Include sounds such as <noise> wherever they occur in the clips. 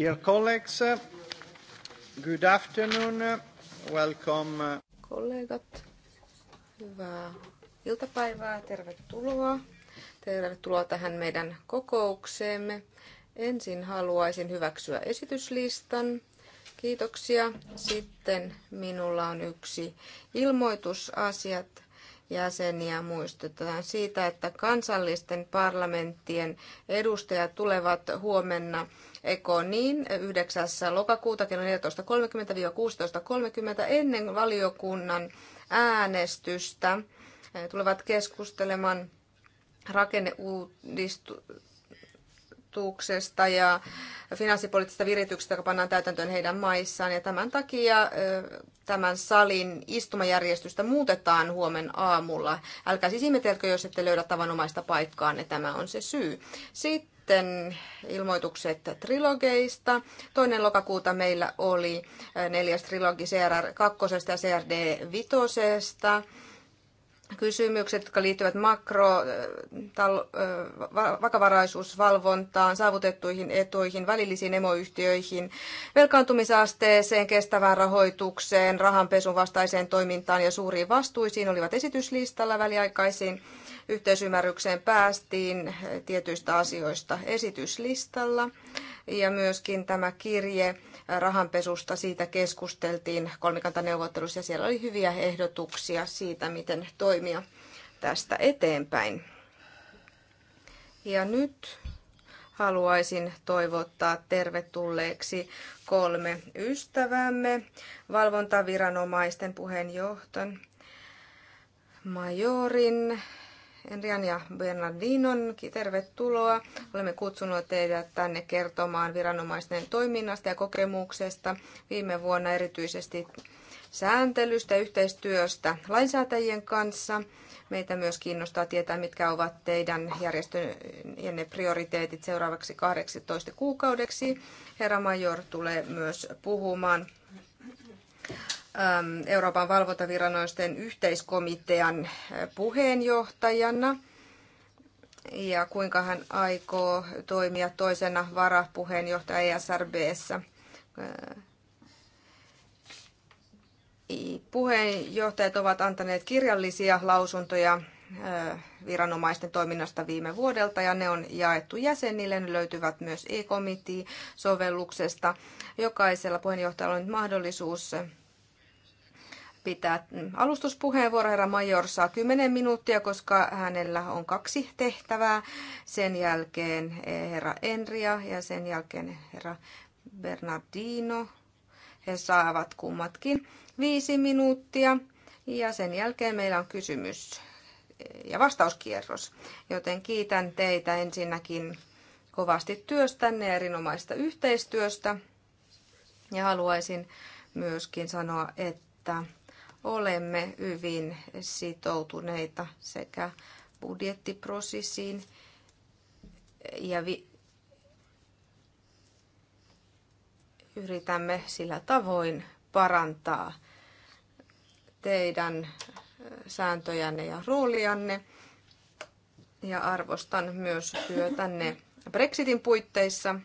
Dear colleagues, good afternoon, welcome. Kollegat, hyvää iltapäivää, tervetuloa. Tervetuloa tähän meidän kokoukseemme. Ensin haluaisin hyväksyä esityslistan. Kiitoksia. Sitten minulla on yksi ilmoitusasiat jäseniä muistutetaan siitä, että kansallisten parlamenttien edustajat tulevat huomenna Ekoniin 9. lokakuuta kello 14.30-16.30 ennen valiokunnan äänestystä. Tulevat keskustelemaan rakenneuudistuksesta rahoituksesta ja finanssipoliittisesta virityksestä, joka pannaan täytäntöön heidän maissaan. Ja tämän takia tämän salin istumajärjestystä muutetaan huomen aamulla. Älkää siis ihmetelkö, jos ette löydä tavanomaista paikkaa, niin tämä on se syy. Sitten ilmoitukset trilogeista. Toinen lokakuuta meillä oli neljäs trilogi CRR 2 ja CRD 5 kysymykset, jotka liittyvät makro, äh, tal, äh, vakavaraisuusvalvontaan, saavutettuihin etuihin, välillisiin emoyhtiöihin, velkaantumisasteeseen, kestävään rahoitukseen, rahanpesun vastaiseen toimintaan ja suuriin vastuisiin olivat esityslistalla väliaikaisiin yhteisymmärrykseen päästiin tietyistä asioista esityslistalla. Ja myöskin tämä kirje rahanpesusta, siitä keskusteltiin kolmikantaneuvottelussa ja siellä oli hyviä ehdotuksia siitä, miten toimia tästä eteenpäin. Ja nyt haluaisin toivottaa tervetulleeksi kolme ystävämme, valvontaviranomaisten puheenjohtajan, majorin, Enrian ja Bernardinon, tervetuloa. Olemme kutsuneet teidät tänne kertomaan viranomaisten toiminnasta ja kokemuksesta viime vuonna erityisesti sääntelystä, yhteistyöstä lainsäätäjien kanssa. Meitä myös kiinnostaa tietää, mitkä ovat teidän järjestöjenne prioriteetit seuraavaksi 18 kuukaudeksi. Herra Major tulee myös puhumaan Ähm, Euroopan valvontaviranoisten yhteiskomitean äh, puheenjohtajana ja kuinka hän aikoo toimia toisena varapuheenjohtaja ESRBssä. Äh, puheenjohtajat ovat antaneet kirjallisia lausuntoja äh, viranomaisten toiminnasta viime vuodelta ja ne on jaettu jäsenille. Ne löytyvät myös e-komitii-sovelluksesta. Jokaisella puheenjohtajalla on nyt mahdollisuus pitää alustuspuheenvuoro. Herra Major saa 10 minuuttia, koska hänellä on kaksi tehtävää. Sen jälkeen eh, herra Enria ja sen jälkeen herra Bernardino. He saavat kummatkin viisi minuuttia. Ja sen jälkeen meillä on kysymys eh, ja vastauskierros. Joten kiitän teitä ensinnäkin kovasti työstänne ja erinomaista yhteistyöstä. Ja haluaisin myöskin sanoa, että olemme hyvin sitoutuneita sekä budjettiprosessiin ja vi- yritämme sillä tavoin parantaa teidän sääntöjänne ja roolianne. Ja arvostan myös työtänne Brexitin puitteissa –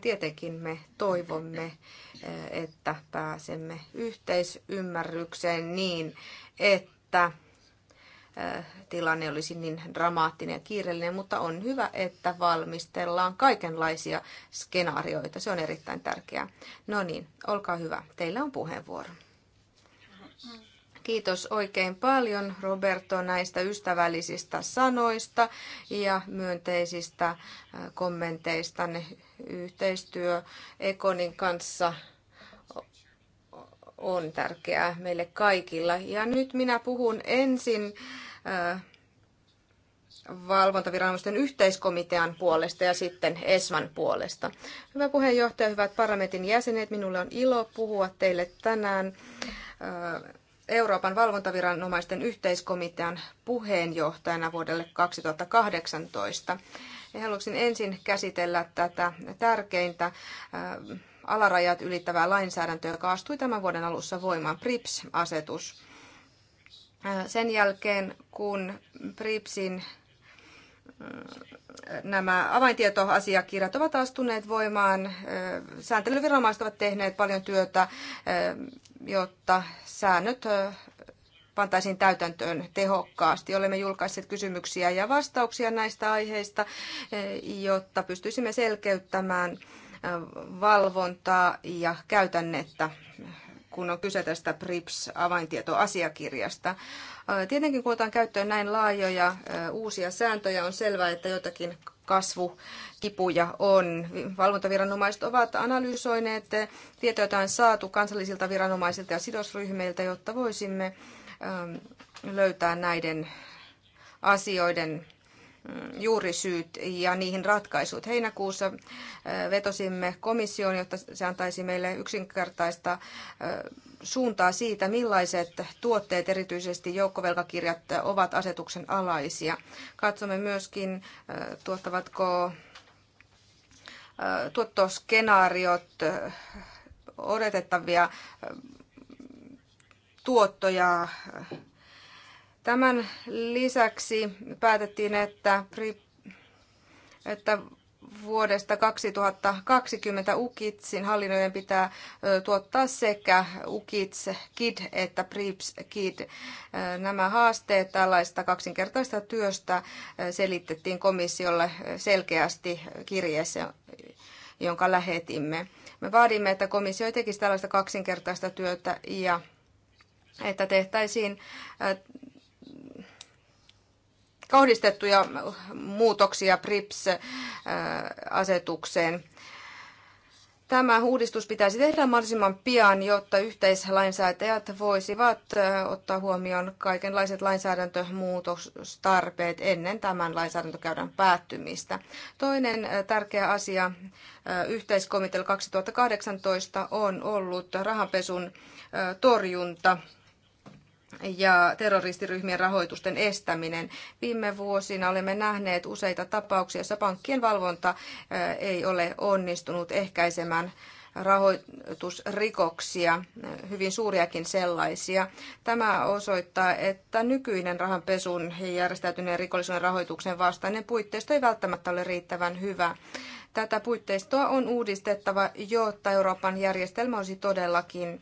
Tietenkin me toivomme, eh, että pääsemme yhteisymmärrykseen niin, että eh, tilanne olisi niin dramaattinen ja kiireellinen, mutta on hyvä, että valmistellaan kaikenlaisia skenaarioita. Se on erittäin tärkeää. No niin, olkaa hyvä. Teillä on puheenvuoro. Kiitos oikein paljon Roberto näistä ystävällisistä sanoista ja myönteisistä eh, kommenteistanne yhteistyö Ekonin kanssa on tärkeää meille kaikilla. Ja nyt minä puhun ensin äh, valvontaviranomaisten yhteiskomitean puolesta ja sitten ESMAN puolesta. Hyvä puheenjohtaja, hyvät parlamentin jäsenet, minulle on ilo puhua teille tänään äh, Euroopan valvontaviranomaisten yhteiskomitean puheenjohtajana vuodelle 2018. Ja haluaisin ensin käsitellä tätä tärkeintä äh, alarajat ylittävää lainsäädäntöä, joka astui tämän vuoden alussa voimaan, PRIPS-asetus. Äh, sen jälkeen, kun PRIPSin äh, nämä avaintietoasiakirjat ovat astuneet voimaan. Sääntelyviranomaiset ovat tehneet paljon työtä, jotta säännöt pantaisiin täytäntöön tehokkaasti. Olemme julkaisseet kysymyksiä ja vastauksia näistä aiheista, eh, jotta pystyisimme selkeyttämään eh, valvontaa ja käytännettä kun on kyse tästä PRIPS-avaintietoasiakirjasta. Eh, tietenkin kun otetaan käyttöön näin laajoja uusia sääntöjä, on selvää, että jotakin kasvukipuja on. Valvontaviranomaiset ovat analysoineet tietoja, joita on saatu kansallisilta viranomaisilta ja sidosryhmiltä, jotta voisimme Ähm, löytää näiden asioiden mm, juurisyyt ja niihin ratkaisut. Heinäkuussa äh, vetosimme komissioon, jotta se antaisi meille yksinkertaista äh, suuntaa siitä, millaiset tuotteet, erityisesti joukkovelkakirjat, ovat asetuksen alaisia. Katsomme myöskin, äh, tuottavatko tuottoskenaariot odotettavia tuottoja. Tämän lisäksi päätettiin, että, että vuodesta 2020 UKITSin hallinnojen pitää tuottaa sekä UKITS KID että PRIPS KID. Nämä haasteet tällaista kaksinkertaista työstä selitettiin komissiolle selkeästi kirjeessä, jonka lähetimme. Me vaadimme, että komissio tekisi tällaista kaksinkertaista työtä ja että tehtäisiin kohdistettuja muutoksia PRIPS-asetukseen. Tämä uudistus pitäisi tehdä mahdollisimman pian, jotta yhteislainsäätäjät voisivat ottaa huomioon kaikenlaiset lainsäädäntömuutostarpeet ennen tämän lainsäädäntökäydän päättymistä. Toinen tärkeä asia yhteiskomitella 2018 on ollut rahanpesun torjunta ja terroristiryhmien rahoitusten estäminen. Viime vuosina olemme nähneet useita tapauksia, joissa pankkien valvonta eh, ei ole onnistunut ehkäisemään rahoitusrikoksia, eh, hyvin suuriakin sellaisia. Tämä osoittaa, että nykyinen rahanpesun ja järjestäytyneen rikollisuuden rahoituksen vastainen puitteisto ei välttämättä ole riittävän hyvä. Tätä puitteistoa on uudistettava, jotta Euroopan järjestelmä olisi todellakin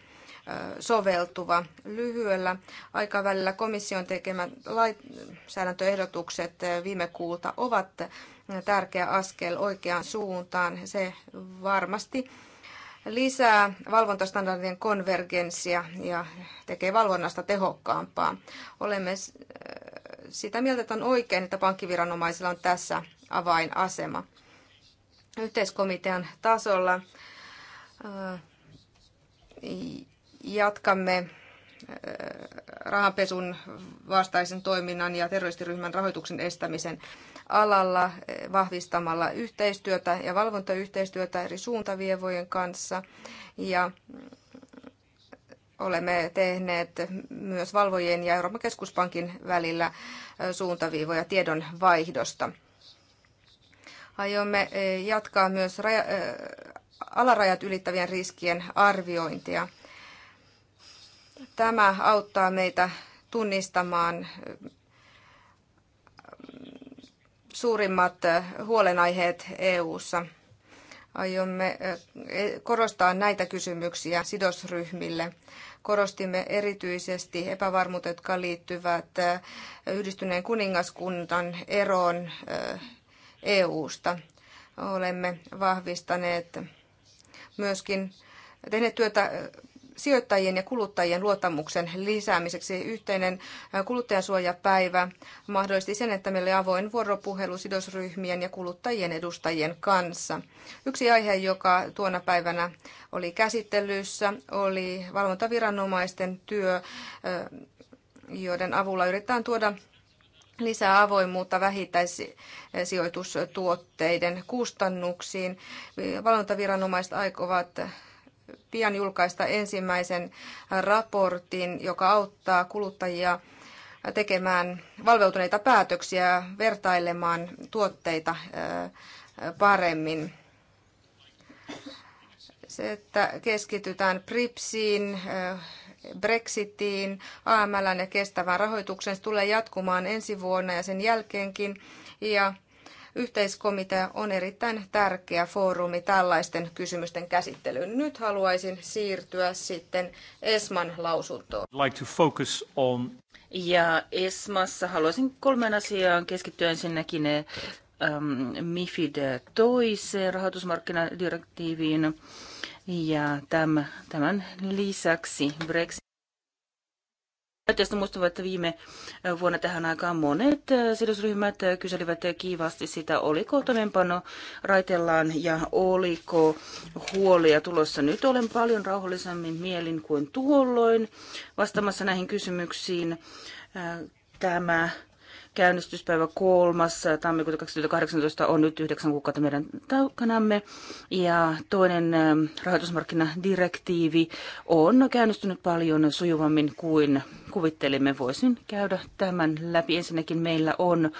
soveltuva. Lyhyellä aikavälillä komission tekemät lainsäädäntöehdotukset viime kuulta ovat tärkeä askel oikeaan suuntaan. Se varmasti lisää valvontastandardien konvergenssia ja tekee valvonnasta tehokkaampaa. Olemme sitä mieltä, että on oikein, että pankkiviranomaisilla on tässä avainasema. Yhteiskomitean tasolla Jatkamme äh, rahanpesun vastaisen toiminnan ja terroristiryhmän rahoituksen estämisen alalla äh, vahvistamalla yhteistyötä ja valvontayhteistyötä eri suuntavievojen kanssa. Ja äh, olemme tehneet myös valvojien ja Euroopan keskuspankin välillä suuntaviivoja tiedon vaihdosta. Aiomme jatkaa myös raja, alarajat ylittävien riskien arviointia. Tämä auttaa meitä tunnistamaan mm, suurimmat huolenaiheet EU:ssa. Aiomme e, korostaa näitä kysymyksiä sidosryhmille. Korostimme erityisesti epävarmuutta, jotka liittyvät yhdistyneen kuningaskunnan eroon EUsta. Olemme vahvistaneet myöskin tehneet työtä sijoittajien ja kuluttajien luottamuksen lisäämiseksi. Yhteinen kuluttajansuojapäivä mahdollisti sen, että meillä oli avoin vuoropuhelu sidosryhmien ja kuluttajien edustajien kanssa. Yksi aihe, joka tuona päivänä oli käsittelyssä, oli valvontaviranomaisten työ, joiden avulla yritetään tuoda lisää avoimuutta vähittäissijoitustuotteiden kustannuksiin. Valvontaviranomaiset aikovat pian julkaista ensimmäisen raportin, joka auttaa kuluttajia tekemään valveutuneita päätöksiä, vertailemaan tuotteita paremmin. Se, että keskitytään PRIPSiin, Brexitiin, AML ja kestävään rahoitukseen, se tulee jatkumaan ensi vuonna ja sen jälkeenkin. Ja Yhteiskomitea on erittäin tärkeä foorumi tällaisten kysymysten käsittelyyn. Nyt haluaisin siirtyä sitten Esman lausuntoon. Like to focus on... Ja Esmassa haluaisin kolmeen asiaan keskittyä ensinnäkin ne, eh, äm, MIFID toiseen rahoitusmarkkinadirektiiviin ja tämän, tämän lisäksi Brexit Tästä muistavat, että viime vuonna tähän aikaan monet sidosryhmät kyselivät kiivasti sitä, oliko toimeenpano raitellaan ja oliko huolia tulossa. Nyt olen paljon rauhallisemmin mielin kuin tuolloin vastaamassa näihin kysymyksiin. Tämä käynnistyspäivä 3. tammikuuta 2018 on nyt yhdeksän kuukautta meidän taukanamme. Ja toinen ähm, rahoitusmarkkinadirektiivi on käynnistynyt paljon sujuvammin kuin kuvittelimme. Voisin käydä tämän läpi. Ensinnäkin meillä on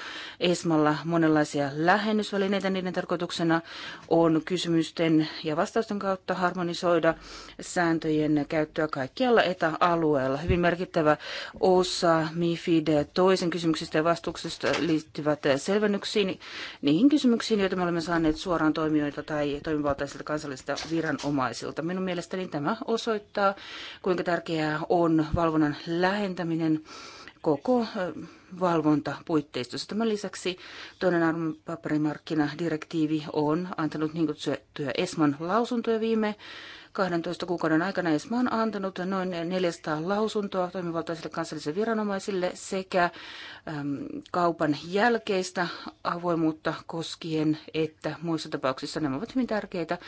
ESMalla monenlaisia lähennysvälineitä. Niiden tarkoituksena on kysymysten ja vastausten kautta harmonisoida sääntöjen käyttöä kaikkialla etäalueella. Hyvin merkittävä osa MIFID toisen kysymyksistä ja vastausten vastustuksesta liittyvät selvennyksiin niihin kysymyksiin, joita me olemme saaneet suoraan toimijoilta tai toimivaltaisilta kansallisilta viranomaisilta. Minun mielestäni tämä osoittaa, kuinka tärkeää on valvonnan lähentäminen koko valvontapuitteistossa. Tämän lisäksi toinen arvopaperimarkkinadirektiivi on antanut niin kutsuttuja ESMAn lausuntoja viime 12 kuukauden aikana ESMA on antanut noin 400 lausuntoa toimivaltaisille kansallisille viranomaisille sekä kaupan jälkeistä avoimuutta koskien, että muissa tapauksissa nämä ovat hyvin tärkeitä,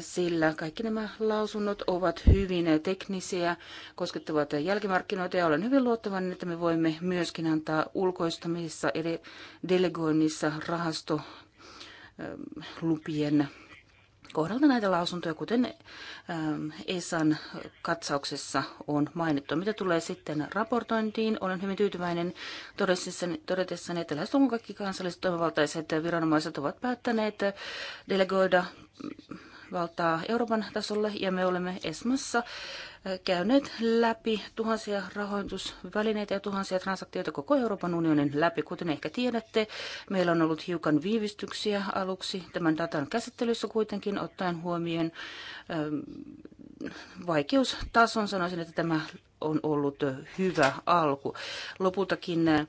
sillä kaikki nämä lausunnot ovat hyvin teknisiä, koskettavat jälkimarkkinoita ja olen hyvin luottavainen, että me voimme myöskin antaa ulkoistamisessa eli delegoinnissa rahasto lupien kohdalta näitä lausuntoja, kuten ähm, ESAn katsauksessa on mainittu. Mitä tulee sitten raportointiin, olen hyvin tyytyväinen todetessani, että lähes kaikki kansalliset toimivaltaiset viranomaiset ovat päättäneet delegoida valtaa Euroopan tasolle ja me olemme ESMassa äh, käyneet läpi tuhansia rahoitusvälineitä ja tuhansia transaktioita koko Euroopan unionin läpi. Kuten ehkä tiedätte, meillä on ollut hiukan viivistyksiä aluksi tämän datan käsittelyssä kuitenkin ottaen huomioon ähm, vaikeustason. Sanoisin, että tämä on ollut hyvä alku. Lopultakin äh,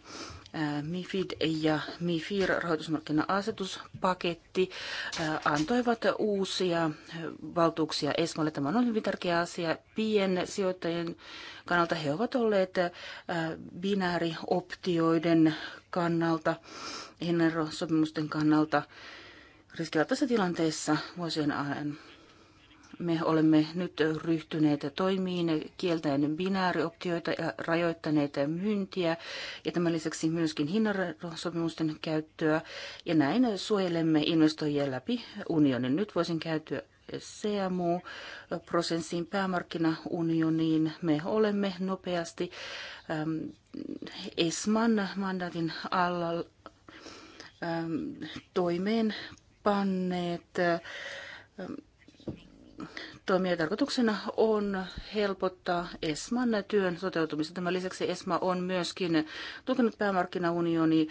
Äh, MIFID ja MIFIR rahoitusmarkkina-asetuspaketti äh, antoivat uusia äh, valtuuksia ESMAlle. Tämä on hyvin tärkeä asia piensijoittajien kannalta. He ovat olleet binäärioptioiden kannalta, hinnerosopimusten kannalta riskialtaisessa tilanteessa vuosien ajan me olemme nyt ryhtyneet toimiin kieltäen binäärioptioita ja rajoittaneet myyntiä ja tämän lisäksi myöskin hinnansopimusten käyttöä ja näin suojelemme investoijia läpi unionin. Nyt voisin käyttää cmu prosenssiin päämarkkinaunioniin. Me olemme nopeasti ESMAN mandaatin alla toimeen panneet toimia. Tarkoituksena on helpottaa ESMAn työn toteutumista. Tämän lisäksi ESMA on myöskin tukenut päämarkkinaunioni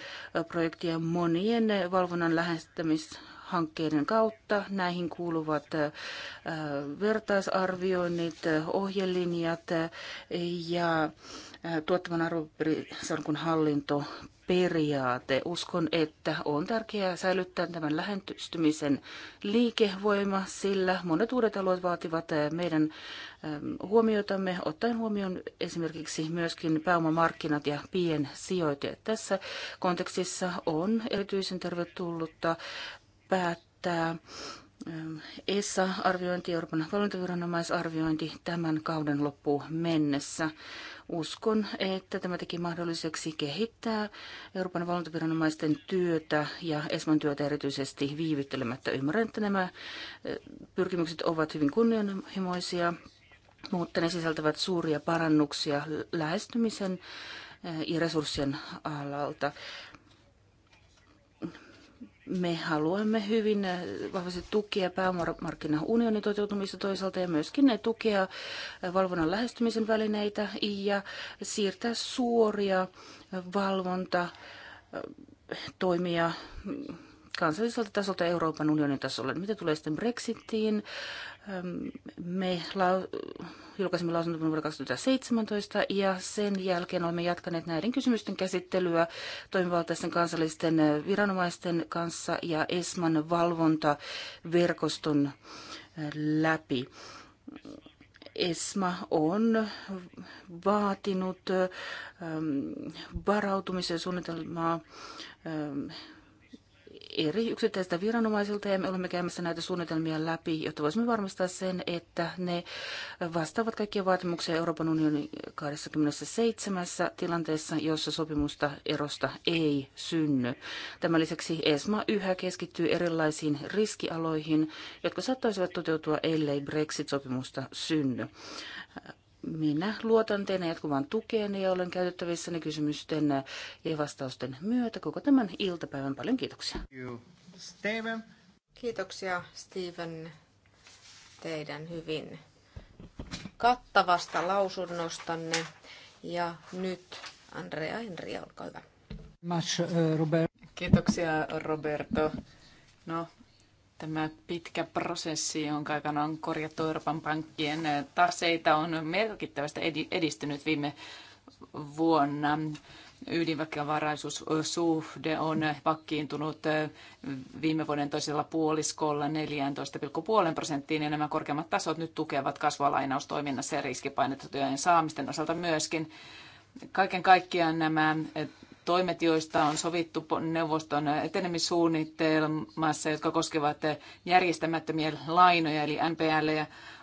projektia monien valvonnan lähestymis hankkeiden kautta. Näihin kuuluvat äh, vertaisarvioinnit, ohjelinjat ja äh, tuottavan arvopiirisalkun hallinto periaate. Uskon, että on tärkeää säilyttää tämän lähentystymisen liikevoima, sillä monet uudet alueet vaativat eh, meidän eh, huomiotamme, ottaen huomioon esimerkiksi myöskin pääomamarkkinat ja piensijoittajat. Tässä kontekstissa on erityisen tervetullutta päättää ESA-arviointi, eh, e Euroopan valvontaviranomaisarviointi tämän kauden loppuun mennessä uskon, että tämä teki mahdolliseksi kehittää Euroopan valvontaviranomaisten työtä ja ESMAn työtä erityisesti viivyttelemättä. Ymmärrän, että nämä eh, pyrkimykset ovat hyvin kunnianhimoisia, mutta ne sisältävät suuria parannuksia lähestymisen eh, ja resurssien alalta. Me haluamme hyvin vahvasti tukea pääomamarkkinaunionin toteutumista toisaalta ja myöskin tukea valvonnan lähestymisen välineitä ja siirtää suoria valvonta toimia kansalliselta tasolta Euroopan unionin tasolle. Mitä tulee sitten Brexitiin? Me lau- julkaisimme lausuntomme vuonna 2017 ja sen jälkeen olemme jatkaneet näiden kysymysten käsittelyä toimivaltaisten kansallisten viranomaisten kanssa ja ESMAN valvontaverkoston läpi. ESMA on vaatinut varautumisen suunnitelmaa eri yksittäisiltä viranomaisilta ja me olemme käymässä näitä suunnitelmia läpi, jotta voisimme varmistaa sen, että ne vastaavat kaikkia vaatimuksia Euroopan unionin 27 tilanteessa, jossa sopimusta erosta ei synny. Tämän lisäksi ESMA yhä keskittyy erilaisiin riskialoihin, jotka saattaisivat toteutua, ellei Brexit-sopimusta synny minä luotan teidän jatkuvaan tukeen ja olen käytettävissäni kysymysten ja vastausten myötä koko tämän iltapäivän. Paljon kiitoksia. Steven. Kiitoksia Steven teidän hyvin kattavasta lausunnostanne. Ja nyt Andrea Henri, olkaa hyvä. Uh, kiitoksia Roberto. No, Tämä pitkä prosessi, jonka aikana on korjattu Euroopan pankkien taseita, on merkittävästi edistynyt viime vuonna ydinväkiväraisuussuhde on vakkiintunut viime vuoden toisella puoliskolla 14,5 prosenttiin ja nämä korkeammat tasot nyt tukevat kasvua lainaustoiminnassa ja riskipainotettujen saamisten osalta myöskin. Kaiken kaikkiaan nämä toimet, joista on sovittu neuvoston etenemissuunnitelmassa, jotka koskevat järjestämättömiä lainoja eli NPL,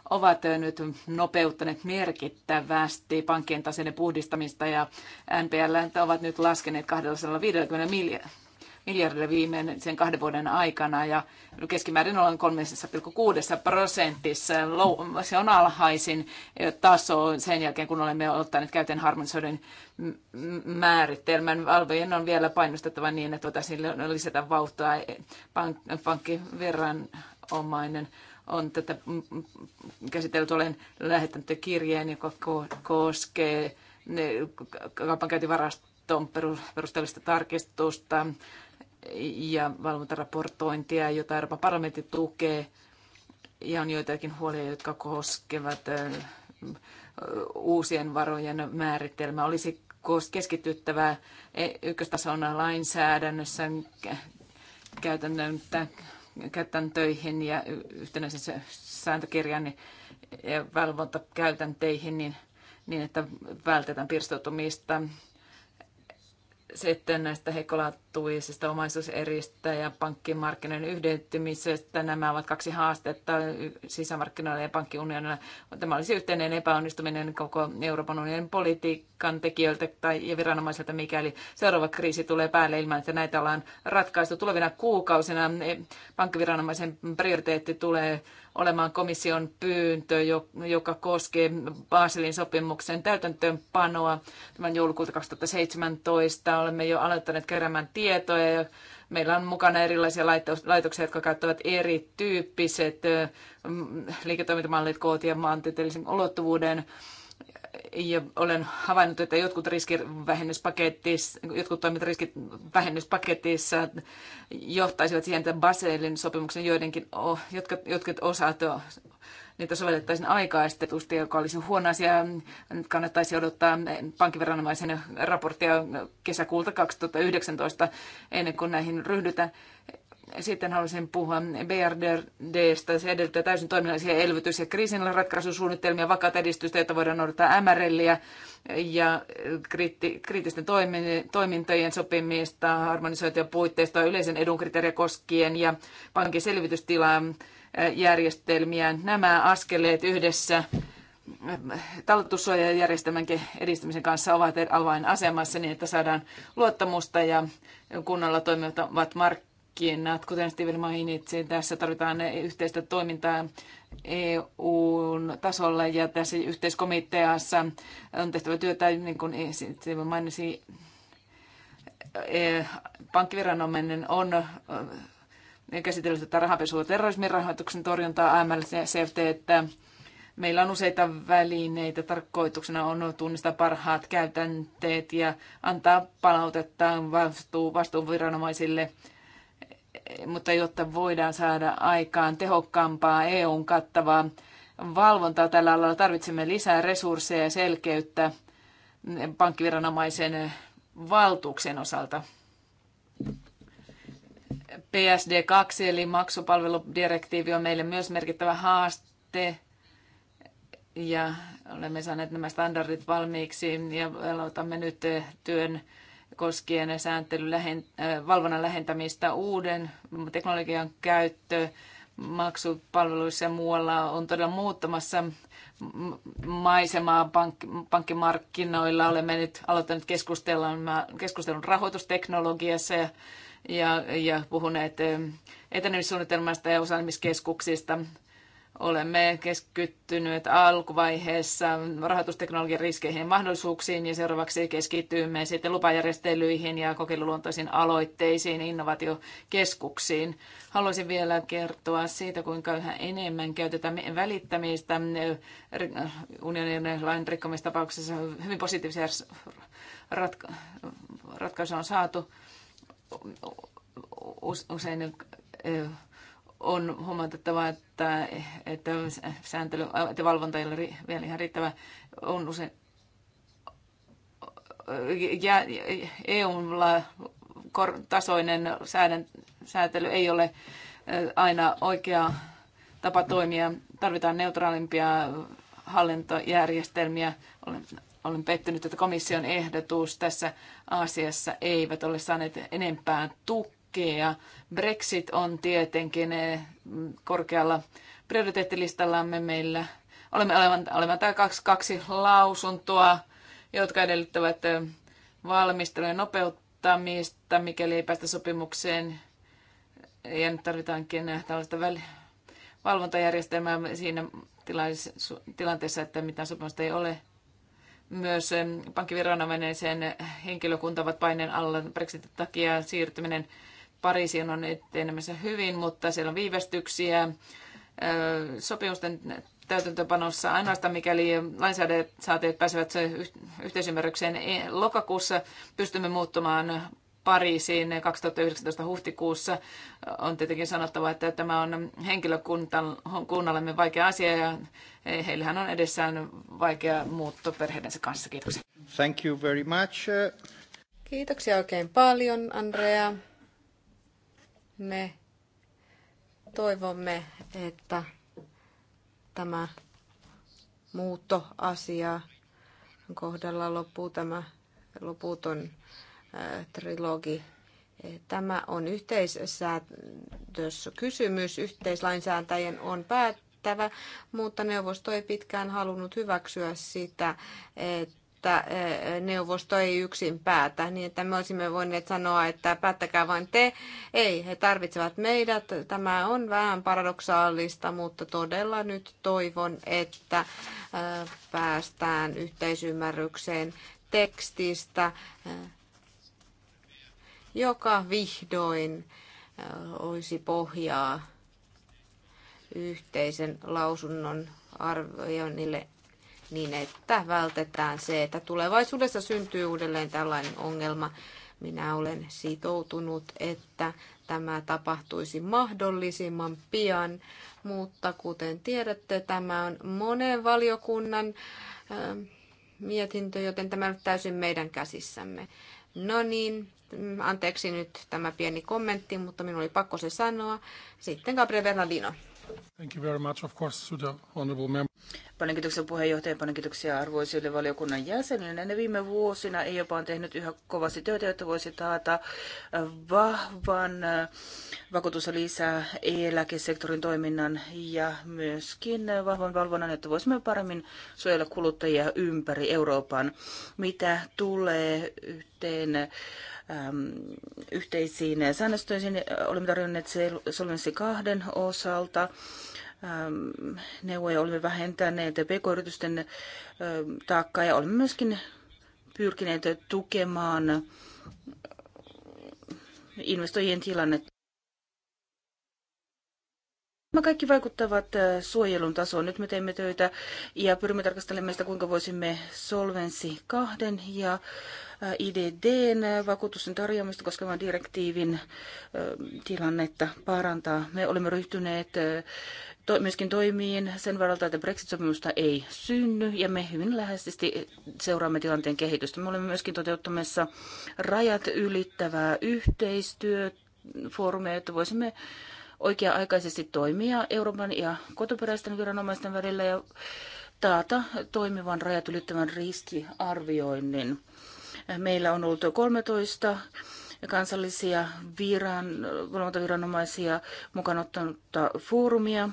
ovat nyt nopeuttaneet merkittävästi pankkien taseiden puhdistamista ja NPL ovat nyt laskeneet 250 miljardilla viimeisen sen kahden vuoden aikana ja keskimäärin ollaan 3,6 prosentissa. Se on alhaisin eh, taso sen jälkeen, kun olemme ottaneet käytön harmonisoiden määritelmän. Valvojen on vielä painostettava niin, että voitaisiin lisätä vauhtoa. Pank- pankkiverran omainen on tätä käsitelty. Olen lähettänyt kirjeen, joka koskee eh, kaupankäyntivaraston perusteellista tarkistusta ja valvontaraportointia, jota Euroopan parlamentti tukee. Ja on joitakin huolia, jotka koskevat uusien varojen määritelmää. Olisi keskityttävä e, ykköstason lainsäädännössä käytäntöihin ja yhtenäisen sääntökirjan ja valvontakäytänteihin niin, niin että vältetään pirstoutumista. Sitten näistä heikkolaatuisista vastuullisesta omaisuuseristä ja pankkimarkkinoiden yhdentymisestä. Nämä ovat kaksi haastetta sisämarkkinoilla ja pankkiunionilla. Tämä olisi yhteinen epäonnistuminen koko Euroopan unionin politiikan tekijöiltä tai ja viranomaisilta, mikäli seuraava kriisi tulee päälle ilman, että näitä ollaan ratkaistu tulevina kuukausina. Eh, pankkiviranomaisen prioriteetti tulee olemaan komission pyyntö, joka koskee Baselin sopimuksen täytäntöönpanoa tämän joulukuuta 2017. Olemme jo aloittaneet keräämään tietoa tietoja meillä on mukana erilaisia laitoksia, jotka käyttävät erityyppiset mm, liiketoimintamallit, koot ja maantieteellisen ulottuvuuden. Ja olen havainnut, että jotkut, jotkut toimet riskivähennyspaketissa johtaisivat siihen, että Baselin sopimuksen joidenkin, jotkut, jotkut osat niitä sovellettaisiin aikaistetusti, joka olisi huono asia. Nyt kannattaisi odottaa pankkiviranomaisen raporttia kesäkuulta 2019 ennen kuin näihin ryhdytään. Sitten haluaisin puhua BRDstä. Se edellyttää täysin toiminnallisia elvytys- ja ratkaisusuunnitelmia, vakaata edistystä, jotta voidaan noudattaa MRLiä ja kriittisten toimintojen sopimista, harmonisointia puitteista, yleisen edun kriteeriä koskien ja pankin selvitystilaa järjestelmiä. Nämä askeleet yhdessä talletussuojajärjestelmän edistämisen kanssa ovat avainasemassa niin, että saadaan luottamusta ja kunnolla toimivat markkinat. Kuten Steven mainitsi, tässä tarvitaan yhteistä toimintaa eu tasolla ja tässä yhteiskomiteassa on tehtävä työtä, niin kuin Steven mainitsi, e, pankkiviranomainen on käsitellyt tätä rahanpesua terrorismin rahoituksen torjuntaa AMLCFT, että meillä on useita välineitä. Tarkoituksena on tunnistaa parhaat käytänteet ja antaa palautetta vastuu, vastuuviranomaisille, mutta jotta voidaan saada aikaan tehokkaampaa EUn kattavaa valvontaa tällä alalla, tarvitsemme lisää resursseja ja selkeyttä pankkiviranomaisen valtuuksien osalta. PSD2 eli maksupalveludirektiivi on meille myös merkittävä haaste ja olemme saaneet nämä standardit valmiiksi ja aloitamme nyt työn koskien sääntelyn lähen, äh, valvonnan lähentämistä uuden teknologian käyttö maksupalveluissa ja muualla on todella muuttamassa maisemaa pank- pankkimarkkinoilla. Olemme nyt aloittaneet keskustelun rahoitusteknologiassa ja ja, ja puhuneet eh, etenemissuunnitelmasta ja osaamiskeskuksista. Olemme keskittyneet alkuvaiheessa rahoitusteknologian riskeihin ja mahdollisuuksiin ja seuraavaksi keskittyymme sitten lupajärjestelyihin ja kokeiluluontoisiin aloitteisiin, innovaatiokeskuksiin. Haluaisin vielä kertoa siitä, kuinka yhä enemmän käytetään välittämistä eh, unionin lain rikkomistapauksessa. Hyvin positiivisia ratkaisuja on saatu usein on huomautettava, että, että sääntely että valvonta ei ole vielä ihan riittävä. On usein ja EU-tasoinen säätely ei ole aina oikea tapa toimia. Tarvitaan neutraalimpia hallintojärjestelmiä. Olen olen pettynyt, että komission ehdotus tässä asiassa eivät ole saaneet enempää tukea. Brexit on tietenkin eh, korkealla prioriteettilistallamme meillä. Olemme olevan tämä kaksi, kaksi lausuntoa, jotka edellyttävät eh, valmistelujen nopeuttamista, mikäli ei päästä sopimukseen. Ja nyt tarvitaankin eh, tällaista valvontajärjestelmää siinä tilanteessa, että mitään sopimusta ei ole myös sen henkilökunta ovat paineen alla Brexitin takia siirtyminen Pariisiin on etenemässä hyvin, mutta siellä on viivästyksiä sopimusten täytäntöpanossa ainoastaan, mikäli lainsäädäntösaateet pääsevät yhteisymmärrykseen e, lokakuussa, pystymme muuttumaan Pariisiin 2019 huhtikuussa. On tietenkin sanottava, että tämä on henkilökunnallemme vaikea asia ja heillähän on edessään vaikea muutto perheidensä kanssa. Kiitoksia. Thank you very much. Kiitoksia oikein paljon, Andrea. Me toivomme, että tämä muuttoasia kohdalla loppuu tämä loputon trilogi. Tämä on kysymys Yhteislainsääntäjien on päättävä, mutta neuvosto ei pitkään halunnut hyväksyä sitä, että e, neuvosto ei yksin päätä, niin että me olisimme voineet sanoa, että päättäkää vain te. Ei, he tarvitsevat meidät. Tämä on vähän paradoksaalista, mutta todella nyt toivon, että e, päästään yhteisymmärrykseen tekstistä joka vihdoin olisi pohjaa yhteisen lausunnon arvioinnille niin, että vältetään se, että tulevaisuudessa syntyy uudelleen tällainen ongelma. Minä olen sitoutunut, että tämä tapahtuisi mahdollisimman pian, mutta kuten tiedätte, tämä on monen valiokunnan mietintö, joten tämä on täysin meidän käsissämme. No niin, mm, anteeksi nyt tämä pieni kommentti, mutta minun oli pakko se sanoa. Sitten Gabriel Bernardino. Thank you very much, of course, to the honorable member. Paljon kiitoksia puheenjohtaja, paljon kiitoksia arvoisille valiokunnan jäsenille. Näinä viime vuosina ei jopa on tehnyt yhä kovasti työtä, jotta voisi taata vahvan vakuutus- ja lisää eläkesektorin toiminnan ja myöskin vahvan valvonnan, jotta voisimme paremmin suojella kuluttajia ympäri Euroopan. Mitä tulee yhteen yhteisiin säännöstöihin, olemme tarjonneet solvenssi kahden osalta neuvoja, olemme vähentäneet pk-yritysten taakkaa ja olemme myöskin pyrkineet tukemaan investoijien tilannetta. Nämä kaikki vaikuttavat suojelun tasoon. Nyt me teemme töitä ja pyrimme tarkastelemaan sitä, kuinka voisimme Solvensi 2 ja IDDn vakuutusten tarjoamista koskevan direktiivin tilannetta parantaa. Me olemme ryhtyneet to, myöskin toimiin sen varalta, että Brexit-sopimusta ei synny ja me hyvin läheisesti seuraamme tilanteen kehitystä. Me olemme myöskin toteuttamassa rajat ylittävää yhteistyöfoorumia, että voisimme oikea-aikaisesti toimia Euroopan ja kotoperäisten viranomaisten välillä ja taata toimivan rajat ylittävän riskiarvioinnin. Meillä on ollut jo 13 kansallisia viran, valvontaviranomaisia mukaan ottanutta foorumia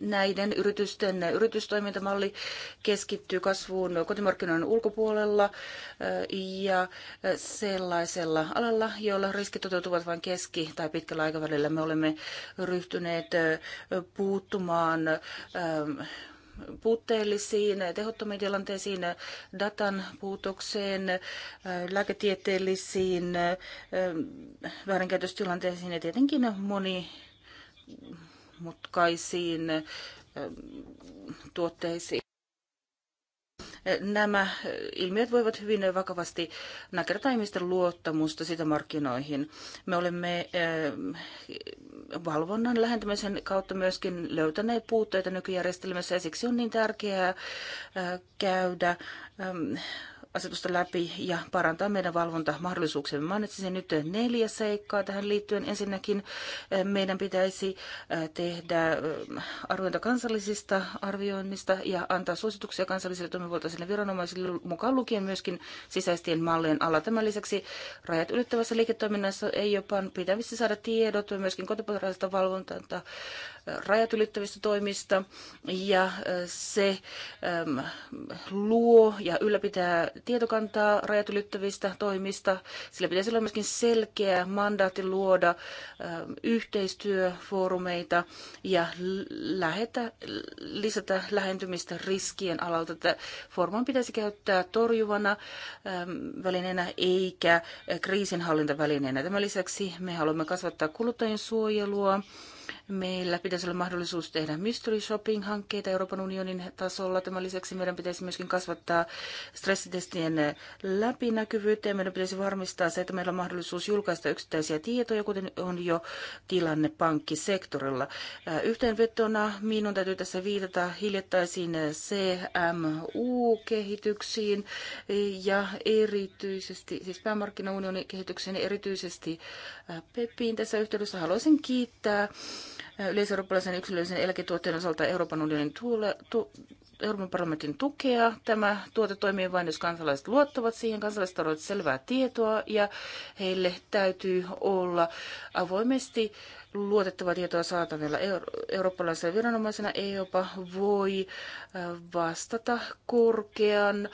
näiden yritysten yritystoimintamalli keskittyy kasvuun kotimarkkinoiden ulkopuolella eh, ja eh, sellaisella alalla, jolla riskit toteutuvat vain keski- tai pitkällä aikavälillä. Me olemme ryhtyneet eh, puuttumaan puutteellisiin, tehottomiin tilanteisiin, datan puutokseen, lääketieteellisiin väärinkäytöstilanteisiin ja tietenkin moni monimutkaisiin ähm, tuotteisiin. Nämä ilmiöt voivat hyvin vakavasti nakertaa ihmisten luottamusta sitä markkinoihin. Me olemme ähm, valvonnan lähentämisen kautta myöskin löytäneet puutteita nykyjärjestelmässä ja siksi on niin tärkeää äh, käydä ähm, asetusta läpi ja parantaa meidän valvontamahdollisuuksia. Mainitsisin nyt neljä seikkaa tähän liittyen. Ensinnäkin eh, meidän pitäisi eh, tehdä eh, arviointa kansallisista arvioinnista ja antaa suosituksia kansallisille toimivaltaisille viranomaisille mukaan lukien myöskin sisäistien mallien alla. Tämän lisäksi rajat ylittävässä liiketoiminnassa ei jopa pitävissä saada tiedot myöskin kotipotilaisesta valvontaa rajat ylittävistä toimista ja äh, se äm, luo ja ylläpitää tietokantaa rajat ylittävistä toimista. Sillä pitäisi olla myöskin selkeä mandaatti luoda äm, yhteistyöfoorumeita ja lähetä, lisätä lähentymistä riskien alalta. Tätä foorumin pitäisi käyttää torjuvana äm, välineenä eikä äh, kriisinhallintavälineenä. Tämän lisäksi me haluamme kasvattaa kuluttajien suojelua Meillä pitäisi olla mahdollisuus tehdä mystery shopping-hankkeita Euroopan unionin tasolla. Tämän lisäksi meidän pitäisi myöskin kasvattaa stressitestien läpinäkyvyyttä ja meidän pitäisi varmistaa se, että meillä on mahdollisuus julkaista yksittäisiä tietoja, kuten on jo tilanne pankkisektorilla. Äh, yhteenvetona minun täytyy tässä viitata hiljattaisiin CMU-kehityksiin ja erityisesti, siis päämarkkinaunionin kehitykseen erityisesti äh, PEPiin tässä yhteydessä haluaisin kiittää yleiseurooppalaisen yksilöllisen eläketuotteen osalta Euroopan unionin tuule, tu, Euroopan parlamentin tukea. Tämä tuote toimii vain, jos kansalaiset luottavat siihen. Kansalaiset tarvitsevat selvää tietoa ja heille täytyy olla avoimesti luotettavaa tietoa saatavilla. Euro- eurooppalaisena viranomaisena EOPA voi äh, vastata korkean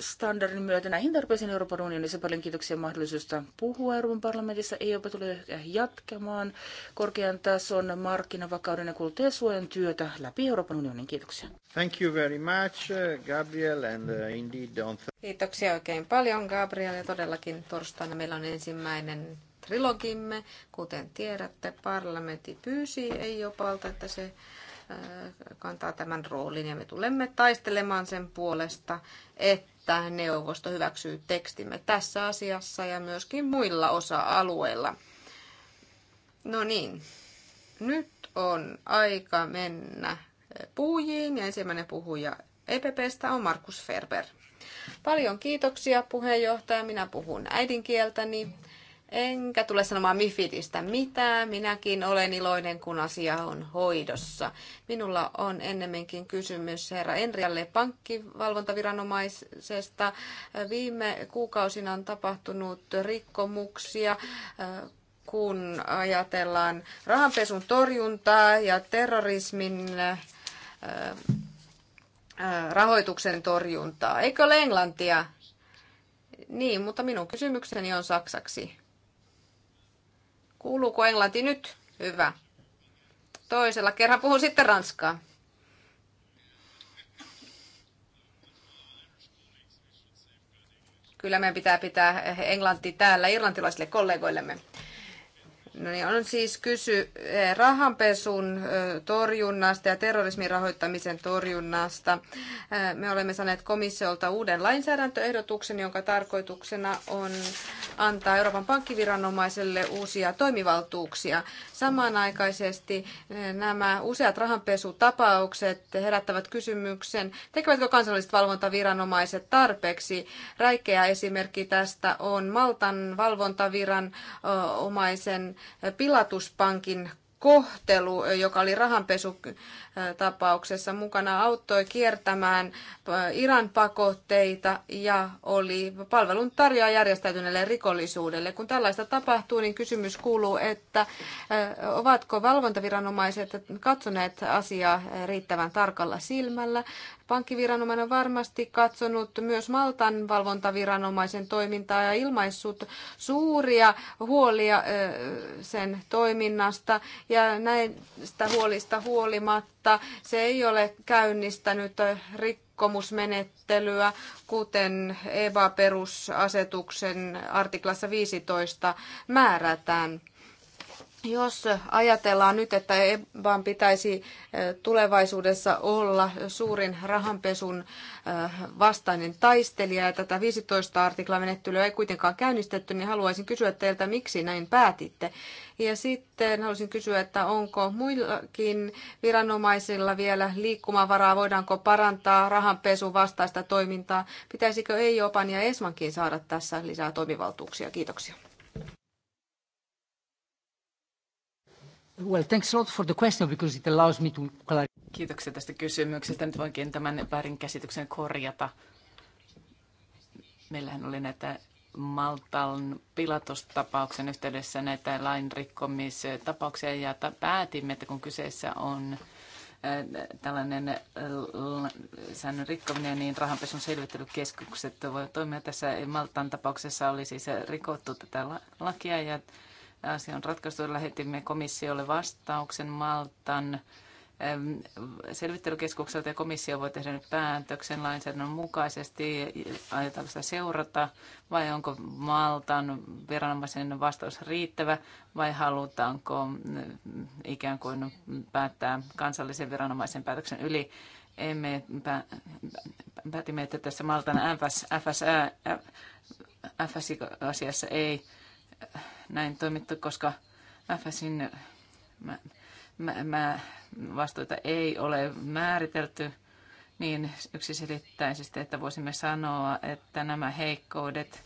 standardin myötä näihin tarpeisiin Euroopan unionissa. Paljon kiitoksia mahdollisuudesta puhua Euroopan parlamentissa. EIOPA tulee jatkamaan korkean tason markkinavakauden ja kuluttajasuojan työtä läpi Euroopan unionin. Kiitoksia. Thank you very much, uh, Gabriel, and uh, indeed on... Kiitoksia oikein paljon, Gabriel. Ja todellakin torstaina meillä on ensimmäinen trilogimme. Kuten tiedätte, parlamentti pyysi jopalta, että se äh, kantaa tämän roolin ja me tulemme taistelemaan sen puolesta, että että neuvosto hyväksyy tekstimme tässä asiassa ja myöskin muilla osa-alueilla. No niin, nyt on aika mennä puhujiin ja ensimmäinen puhuja EPPstä on Markus Ferber. Paljon kiitoksia puheenjohtaja. Minä puhun äidinkieltäni. Enkä tule sanomaan Mifidistä mitään. Minäkin olen iloinen, kun asia on hoidossa. Minulla on ennemminkin kysymys herra Enrialle pankkivalvontaviranomaisesta. Viime kuukausina on tapahtunut rikkomuksia kun ajatellaan rahanpesun torjuntaa ja terrorismin rahoituksen torjuntaa. Eikö ole englantia? Niin, mutta minun kysymykseni on saksaksi. Kuuluuko englanti nyt? Hyvä. Toisella kerran puhun sitten ranskaa. Kyllä meidän pitää pitää englanti täällä irlantilaisille kollegoillemme on no niin, siis kysy eh, rahanpesun eh, torjunnasta ja terrorismin rahoittamisen torjunnasta. Eh, me olemme saaneet komissiolta uuden lainsäädäntöehdotuksen, jonka tarkoituksena on antaa Euroopan pankkiviranomaiselle uusia toimivaltuuksia. Samanaikaisesti nämä useat rahanpesutapaukset herättävät kysymyksen, tekevätkö kansalliset valvontaviranomaiset tarpeeksi. Räikeä esimerkki tästä on Maltan valvontaviranomaisen pilatuspankin kohtelu, joka oli rahanpesutapauksessa mukana, auttoi kiertämään äh, Iran pakotteita ja oli palvelun tarjoa järjestäytyneelle rikollisuudelle. Kun tällaista tapahtuu, niin kysymys kuuluu, että äh, ovatko valvontaviranomaiset katsoneet asiaa riittävän tarkalla silmällä, Pankkiviranomainen on varmasti katsonut myös Maltan valvontaviranomaisen toimintaa ja ilmaissut suuria huolia sen toiminnasta. Ja näistä huolista huolimatta se ei ole käynnistänyt rikkomusmenettelyä, kuten EBA-perusasetuksen artiklassa 15 määrätään. Jos ajatellaan nyt, että EBAN pitäisi eh, tulevaisuudessa olla suurin rahanpesun eh, vastainen taistelija ja tätä 15 artikla menettelyä ei kuitenkaan käynnistetty, niin haluaisin kysyä teiltä, miksi näin päätitte. Ja sitten haluaisin kysyä, että onko muillakin viranomaisilla vielä liikkumavaraa, voidaanko parantaa rahanpesun vastaista toimintaa, pitäisikö ei-opan ja ESMankin saada tässä lisää toimivaltuuksia? Kiitoksia. Well, thanks a lot for the question because it allows me to Kiitoksia tästä kysymyksestä. Nyt voinkin tämän väärinkäsityksen korjata. Meillähän oli näitä Maltan pilatustapauksen yhteydessä näitä rikkomistapauksia ja päätimme, että kun kyseessä on äh, tällainen äh, säännön rikkominen, niin rahanpesun selvittelykeskukset voivat toimia tässä. Maltan tapauksessa oli siis rikottu tätä lakia ja asia on ratkaistu. Lähetimme komissiolle vastauksen Maltan ähm, selvittelykeskukselta ja komissio voi tehdä nyt päätöksen lainsäädännön mukaisesti. Aiotaanko sitä seurata vai onko Maltan viranomaisen vastaus riittävä vai halutaanko mm, ikään kuin päättää kansallisen viranomaisen päätöksen yli? Emme päätimme, että tässä Maltan FS, FS, FS, FS-asiassa ei näin toimittu, koska FSin mä, mä, mä vastuita ei ole määritelty niin yksiselittäisesti, että voisimme sanoa, että nämä heikkoudet,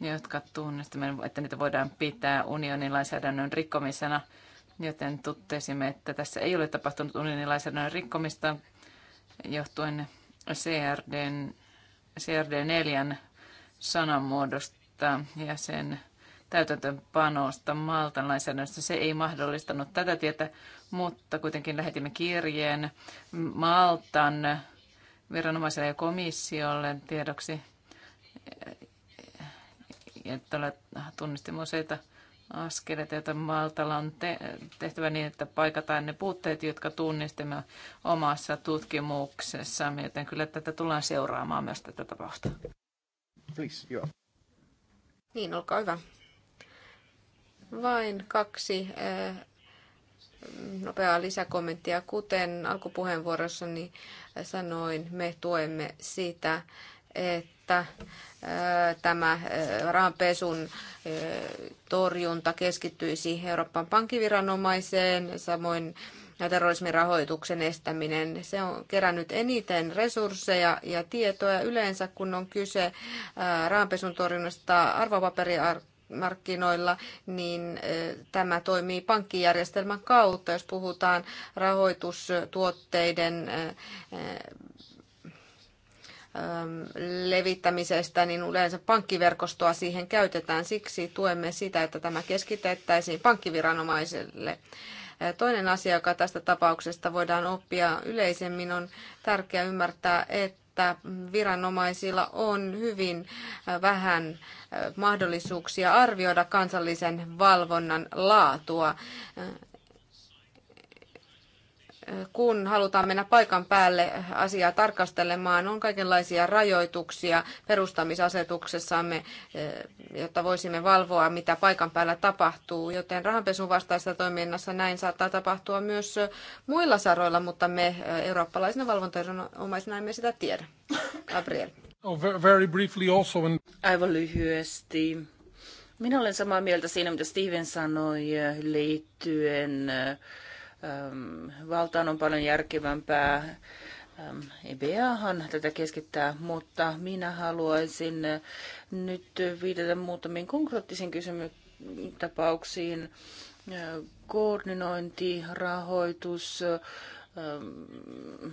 jotka tunnistamme, että niitä voidaan pitää unionin lainsäädännön rikkomisena, joten tuttesimme, että tässä ei ole tapahtunut unionin lainsäädännön rikkomista johtuen CRD, CRD4 sanamuodosta ja sen täytäntöönpanosta Maltan lainsäädännöstä. Se ei mahdollistanut tätä tietä, mutta kuitenkin lähetimme kirjeen Maltan viranomaiselle ja komissiolle tiedoksi, että tunnisti useita askeleita, joita Maltalla on tehtävä niin, että paikataan ne puutteet, jotka tunnistimme omassa tutkimuksessa, joten kyllä tätä tullaan seuraamaan myös tätä tapausta. Please, joo. Niin, olkaa hyvä. Vain kaksi eh, nopeaa lisäkommenttia. Kuten alkupuheenvuorossani sanoin, me tuemme sitä, että eh, tämä eh, rahanpesun torjunta keskittyisi Euroopan pankkiviranomaiseen, samoin ja terrorismin rahoituksen estäminen. Se on kerännyt eniten resursseja ja tietoja yleensä, kun on kyse rahanpesun torjunnasta arvopaperiarkkitehtuurissa markkinoilla, niin tämä toimii pankkijärjestelmän kautta, jos puhutaan rahoitustuotteiden levittämisestä, niin yleensä pankkiverkostoa siihen käytetään. Siksi tuemme sitä, että tämä keskitettäisiin pankkiviranomaiselle. Toinen asia, joka tästä tapauksesta voidaan oppia yleisemmin, on tärkeää ymmärtää, että että viranomaisilla on hyvin äh, vähän äh, mahdollisuuksia arvioida kansallisen valvonnan laatua. Äh, kun halutaan mennä paikan päälle asiaa tarkastelemaan, on kaikenlaisia rajoituksia perustamisasetuksessamme, eh, jotta voisimme valvoa, mitä paikan päällä tapahtuu. Joten rahanpesun vastaista toiminnassa näin saattaa tapahtua myös muilla saroilla, mutta me eh, eurooppalaisina valvontaviranomaisina emme sitä tiedä. Gabriel. Oh, very briefly also when... Aivan lyhyesti. Minä olen samaa mieltä siinä, mitä Steven sanoi eh, liittyen Ähm, valtaan on paljon järkevämpää. Ähm, EBAhan tätä keskittää, mutta minä haluaisin nyt viitata muutamiin konkreettisiin kysymyksiin. Äh, koordinointi, rahoitus, ähm,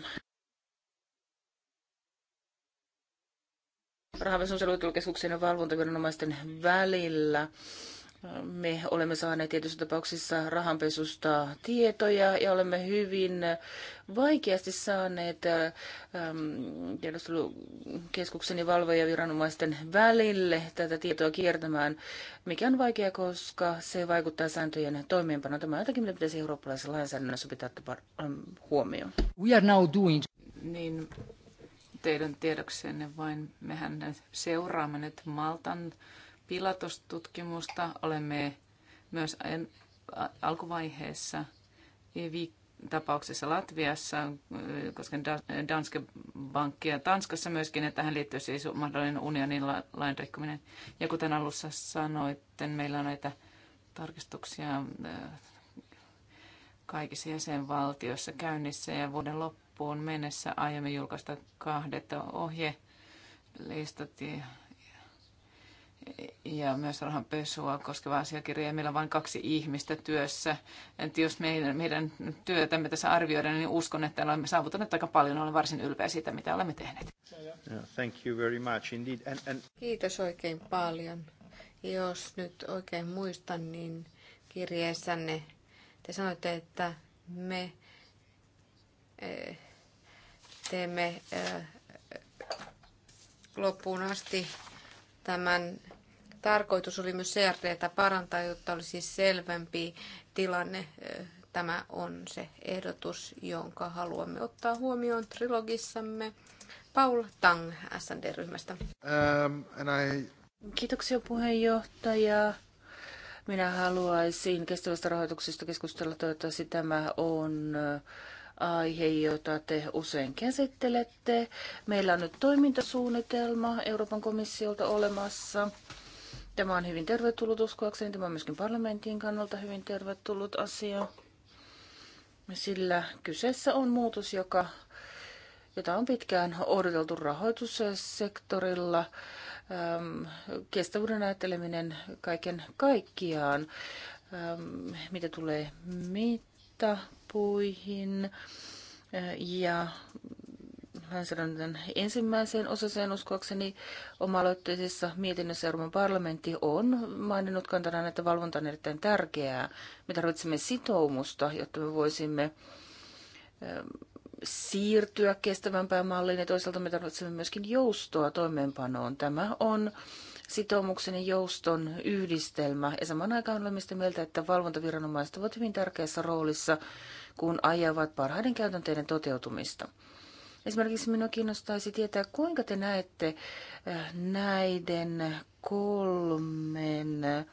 rahanpesun selvittelykeskuksen ja valvontaviranomaisten välillä. Me olemme saaneet tietyissä tapauksissa rahanpesusta tietoja ja olemme hyvin vaikeasti saaneet ähm, tiedostelukeskuksen ja valvojaviranomaisten välille tätä tietoa kiertämään, mikä on vaikea, koska se vaikuttaa sääntöjen toimeenpanoon. Tämä on jotakin, mitä pitäisi eurooppalaisessa lainsäädännössä pitää ähm, huomioon. We are now doing... Niin, teidän tiedoksenne vain mehän seuraamme nyt Maltan pilatustutkimusta. Olemme myös alkuvaiheessa e- tapauksessa Latviassa, e- koska Danske Bank ja Tanskassa myöskin, että tähän liittyy siis mahdollinen unionin lain rikkominen. Ja kuten alussa sanoitte, meillä on näitä tarkistuksia e- kaikissa jäsenvaltioissa käynnissä ja vuoden loppuun mennessä aiemmin julkaista kahdet ohjelistat ja myös rahanpesua koskeva asiakirja, ja meillä on vain kaksi ihmistä työssä. Et jos meidän, meidän työtämme tässä arvioidaan, niin uskon, että olemme saavuttaneet aika paljon. Olen varsin ylpeä siitä, mitä olemme tehneet. Thank you very much indeed. And, and... Kiitos oikein paljon. Jos nyt oikein muistan, niin kirjeessänne te sanoitte, että me eh, teemme eh, loppuun asti tämän tarkoitus oli myös CRDtä parantaa, jotta olisi selvempi tilanne. Tämä on se ehdotus, jonka haluamme ottaa huomioon trilogissamme. Paul Tang SND-ryhmästä. Um, ähm, I... Kiitoksia puheenjohtaja. Minä haluaisin kestävästä rahoituksesta keskustella. Toivottavasti tämä on äh, aihe, jota te usein käsittelette. Meillä on nyt toimintasuunnitelma Euroopan komissiolta olemassa. Tämä on hyvin tervetullut uskoakseni. Tämä on myöskin parlamentin kannalta hyvin tervetullut asia, sillä kyseessä on muutos, joka, jota on pitkään odoteltu rahoitussektorilla. Kestävyyden ajatteleminen kaiken kaikkiaan, mitä tulee mittapuihin ja lainsäädännön ensimmäiseen osaseen uskoakseni oma-aloitteisessa mietinnössä Euroopan parlamentti on maininnut kantana, että valvonta on erittäin tärkeää. Me tarvitsemme sitoumusta, jotta me voisimme ähm, siirtyä kestävämpään malliin ja toisaalta me tarvitsemme myöskin joustoa toimeenpanoon. Tämä on sitoumuksen ja jouston yhdistelmä ja samaan aikaan olemme sitä mieltä, että valvontaviranomaiset ovat hyvin tärkeässä roolissa, kun ajavat parhaiden käytänteiden toteutumista. Esimerkiksi minua kiinnostaisi tietää, kuinka te näette äh, näiden kolmen äh,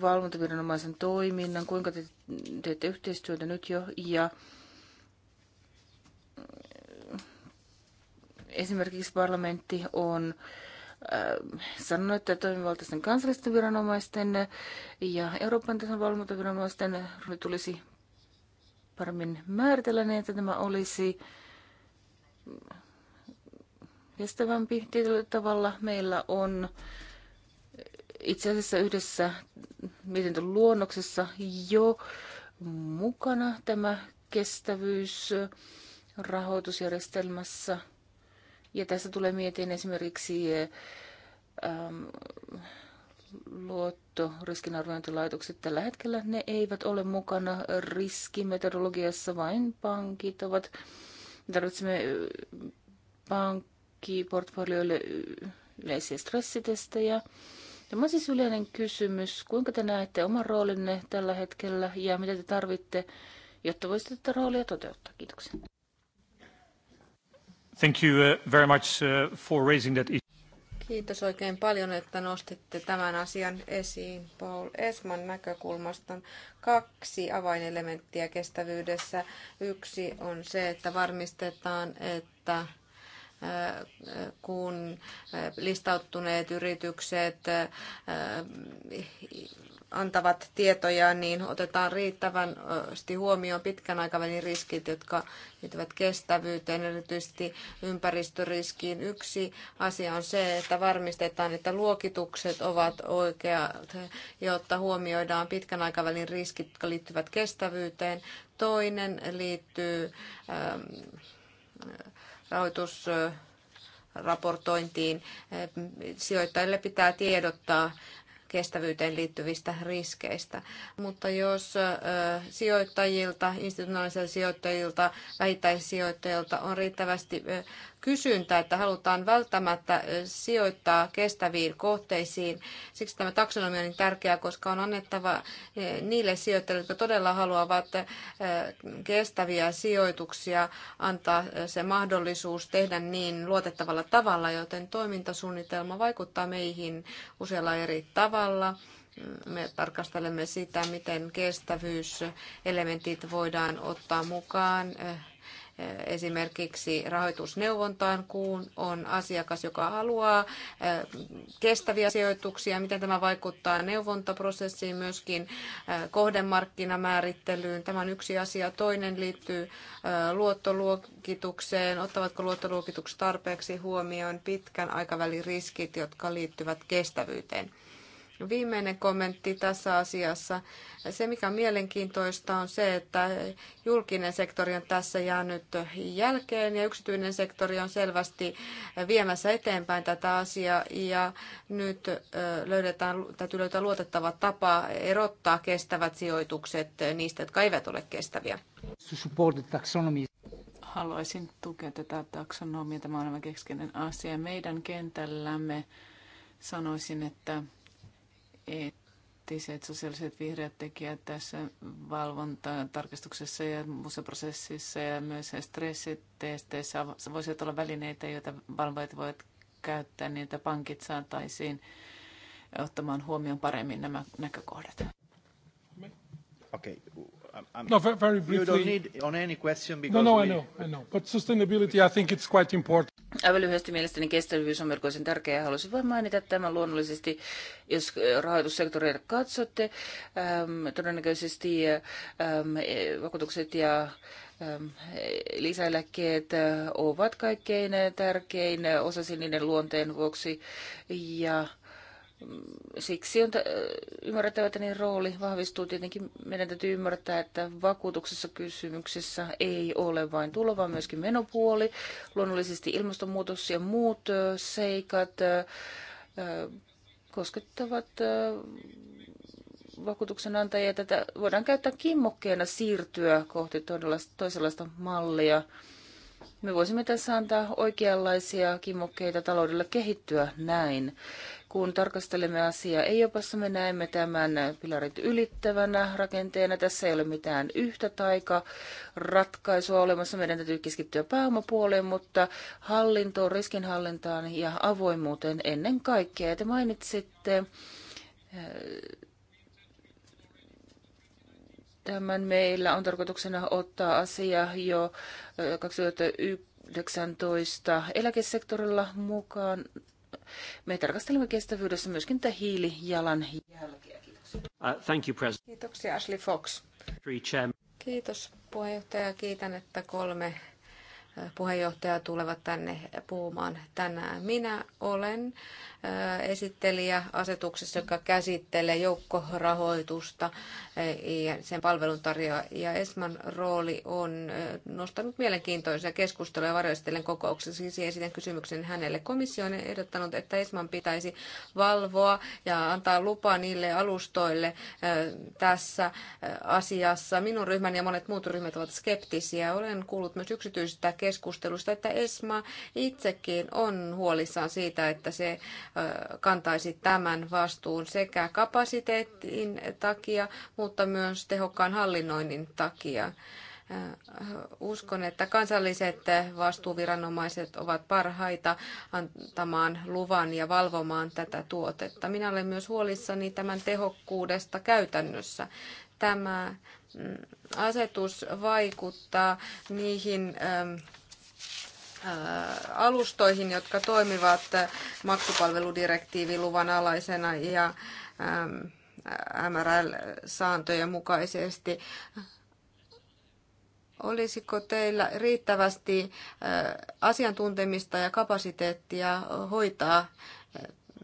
valvontaviranomaisen toiminnan, kuinka te teette yhteistyötä nyt jo ja äh, esimerkiksi parlamentti on sanonut, että toimivaltaisten kansallisten viranomaisten ja Euroopan tason valvontaviranomaisten tulisi paremmin määritellä niin, että tämä olisi kestävämpi tietyllä tavalla. Meillä on itse asiassa yhdessä mietintöluonnoksessa jo mukana tämä kestävyys rahoitusjärjestelmässä. Ja tässä tulee mietin esimerkiksi ähm, luottoriskinarviointilaitokset tällä hetkellä ne eivät ole mukana riskimetodologiassa, vain pankit ovat. me Tarvitsemme pankkiportfolioille yleisiä stressitestejä. Tämä on siis yleinen kysymys. Kuinka te näette oman roolinne tällä hetkellä ja mitä te tarvitte, jotta voisitte tätä roolia toteuttaa? Kiitoksia. Thank you uh, very much uh, for raising that issue. Kiitos oikein paljon, että nostitte tämän asian esiin Paul Esman näkökulmasta. Kaksi avainelementtiä kestävyydessä. Yksi on se, että varmistetaan, että kun listautuneet yritykset antavat tietoja, niin otetaan riittävän huomioon pitkän aikavälin riskit, jotka liittyvät kestävyyteen, erityisesti ympäristöriskiin. Yksi asia on se, että varmistetaan, että luokitukset ovat oikeat, jotta huomioidaan pitkän aikavälin riskit, jotka liittyvät kestävyyteen. Toinen liittyy ähm, rahoitusraportointiin. Sijoittajille pitää tiedottaa kestävyyteen liittyvistä riskeistä. Mutta jos sijoittajilta, institutionaalisilta sijoittajilta, vähittäissijoittajilta on riittävästi kysyntä, että halutaan välttämättä sijoittaa kestäviin kohteisiin. Siksi tämä taksonomia on niin tärkeää, koska on annettava niille sijoittajille, jotka todella haluavat kestäviä sijoituksia, antaa se mahdollisuus tehdä niin luotettavalla tavalla, joten toimintasuunnitelma vaikuttaa meihin usealla eri tavalla me tarkastelemme sitä, miten kestävyyselementit voidaan ottaa mukaan esimerkiksi rahoitusneuvontaan, kuun on asiakas, joka haluaa eh, kestäviä sijoituksia, miten tämä vaikuttaa neuvontaprosessiin, myöskin eh, kohdemarkkinamäärittelyyn. Tämä on yksi asia. Toinen liittyy eh, luottoluokitukseen, ottavatko luottoluokitukset tarpeeksi huomioon pitkän aikavälin riskit, jotka liittyvät kestävyyteen. No, viimeinen kommentti tässä asiassa. Se, mikä on mielenkiintoista, on se, että julkinen sektori on tässä jäänyt jälkeen ja yksityinen sektori on selvästi viemässä eteenpäin tätä asiaa ja nyt löydetään, täytyy löytää luotettava tapa erottaa kestävät sijoitukset niistä, jotka eivät ole kestäviä. Haluaisin tukea tätä taksonomia. Tämä on aivan keskeinen asia meidän kentällämme. Sanoisin, että eettiset, sosiaaliset vihreät tekijät tässä valvontatarkistuksessa ja muussa prosessissa ja myös stressitesteissä voisi olla välineitä, joita valvojat voivat käyttää niin, että pankit saataisiin ottamaan huomioon paremmin nämä näkökohdat. Okei, okay no, very briefly. You don't need on any question because no, no, I know, I know. But sustainability, I think it's quite important. Aivan lyhyesti mielestäni kestävyys on melkoisen tärkeää. Haluaisin vain mainita tämän luonnollisesti, jos äh, rahoitussektoreita katsotte. Ähm, todennäköisesti ähm, vakuutukset ja ähm, lisäeläkkeet äh, ovat kaikkein tärkein osa niiden luonteen vuoksi. Ja Siksi on ymmärrettävä, että niin rooli vahvistuu. Tietenkin meidän täytyy ymmärtää, että vakuutuksessa kysymyksessä ei ole vain tulo, vaan myöskin menopuoli. Luonnollisesti ilmastonmuutos ja muut seikat koskettavat vakuutuksen antajia. Tätä voidaan käyttää kimmokkeena siirtyä kohti toisenlaista mallia. Me voisimme tässä antaa oikeanlaisia kimmokkeita taloudelle kehittyä näin kun tarkastelemme asiaa EIOPassa, me näemme tämän pilarit ylittävänä rakenteena. Tässä ei ole mitään yhtä taika ratkaisua olemassa. Meidän täytyy keskittyä pääomapuoleen, mutta hallintoon, riskinhallintaan ja avoimuuteen ennen kaikkea. Ja te mainitsitte eh, tämän meillä on tarkoituksena ottaa asia jo 2019 eh, eläkesektorilla mukaan me tarkastelemme kestävyydessä myöskin tätä hiilijalan jälkeä. Kiitoksia. Uh, thank you, President. Kiitoksia Ashley Fox. Kiitos puheenjohtaja. Kiitän, että kolme eh, puheenjohtajaa tulevat tänne puhumaan tänään. Minä olen esittelijä asetuksessa, joka käsittelee joukkorahoitusta ja sen Ja Esman rooli on nostanut mielenkiintoisia keskusteluja varjoistellen kokouksessa. siis esitän kysymyksen hänelle. Komissio on ehdottanut, että Esman pitäisi valvoa ja antaa lupa niille alustoille tässä asiassa. Minun ryhmäni ja monet muut ryhmät ovat skeptisiä. Olen kuullut myös yksityisestä keskustelusta, että Esma itsekin on huolissaan siitä, että se kantaisi tämän vastuun sekä kapasiteetin takia, mutta myös tehokkaan hallinnoinnin takia. Uskon, että kansalliset vastuuviranomaiset ovat parhaita antamaan luvan ja valvomaan tätä tuotetta. Minä olen myös huolissani tämän tehokkuudesta käytännössä. Tämä mm, asetus vaikuttaa niihin ähm, alustoihin, jotka toimivat maksupalveludirektiiviluvan alaisena ja MRL-sääntöjen mukaisesti. Olisiko teillä riittävästi asiantuntemista ja kapasiteettia hoitaa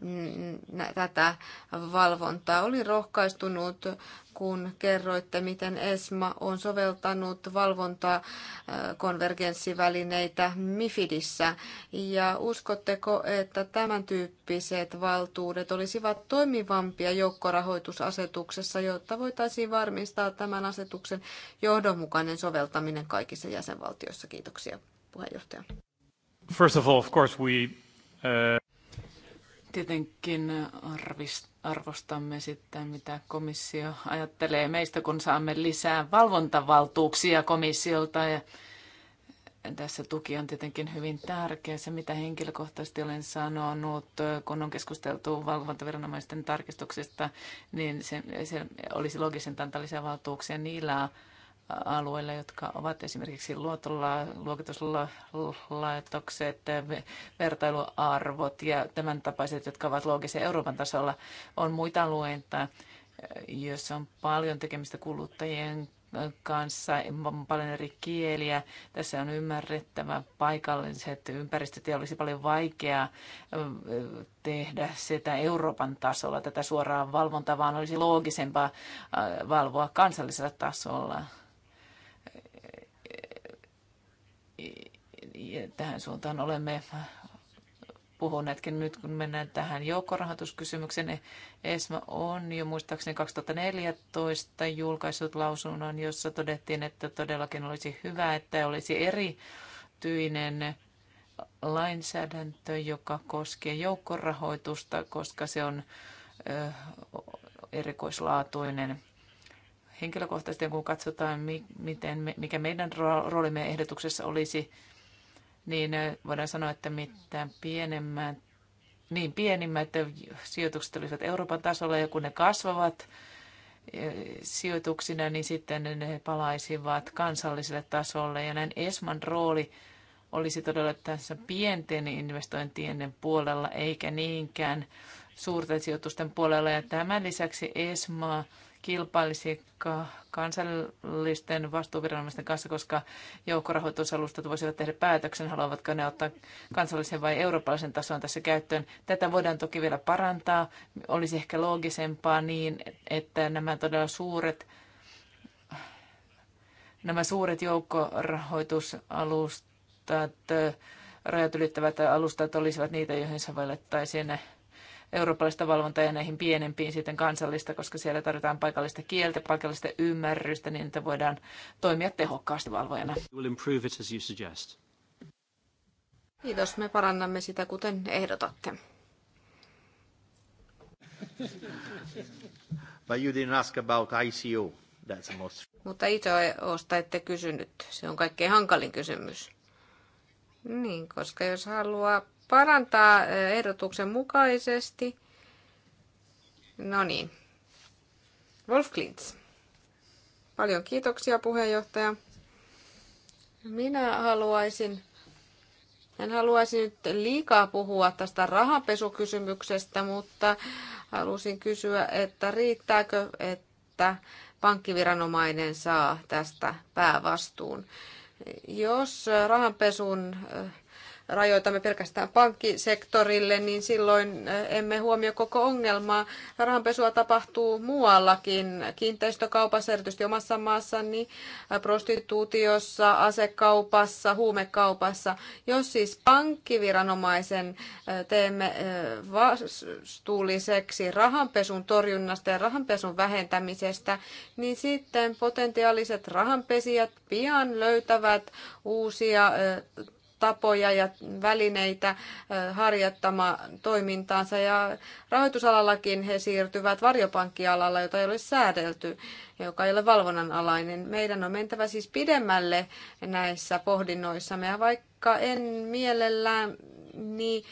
Mm, tätä valvontaa. Oli rohkaistunut, kun kerroitte, miten ESMA on soveltanut valvontakonvergenssivälineitä äh, MIFIDissä. Ja uskotteko, että tämän tyyppiset valtuudet olisivat toimivampia joukkorahoitusasetuksessa, jotta voitaisiin varmistaa tämän asetuksen johdonmukainen soveltaminen kaikissa jäsenvaltioissa? Kiitoksia, puheenjohtaja. First of all, of course we, uh... Tietenkin arvostamme sitä, mitä komissio ajattelee meistä, kun saamme lisää valvontavaltuuksia komissiolta. Ja tässä tuki on tietenkin hyvin tärkeä. Se, mitä henkilökohtaisesti olen sanonut, kun on keskusteltu valvontaviranomaisten tarkistuksesta, niin se, se olisi logisinta antaa lisää valtuuksia niillä alueilla, jotka ovat esimerkiksi luotolla, luokituslaitokset, vertailuarvot ja tämän tapaiset, jotka ovat loogisia Euroopan tasolla. On muita alueita, joissa on paljon tekemistä kuluttajien kanssa, on paljon eri kieliä. Tässä on ymmärrettävä paikalliset ympäristöt ja olisi paljon vaikeaa tehdä sitä Euroopan tasolla, tätä suoraa valvontaa, vaan olisi loogisempaa valvoa kansallisella tasolla. tähän suuntaan olemme puhuneetkin nyt, kun mennään tähän joukkorahoituskysymykseen. ESMA on jo muistaakseni 2014 julkaissut lausunnon, jossa todettiin, että todellakin olisi hyvä, että olisi erityinen lainsäädäntö, joka koskee joukkorahoitusta, koska se on erikoislaatuinen henkilökohtaisesti, kun katsotaan, miten, mikä meidän roolimme ehdotuksessa olisi, niin voidaan sanoa, että mitä pienemmät, niin pienimmät sijoitukset olisivat Euroopan tasolla ja kun ne kasvavat sijoituksina, niin sitten ne palaisivat kansalliselle tasolle ja näin Esman rooli olisi todella tässä pienten investointien puolella eikä niinkään suurten sijoitusten puolella. Ja tämän lisäksi ESMA kilpailisi kansallisten vastuuviranomaisten kanssa, koska joukkorahoitusalustat voisivat tehdä päätöksen, haluavatko ne ottaa kansallisen vai eurooppalaisen tason tässä käyttöön. Tätä voidaan toki vielä parantaa. Olisi ehkä loogisempaa niin, että nämä todella suuret nämä suuret joukkorahoitusalustat, rajat ylittävät alustat olisivat niitä, joihin sovellettaisiin eurooppalaista valvontaa ja näihin pienempiin sitten kansallista, koska siellä tarvitaan paikallista kieltä, paikallista ymmärrystä, niin että voidaan toimia tehokkaasti valvojana. Kiitos, me parannamme sitä, kuten ehdotatte. <laughs> But you didn't ask about ICO. That's the most... Mutta ICOsta ette kysynyt. Se on kaikkein hankalin kysymys. Niin, koska jos haluaa parantaa eh, ehdotuksen mukaisesti. No niin. Wolf Klintz. Paljon kiitoksia puheenjohtaja. Minä haluaisin, en haluaisi nyt liikaa puhua tästä rahanpesukysymyksestä, mutta halusin kysyä, että riittääkö, että pankkiviranomainen saa tästä päävastuun. Jos rahanpesun eh, rajoitamme pelkästään pankkisektorille, niin silloin eh, emme huomioi koko ongelmaa. Rahanpesua tapahtuu muuallakin, kiinteistökaupassa, erityisesti omassa maassani, niin, eh, prostituutiossa, asekaupassa, huumekaupassa. Jos siis pankkiviranomaisen eh, teemme vastuulliseksi rahanpesun torjunnasta ja rahanpesun vähentämisestä, niin sitten potentiaaliset rahanpesijät pian löytävät uusia tapoja ja välineitä harjoittamaan toimintaansa. Ja rahoitusalallakin he siirtyvät varjopankkialalla, jota ei ole säädelty, joka ei ole valvonnan alainen. Meidän on mentävä siis pidemmälle näissä pohdinnoissa. Ja vaikka en mielellään niin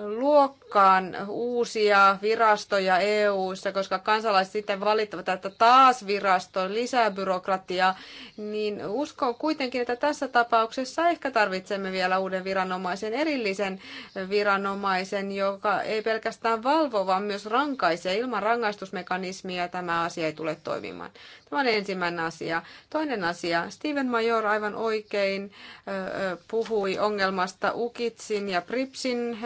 luokkaan uusia virastoja EU-ssa, koska kansalaiset sitten valittavat, että taas virasto lisää byrokratiaa, niin uskon kuitenkin, että tässä tapauksessa ehkä tarvitsemme vielä uuden viranomaisen, erillisen viranomaisen, joka ei pelkästään valvo, vaan myös rankaisee. Ilman rangaistusmekanismia tämä asia ei tule toimimaan. Tämä on ensimmäinen asia. Toinen asia, Steven Major aivan oikein puhui ongelmasta UKITSin ja PRIPSin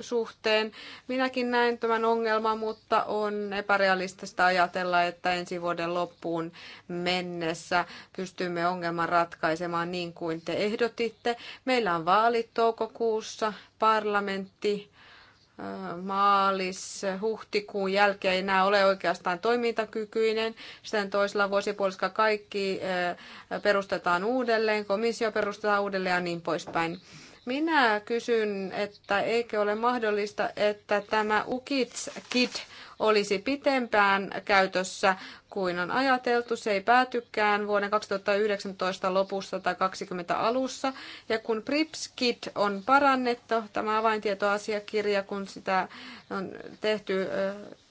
suhteen. Minäkin näen tämän ongelman, mutta on epärealistista ajatella, että ensi vuoden loppuun mennessä pystymme ongelman ratkaisemaan niin kuin te ehdotitte. Meillä on vaalit toukokuussa, parlamentti maalis huhtikuun jälkeen ei enää ole oikeastaan toimintakykyinen. Sen toisella vuosipuoliska kaikki perustetaan uudelleen, komissio perustetaan uudelleen ja niin poispäin. Minä kysyn, että eikö ole mahdollista, että tämä UKITS-kit olisi pitempään käytössä kuin on ajateltu. Se ei päätykään vuoden 2019 lopussa tai 2020 alussa. Ja kun PRIPS-kit on parannettu, tämä avaintietoasiakirja, kun sitä on tehty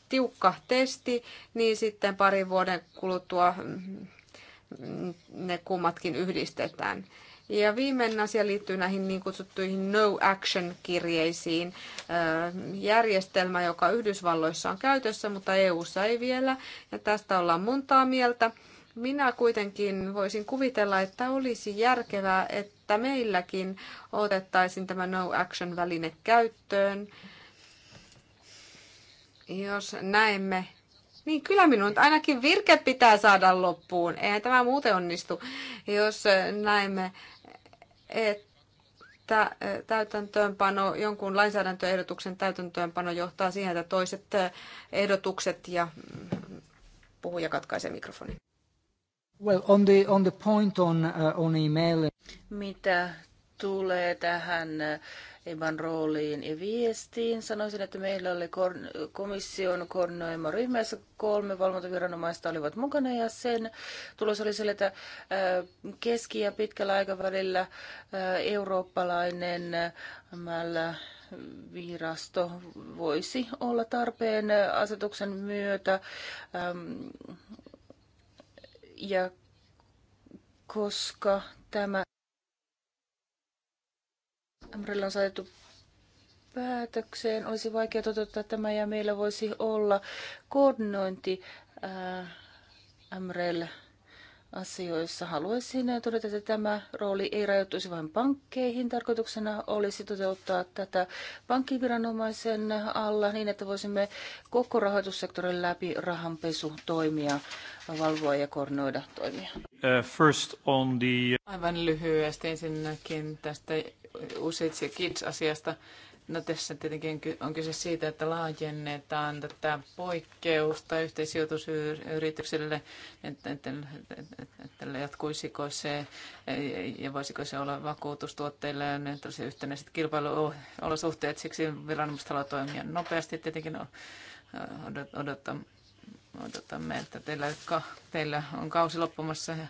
tiukka testi, niin sitten parin vuoden kuluttua mm, ne kummatkin yhdistetään. Ja viimeinen asia liittyy näihin niin kutsuttuihin no action kirjeisiin. Järjestelmä, joka Yhdysvalloissa on käytössä, mutta EU:ssa ei vielä. Ja tästä ollaan montaa mieltä. Minä kuitenkin voisin kuvitella, että olisi järkevää, että meilläkin otettaisiin tämä no action väline käyttöön. Jos näemme niin kyllä minun ainakin virke pitää saada loppuun. Eihän tämä muuten onnistu. Jos näemme että äh, täytäntöönpano, jonkun lainsäädäntöehdotuksen täytäntöönpano johtaa siihen, että toiset äh, ehdotukset ja mm, puhuja katkaisee mikrofonin. Well, on the, on the point on, uh, on email. Mitä tulee tähän EBAN rooliin ja viestiin. Sanoisin, että meillä oli komission koordinoima ryhmä, jossa kolme valvontaviranomaista olivat mukana ja sen tulos oli sillä, että äh, keski- ja pitkällä aikavälillä äh, eurooppalainen äh, virasto voisi olla tarpeen asetuksen myötä ähm, ja koska tämä MRL on saatettu päätökseen, olisi vaikea toteuttaa tämä ja meillä voisi olla koordinointi äh, MRL asioissa. Haluaisin todeta, että tämä rooli ei rajoittuisi vain pankkeihin. Tarkoituksena olisi toteuttaa tätä pankkiviranomaisen alla niin, että voisimme koko rahoitussektorin läpi rahanpesu toimia valvoa ja koordinoida toimia. Uh, first on the... Uh, Aivan lyhyesti ensinnäkin tästä Usits Kids-asiasta. No tässä tietenkin on kyse siitä, että laajennetaan tätä poikkeusta yhteisijoitusyritykselle, että, että, että jatkuisiko se ja voisiko se olla vakuutustuotteille ja yhtenäiset kilpailuolosuhteet. Siksi viranomaiset haluaa toimia nopeasti. Tietenkin odotamme, odotamme että teillä, teillä on kausi loppumassa ja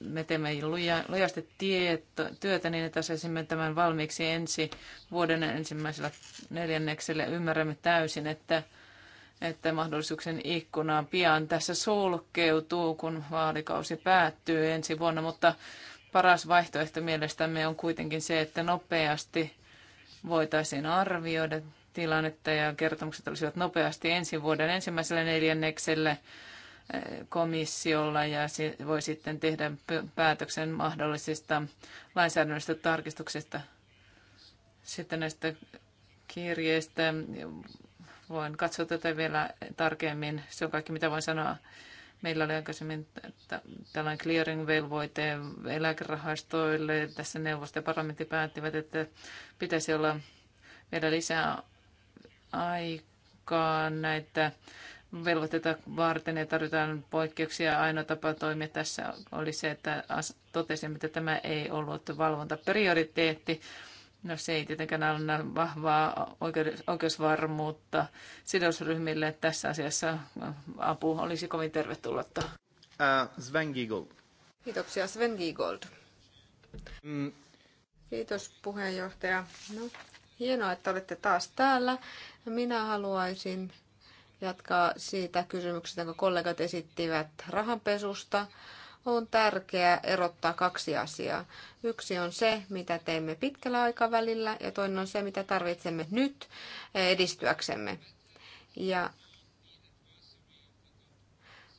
me teemme luja, lujasti tieto, työtä niin, että saisimme tämän valmiiksi ensi vuoden ensimmäisellä neljänneksellä. Ymmärrämme täysin, että, että mahdollisuuksien ikkuna pian tässä sulkeutuu, kun vaalikausi päättyy ensi vuonna, mutta paras vaihtoehto mielestämme on kuitenkin se, että nopeasti voitaisiin arvioida tilannetta ja kertomukset olisivat nopeasti ensi vuoden ensimmäisellä neljänneksellä komissiolla ja se voi sitten tehdä päätöksen mahdollisista lainsäädännöllisistä tarkistuksista. Sitten näistä kirjeistä voin katsoa tätä vielä tarkemmin. Se on kaikki, mitä voin sanoa. Meillä oli aikaisemmin tällainen clearing-velvoite eläkerahastoille. Tässä neuvosto ja parlamentti päättivät, että pitäisi olla vielä lisää aikaa näitä velvoitteita varten ja tarvitaan poikkeuksia. Ainoa tapa toimia tässä oli se, että totesimme, että tämä ei ollut valvontaprioriteetti. No se ei tietenkään anna vahvaa oikeusvarmuutta sidosryhmille. Tässä asiassa apu olisi kovin tervetullutta. Uh, Sven Giegold. Kiitoksia Sven Giegold. Mm. Kiitos puheenjohtaja. No, hienoa, että olette taas täällä. Minä haluaisin jatkaa siitä kysymyksestä, jonka kollegat esittivät rahanpesusta. On tärkeää erottaa kaksi asiaa. Yksi on se, mitä teemme pitkällä aikavälillä, ja toinen on se, mitä tarvitsemme nyt eh, edistyäksemme. Ja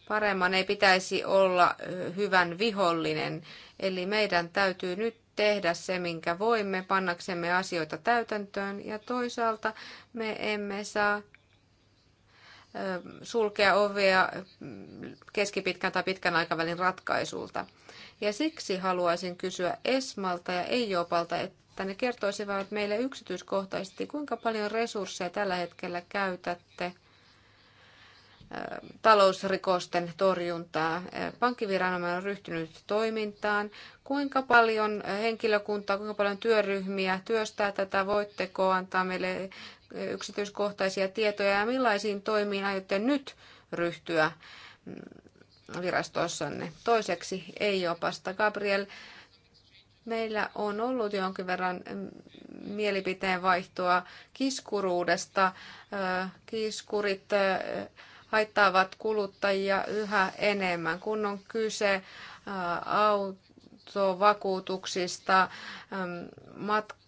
paremman ei pitäisi olla eh, hyvän vihollinen. Eli meidän täytyy nyt tehdä se, minkä voimme, pannaksemme asioita täytäntöön ja toisaalta me emme saa Ähm, sulkea ovea keskipitkän tai pitkän aikavälin ratkaisulta. Ja siksi haluaisin kysyä Esmalta ja Eijopalta, että ne kertoisivat meille yksityiskohtaisesti, kuinka paljon resursseja tällä hetkellä käytätte ähm, talousrikosten torjuntaa. Äh, pankkiviranomainen on ryhtynyt toimintaan. Kuinka paljon henkilökuntaa, kuinka paljon työryhmiä työstää tätä? Voitteko antaa meille yksityiskohtaisia tietoja ja millaisiin toimiin aiotte nyt ryhtyä virastoissanne. Toiseksi ei opasta. Gabriel, meillä on ollut jonkin verran mielipiteen vaihtoa kiskuruudesta. Kiskurit haittaavat kuluttajia yhä enemmän, kun on kyse autovakuutuksista, matkailua,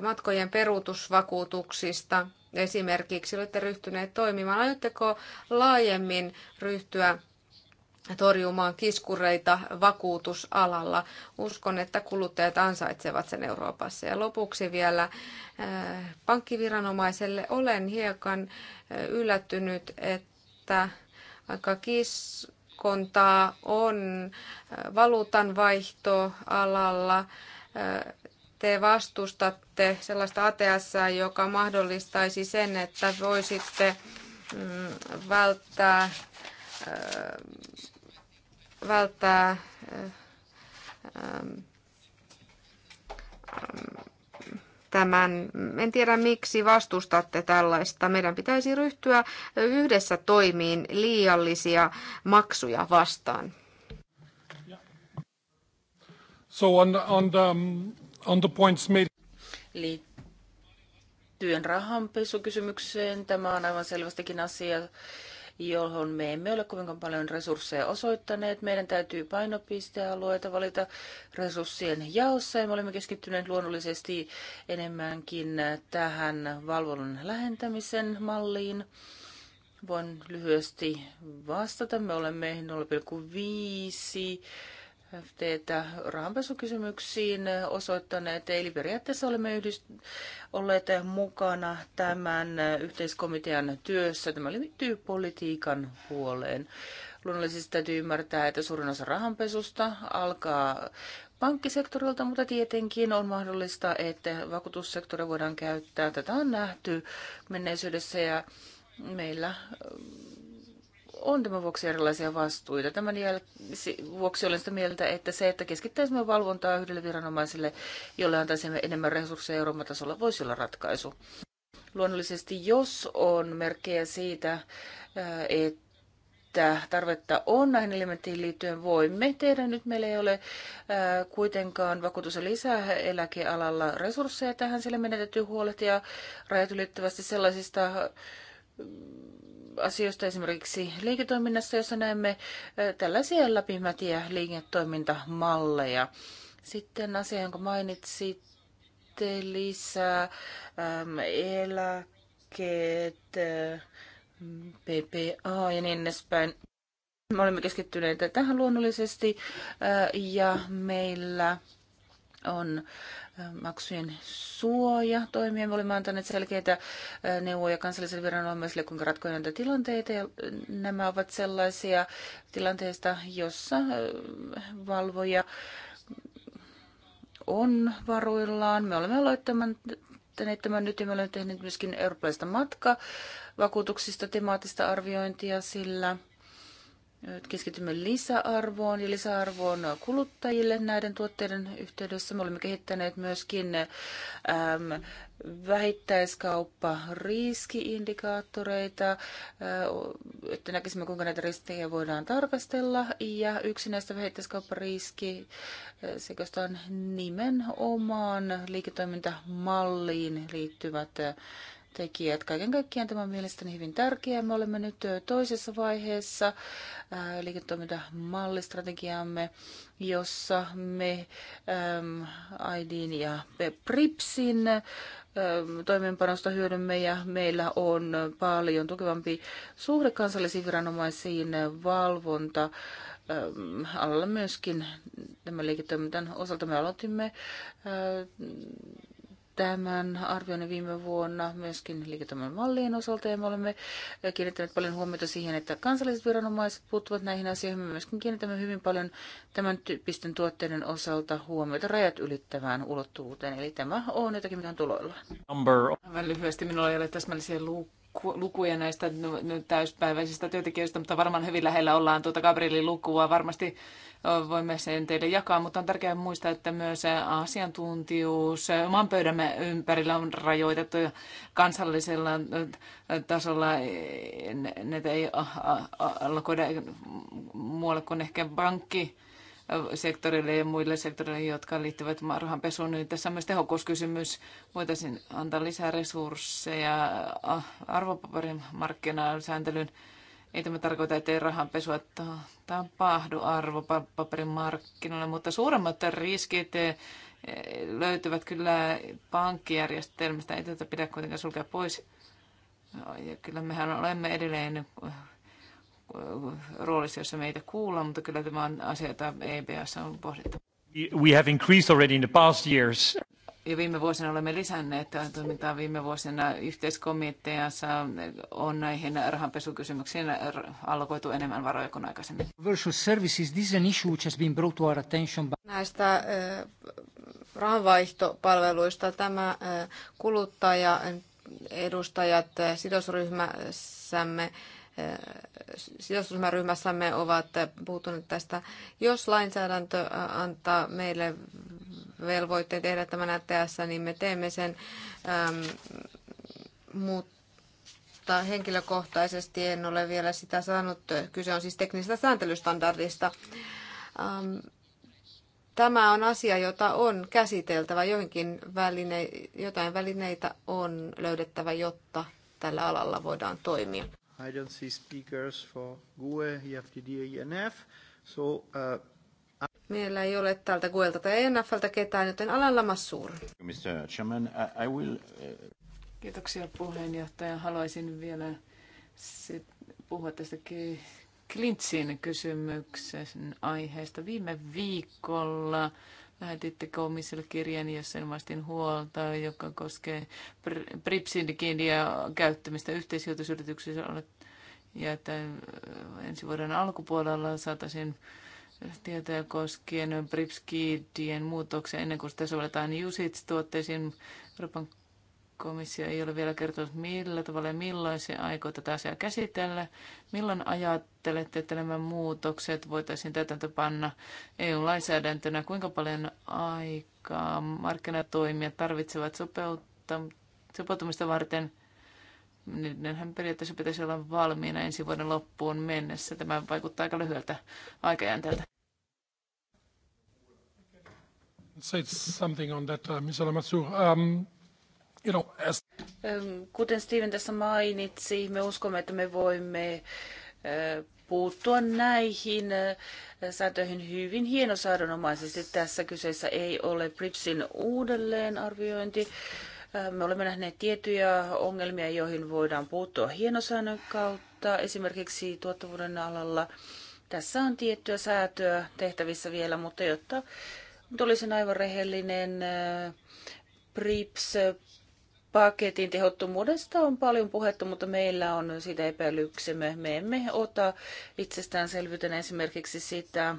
matkojen peruutusvakuutuksista esimerkiksi olette ryhtyneet toimimaan. Aiotteko laajemmin ryhtyä torjumaan kiskureita vakuutusalalla. Uskon, että kuluttajat ansaitsevat sen Euroopassa. Ja lopuksi vielä äh, pankkiviranomaiselle olen hiekan äh, yllättynyt, että aika kiskontaa on äh, valuutanvaihtoalalla. alalla te vastustatte sellaista ATS, joka mahdollistaisi sen, että voisitte mm, välttää, välttää tämän. En tiedä, miksi vastustatte tällaista. Meidän pitäisi ryhtyä yhdessä toimiin liiallisia maksuja vastaan. So on, on the, um, on the points made. Liittyen rahanpesukysymykseen, tämä on aivan selvästikin asia, johon me emme ole kovinkaan paljon resursseja osoittaneet. Meidän täytyy painopistealueita valita resurssien jaossa ja me olemme keskittyneet luonnollisesti enemmänkin tähän valvonnan lähentämisen malliin. Voin lyhyesti vastata. Me olemme 0,5 teitä rahanpesukysymyksiin osoittaneet. Eli periaatteessa olemme yhdist- olleet mukana tämän yhteiskomitean työssä. Tämä liittyy politiikan puoleen. Luonnollisesti täytyy ymmärtää, että suurin osa rahanpesusta alkaa pankkisektorilta, mutta tietenkin on mahdollista, että vakuutussektori voidaan käyttää. Tätä on nähty menneisyydessä ja meillä on tämän vuoksi erilaisia vastuita. Tämän vuoksi olen sitä mieltä, että se, että keskittäisimme valvontaa yhdelle viranomaiselle, jolle antaisimme enemmän resursseja Euroopan tasolla, voisi olla ratkaisu. Luonnollisesti, jos on merkkejä siitä, että että tarvetta on näihin elementtiin liittyen, voimme tehdä. Nyt meillä ei ole ää, kuitenkaan vakuutus- ja lisäeläkealalla resursseja tähän, sillä meidän täytyy huolehtia rajat ylittävästi sellaisista asioista esimerkiksi liiketoiminnassa, jossa näemme tällaisia läpimätiä liiketoimintamalleja. Sitten asia, jonka mainitsitte lisää, eläkkeet, PPA ja niin edespäin. Me olemme keskittyneet tähän luonnollisesti ja meillä on maksujen suoja toimia. Me olemme antaneet selkeitä neuvoja kansalliselle viranomaisille, kuinka ratkoa näitä tilanteita. Ja nämä ovat sellaisia tilanteista, jossa valvoja on varuillaan. Me olemme aloittaneet tämän nyt ja me olemme tehneet myöskin eurooppalaista matkavakuutuksista temaattista arviointia, sillä – keskitymme lisäarvoon ja lisäarvoon kuluttajille näiden tuotteiden yhteydessä. Me olemme kehittäneet myöskin äm, vähittäiskauppa riskiindikaattoreita, että näkisimme kuinka näitä riskejä voidaan tarkastella. Ja yksi näistä vähittäiskauppariski sekoista nimenomaan liiketoimintamalliin liittyvät tekijät. Kaiken kaikkiaan tämä on mielestäni hyvin tärkeää. Me olemme nyt toisessa vaiheessa liiketoimintamallistrategiamme, jossa me aidin IDin ja PRIPSin toimeenpanosta hyödymme ja meillä on paljon tukevampi suhde kansallisiin viranomaisiin valvonta alalla myöskin tämän liiketoimintan osalta. Me aloitimme tämän arvioinnin viime vuonna myöskin liiketoiminnan mallien osalta ja me olemme kiinnittäneet paljon huomiota siihen, että kansalliset viranomaiset puuttuvat näihin asioihin. Me myöskin kiinnitämme hyvin paljon tämän tyyppisten tuotteiden osalta huomiota rajat ylittävään ulottuvuuteen. Eli tämä on jotakin, mitä on tuloilla. Number. Aivan lyhyesti, minulla ei ole täsmällisiä luukkuja lukuja näistä täyspäiväisistä työntekijöistä, mutta varmaan hyvin lähellä ollaan tuota Gabrielin lukua. Varmasti voimme sen teille jakaa, mutta on tärkeää muistaa, että myös asiantuntijuus oman pöydämme ympärillä on rajoitettu kansallisella tasolla. E, näitä ei alkoida muualle kuin ehkä pankki sektorille ja muille sektoreille, jotka liittyvät rahanpesuun. Niin tässä on myös tehokkuuskysymys. Voitaisiin antaa lisää resursseja ah, arvopaperimarkkinaan sääntelyn. Ei tämä tarkoita, että ei rahanpesua tapahdu arvopaperimarkkinoilla, mutta suuremmat riskit eh, löytyvät kyllä pankkijärjestelmästä. Ei tätä pidä kuitenkaan sulkea pois. Ja kyllä mehän olemme edelleen roolissa, jossa meitä kuullaan, mutta kyllä tämä on asia, jota EBS on pohdittu. We have increased already in the past years. Ja viime vuosina olemme lisänneet toimintaa. Viime vuosina yhteiskomiteassa on näihin rahanpesukysymyksiin allokoitu enemmän varoja kuin aikaisemmin. Virtual services, this is an issue which has been brought to our attention. Näistä äh, rahanvaihtopalveluista tämä äh, kuluttaja edustajat äh, sidosryhmässämme sidosryhmäryhmässämme ovat puuttuneet tästä. Jos lainsäädäntö antaa meille velvoitteen tehdä tämän ATS, niin me teemme sen, ähm, mutta henkilökohtaisesti en ole vielä sitä saanut. Kyse on siis teknisestä sääntelystandardista. Ähm, tämä on asia, jota on käsiteltävä. Joinkin väline, jotain välineitä on löydettävä, jotta tällä alalla voidaan toimia. I don't see speakers for GUE, EFTD, ENF. So, uh, Meillä ei ole tältä GUElta tai ENFltä ketään, joten Alan Lamassur. Mr. Chairman, I, I will... Uh... Kiitoksia puheenjohtaja. Haluaisin vielä sit puhua tästä Klintsin kysymyksen aiheesta. Viime viikolla lähetitte komissiolle jos jossa ilmaistiin huolta, joka koskee Pripsindikin ja käyttämistä yhteisijoitusyrityksissä ja että äh, ensi vuoden alkupuolella saataisiin tietoja koskien brips muutoksia ennen kuin sitä sovelletaan USITS-tuotteisiin. Euroopan Komissio ei ole vielä kertonut millä tavalla ja milloin se aikoo tätä asiaa käsitellä. Milloin ajattelette, että nämä muutokset voitaisiin täytäntöpanna EU-lainsäädäntönä? Kuinka paljon aikaa markkinatoimijat tarvitsevat sopeutumista varten? Niidenhän periaatteessa pitäisi olla valmiina ensi vuoden loppuun mennessä. Tämä vaikuttaa aika lyhyeltä aikajänteeltä. Say something on that, uh, Mr. Lamassoure. Um, Kuten Steven tässä mainitsi, me uskomme, että me voimme puuttua näihin sääntöihin hyvin hienosaadonomaisesti. Tässä kyseessä ei ole PRIPSin uudelleenarviointi. Me olemme nähneet tiettyjä ongelmia, joihin voidaan puuttua hienosäännön kautta, esimerkiksi tuottavuuden alalla. Tässä on tiettyä säätöä tehtävissä vielä, mutta jotta nyt olisin aivan rehellinen, PRIPS paketin tehottomuudesta on paljon puhetta, mutta meillä on sitä epäilyksemme. Me emme ota itsestäänselvyytenä esimerkiksi sitä,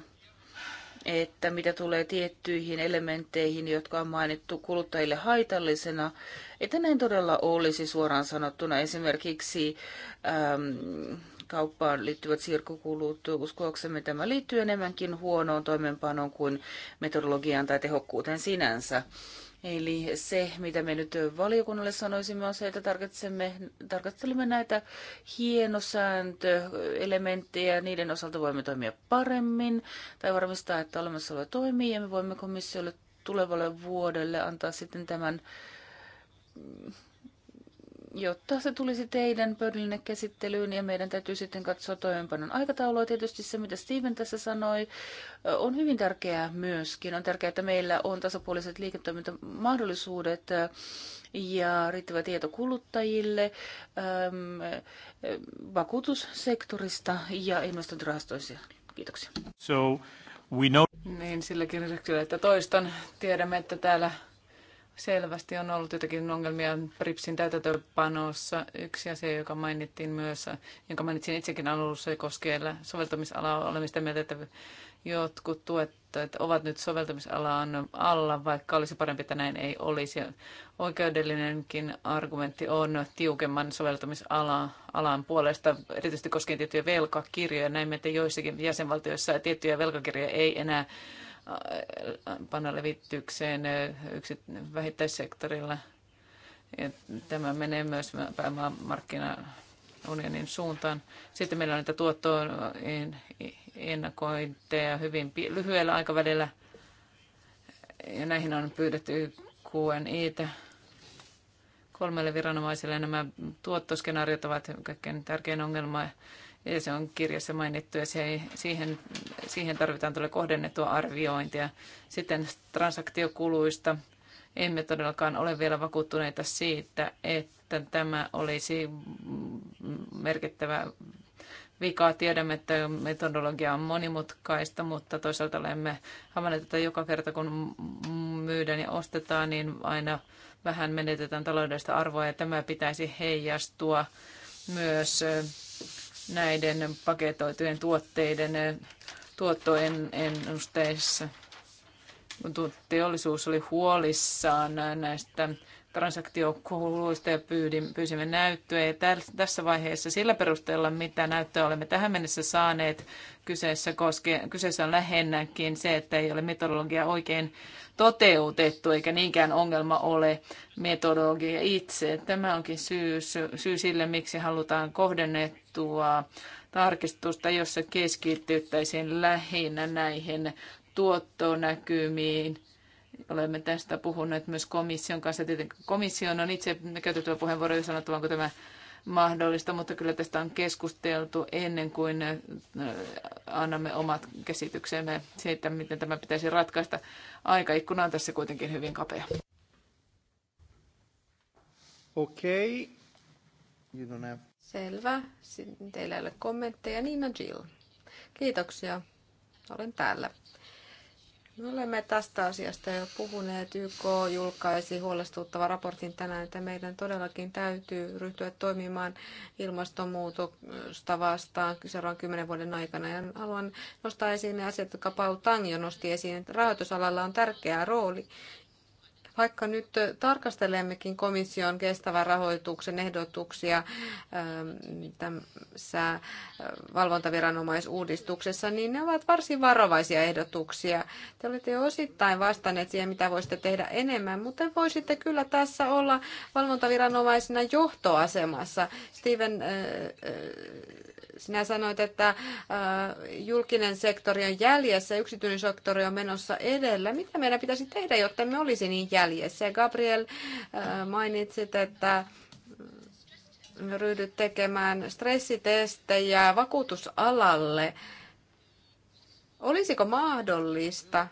että mitä tulee tiettyihin elementteihin, jotka on mainittu kuluttajille haitallisena, että näin todella olisi suoraan sanottuna esimerkiksi äm, kauppaan liittyvät siirkokulut. Uskoaksemme tämä liittyy enemmänkin huonoon toimeenpanoon kuin metodologiaan tai tehokkuuteen sinänsä. Eli se, mitä me nyt valiokunnalle sanoisimme, on se, että tarkastelemme, näitä hienosääntöelementtejä. Niiden osalta voimme toimia paremmin tai varmistaa, että olemassa oleva toimii ja me voimme komissiolle tulevalle vuodelle antaa sitten tämän jotta se tulisi teidän pöydällenne käsittelyyn ja meidän täytyy sitten katsoa toimeenpanon aikataulua. Tietysti se, mitä Steven tässä sanoi, on hyvin tärkeää myöskin. On tärkeää, että meillä on tasapuoliset liiketoimintamahdollisuudet ja riittävä tieto kuluttajille ähm, vakuutussektorista ja investointirahastoisia. Kiitoksia. So we know... Niin, silläkin lisäksi, että toistan. Tiedämme, että täällä selvästi on ollut jotakin ongelmia PRIPSin täytäntöpanossa. Yksi asia, joka mainittiin myös, jonka mainitsin itsekin alussa, koskee soveltamisalaa olemista mieltä, että jotkut tuet ovat nyt soveltamisalaan alla, vaikka olisi parempi, että näin ei olisi. Oikeudellinenkin argumentti on tiukemman soveltamisalan puolesta, erityisesti koskien tiettyjä velkakirjoja. Näimme, että joissakin jäsenvaltioissa tiettyjä velkakirjoja ei enää panna levitykseen vähittäissektorilla. Ja tämä menee myös unionin suuntaan. Sitten meillä on niitä tuottoa ennakointeja hyvin lyhyellä aikavälillä. Ja näihin on pyydetty QNItä kolmelle viranomaiselle. Nämä tuottoskenaariot ovat kaikkein tärkein ongelma ja se on kirjassa mainittu ja se, siihen, siihen tarvitaan tuolle kohdennettua arviointia. Sitten transaktiokuluista emme todellakaan ole vielä vakuuttuneita siitä, että tämä olisi merkittävä vika. Tiedämme, että metodologia on monimutkaista, mutta toisaalta olemme havainneet, että joka kerta kun myydään ja ostetaan, niin aina vähän menetetään taloudellista arvoa ja tämä pitäisi heijastua myös näiden paketoitujen tuotteiden tuottoennusteissa. Teollisuus oli huolissaan näistä transaktiokuluista ja pyysimme näyttöä. Ja tässä vaiheessa sillä perusteella, mitä näyttöä olemme tähän mennessä saaneet, kyseessä, koske, kyseessä on lähennäkin se, että ei ole metodologia oikein toteutettu, eikä niinkään ongelma ole metodologia itse. Tämä onkin syy, syy sille, miksi halutaan kohdennet, ehdotettua tarkistusta, jossa keskityttäisiin lähinnä näihin tuottonäkymiin. Olemme tästä puhuneet myös komission kanssa. Tietenkin komission on itse käytettävä puheenvuoro jos sanottu, onko tämä mahdollista, mutta kyllä tästä on keskusteltu ennen kuin äh, annamme omat käsityksemme siitä, miten tämä pitäisi ratkaista. Aikaikkuna on tässä kuitenkin hyvin kapea. Okei. Okay. You don't have Selvä. Sitten teillä ei ole kommentteja. Nina Jill. Kiitoksia. Olen täällä. Me olemme tästä asiasta jo puhuneet. YK julkaisi huolestuttava raportin tänään, että meidän todellakin täytyy ryhtyä toimimaan ilmastonmuutosta vastaan seuraavan kymmenen vuoden aikana. Ja haluan nostaa esiin ne asiat, jotka Paul Tang jo nosti esiin, että rahoitusalalla on tärkeä rooli. Vaikka nyt tarkastelemmekin komission kestävän rahoituksen ehdotuksia ähm, tässä äh, valvontaviranomaisuudistuksessa, niin ne ovat varsin varovaisia ehdotuksia. Te olette jo osittain vastanneet siihen, mitä voisitte tehdä enemmän, mutta voisitte kyllä tässä olla valvontaviranomaisena johtoasemassa. Steven äh, äh, sinä sanoit, että äh, julkinen sektori on jäljessä ja yksityinen sektori on menossa edellä. Mitä meidän pitäisi tehdä, jotta me olisi niin jäljessä? Gabriel, äh, mainitsit, että ryhdyt tekemään stressitestejä vakuutusalalle. Olisiko mahdollista?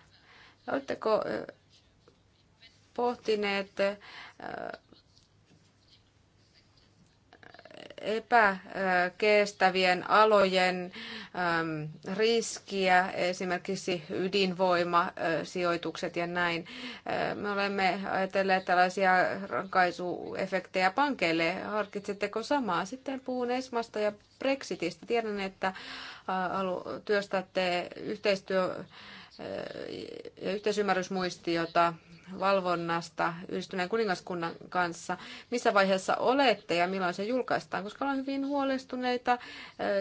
Oletteko äh, pohtineet epäkestävien alojen ähm, riskiä, esimerkiksi ydinvoimasijoitukset äh, ja näin. Äh, me olemme ajatelleet tällaisia rankaisuefektejä pankeille. Harkitsetteko samaa? Sitten puhun Esmasta ja Brexitistä. Tiedän, että äh, työstätte yhteistyö- ja yhteisymmärrysmuistiota valvonnasta yhdistyneen kuningaskunnan kanssa. Missä vaiheessa olette ja milloin se julkaistaan? Koska ollaan hyvin huolestuneita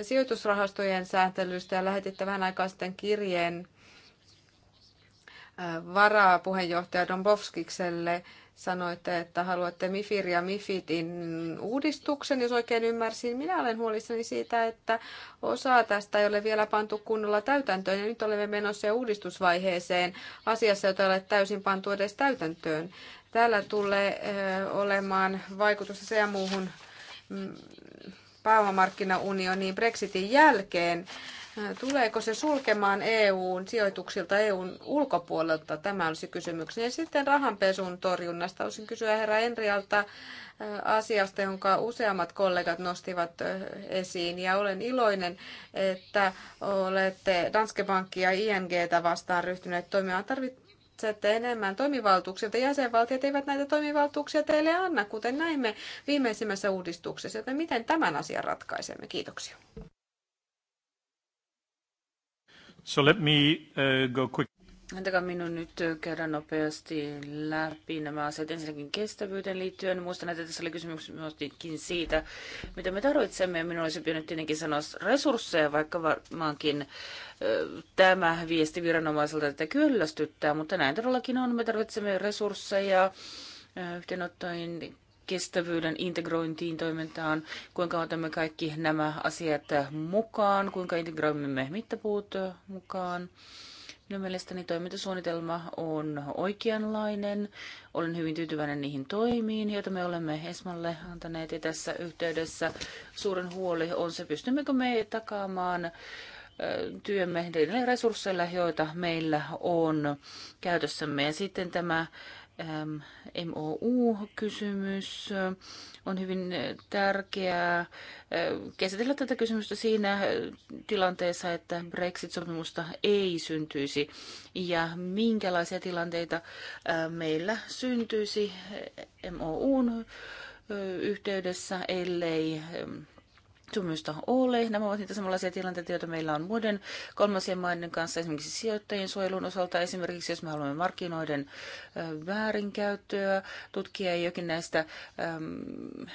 sijoitusrahastojen sääntelystä ja lähetitte vähän aikaa sitten kirjeen varapuheenjohtaja Dombovskikselle. Sanoitte, että haluatte MIFIR ja MIFITin uudistuksen, jos oikein ymmärsin. Minä olen huolissani siitä, että osa tästä ei ole vielä pantu kunnolla täytäntöön, ja nyt olemme menossa jo uudistusvaiheeseen asiassa, jota ei ole täysin pantu edes täytäntöön. Täällä tulee olemaan vaikutusta se ja muuhun mm, pääomamarkkinaunioniin Brexitin jälkeen. Tuleeko se sulkemaan EUn sijoituksilta EUn ulkopuolelta? Tämä olisi kysymykseni. Ja sitten rahanpesun torjunnasta. Olisin kysyä herra Enrialta äh, asiasta, jonka useammat kollegat nostivat äh, esiin. Ja olen iloinen, että olette Danske Bankia ja INGtä vastaan ryhtyneet toimimaan. tarvitsette enemmän toimivaltuuksia, jäsenvaltiot eivät näitä toimivaltuuksia teille anna, kuten näimme viimeisimmässä uudistuksessa. Joten miten tämän asian ratkaisemme? Kiitoksia. So let me uh, go quick. Antakaa minun nyt käydä nopeasti läpi nämä asiat ensinnäkin kestävyyteen liittyen. Muistan, että tässä oli kysymys myöskin siitä, mitä me tarvitsemme. Minun olisi pitänyt tietenkin sanoa resursseja, vaikka varmaankin tämä viesti viranomaiselta tätä kyllästyttää, mutta näin todellakin on. Me tarvitsemme resursseja yhteenottoin kestävyyden integrointiin toimintaan, kuinka otamme kaikki nämä asiat mukaan, kuinka integroimme me mittapuut mukaan. Minun mielestäni toimintasuunnitelma on oikeanlainen. Olen hyvin tyytyväinen niihin toimiin, joita me olemme Esmalle antaneet. Ja tässä yhteydessä suuren huoli on se, pystymmekö me takaamaan työmme niillä resursseilla, joita meillä on käytössämme. Ja sitten tämä MOU-kysymys. On hyvin tärkeää äh, käsitellä tätä kysymystä siinä tilanteessa, että Brexit-sopimusta ei syntyisi ja minkälaisia tilanteita äh, meillä syntyisi MOUn yhteydessä, ellei tuomioista ole. Nämä ovat niitä samanlaisia tilanteita, joita meillä on muiden kolmansien maiden kanssa, esimerkiksi sijoittajien suojelun osalta. Esimerkiksi jos me haluamme markkinoiden väärinkäyttöä, tutkia jokin näistä äm,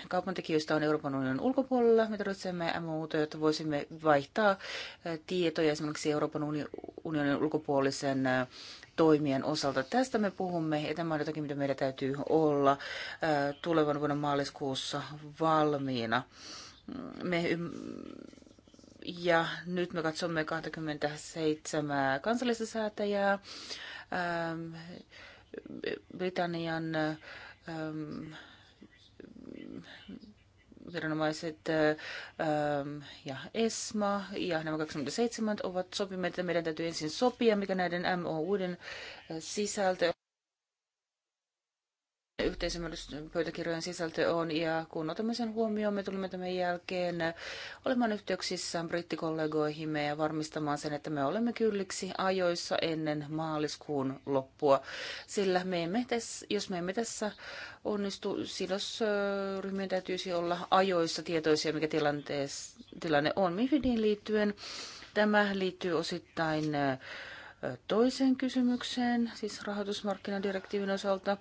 kaupantekijöistä on Euroopan unionin ulkopuolella. Me tarvitsemme muuta, jotta voisimme vaihtaa tietoja esimerkiksi Euroopan unionin ulkopuolisen toimien osalta. Tästä me puhumme ja tämä on jotakin, mitä meidän täytyy olla tulevan vuoden maaliskuussa valmiina me ja nyt me katsomme 27 kansallista säätäjää, ähm, Britannian ähm, viranomaiset ähm, ja ESMA ja nämä 27 ovat sopimme, että meidän täytyy ensin sopia, mikä näiden MOUden äh, sisältö pöytäkirjojen sisältö on, ja kun otamme sen huomioon, me tulemme tämän jälkeen olemaan yhteyksissä brittikollegoihimme ja varmistamaan sen, että me olemme kylliksi ajoissa ennen maaliskuun loppua, sillä me emme tässä, jos me emme tässä onnistu, sidosryhmien täytyisi olla ajoissa tietoisia, mikä tilanteessa, tilanne on. Mifidin liittyen tämä liittyy osittain äh, toiseen kysymykseen, siis rahoitusmarkkinadirektiivin osalta.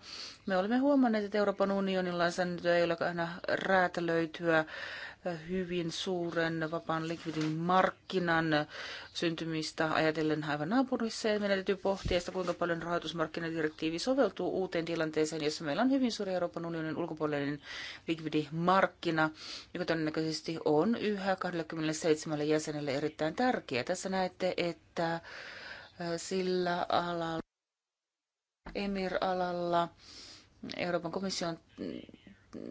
Me olemme huomanneet, että Euroopan unionin lainsäädäntö ei ole aina räätälöityä hyvin suuren vapaan likvidin markkinan syntymistä ajatellen aivan naapurissa. Ja meidän täytyy pohtia sitä, kuinka paljon rahoitusmarkkinadirektiivi soveltuu uuteen tilanteeseen, jossa meillä on hyvin suuri Euroopan unionin ulkopuolinen likvidimarkkina, joka todennäköisesti on yhä 27 jäsenelle erittäin tärkeä. Tässä näette, että sillä alalla, Emir-alalla. Euroopan komission mm,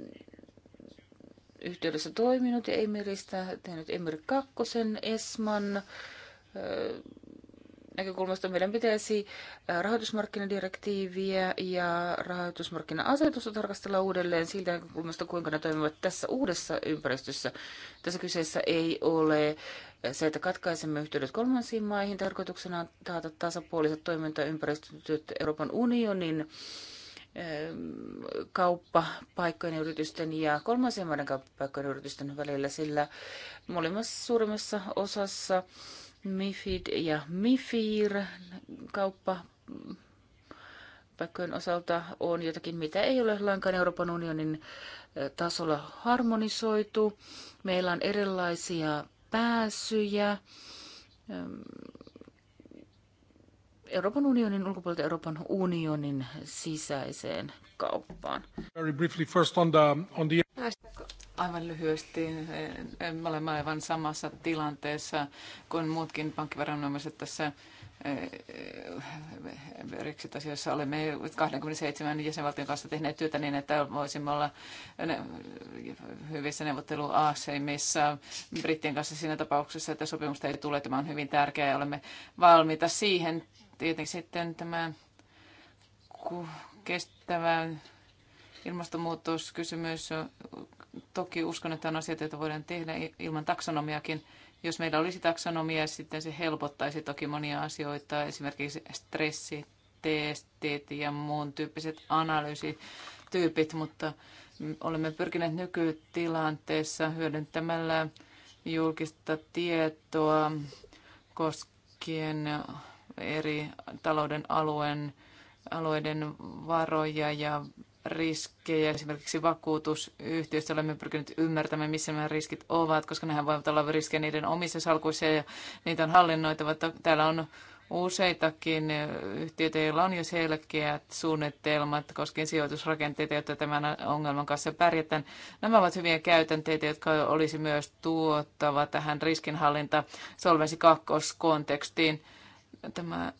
yhteydessä toiminut ja Emiristä tehnyt Emir kakkosen ESMAN näkökulmasta meidän pitäisi rahoitusmarkkinadirektiiviä ja rahoitusmarkkina-asetusta tarkastella uudelleen siltä näkökulmasta, kuinka ne toimivat tässä uudessa ympäristössä. Tässä kyseessä ei ole se, että katkaisemme yhteydet kolmansiin maihin, tarkoituksena on taata tasapuoliset toimintaympäristöt Euroopan unionin eh, kauppapaikkojen yritysten ja kolmansien maiden kauppapaikkojen yritysten välillä, sillä molemmassa suurimmassa osassa MIFID ja MIFIR kauppapaikkojen osalta on jotakin, mitä ei ole lainkaan Euroopan unionin eh, tasolla harmonisoitu. Meillä on erilaisia pääsyjä ähm, Euroopan unionin ulkopuolelta Euroopan unionin sisäiseen kauppaan. Very briefly first on the, on the... Aivan lyhyesti, me olemme aivan samassa tilanteessa kuin muutkin pankkiviranomaiset tässä Brexit-asiassa olemme 27 jäsenvaltion kanssa tehneet työtä niin, että voisimme olla hyvissä neuvotteluasemissa brittien kanssa siinä tapauksessa, että sopimusta ei tule. Tämä on hyvin tärkeää ja olemme valmiita siihen. Tietenkin sitten tämä kestävä ilmastonmuutoskysymys. Toki uskon, että on asioita, joita voidaan tehdä ilman taksonomiakin jos meillä olisi taksonomia, sitten se helpottaisi toki monia asioita, esimerkiksi stressitestit ja muun tyyppiset analyysityypit, mutta olemme pyrkineet nykytilanteessa hyödyntämällä julkista tietoa koskien eri talouden alueen, alueiden varoja ja riskejä. Esimerkiksi vakuutusyhtiöistä olemme pyrkineet ymmärtämään, missä nämä riskit ovat, koska nehän voivat olla riskejä niiden omissa salkuissa ja niitä on hallinnoitava. Täällä on useitakin yhtiöitä, joilla on jo selkeät suunnitelmat koskien sijoitusrakenteita, jotta tämän ongelman kanssa pärjätään. Nämä ovat hyviä käytänteitä, jotka olisi myös tuottava tähän riskinhallinta solvensi kakkoskontekstiin. Tämä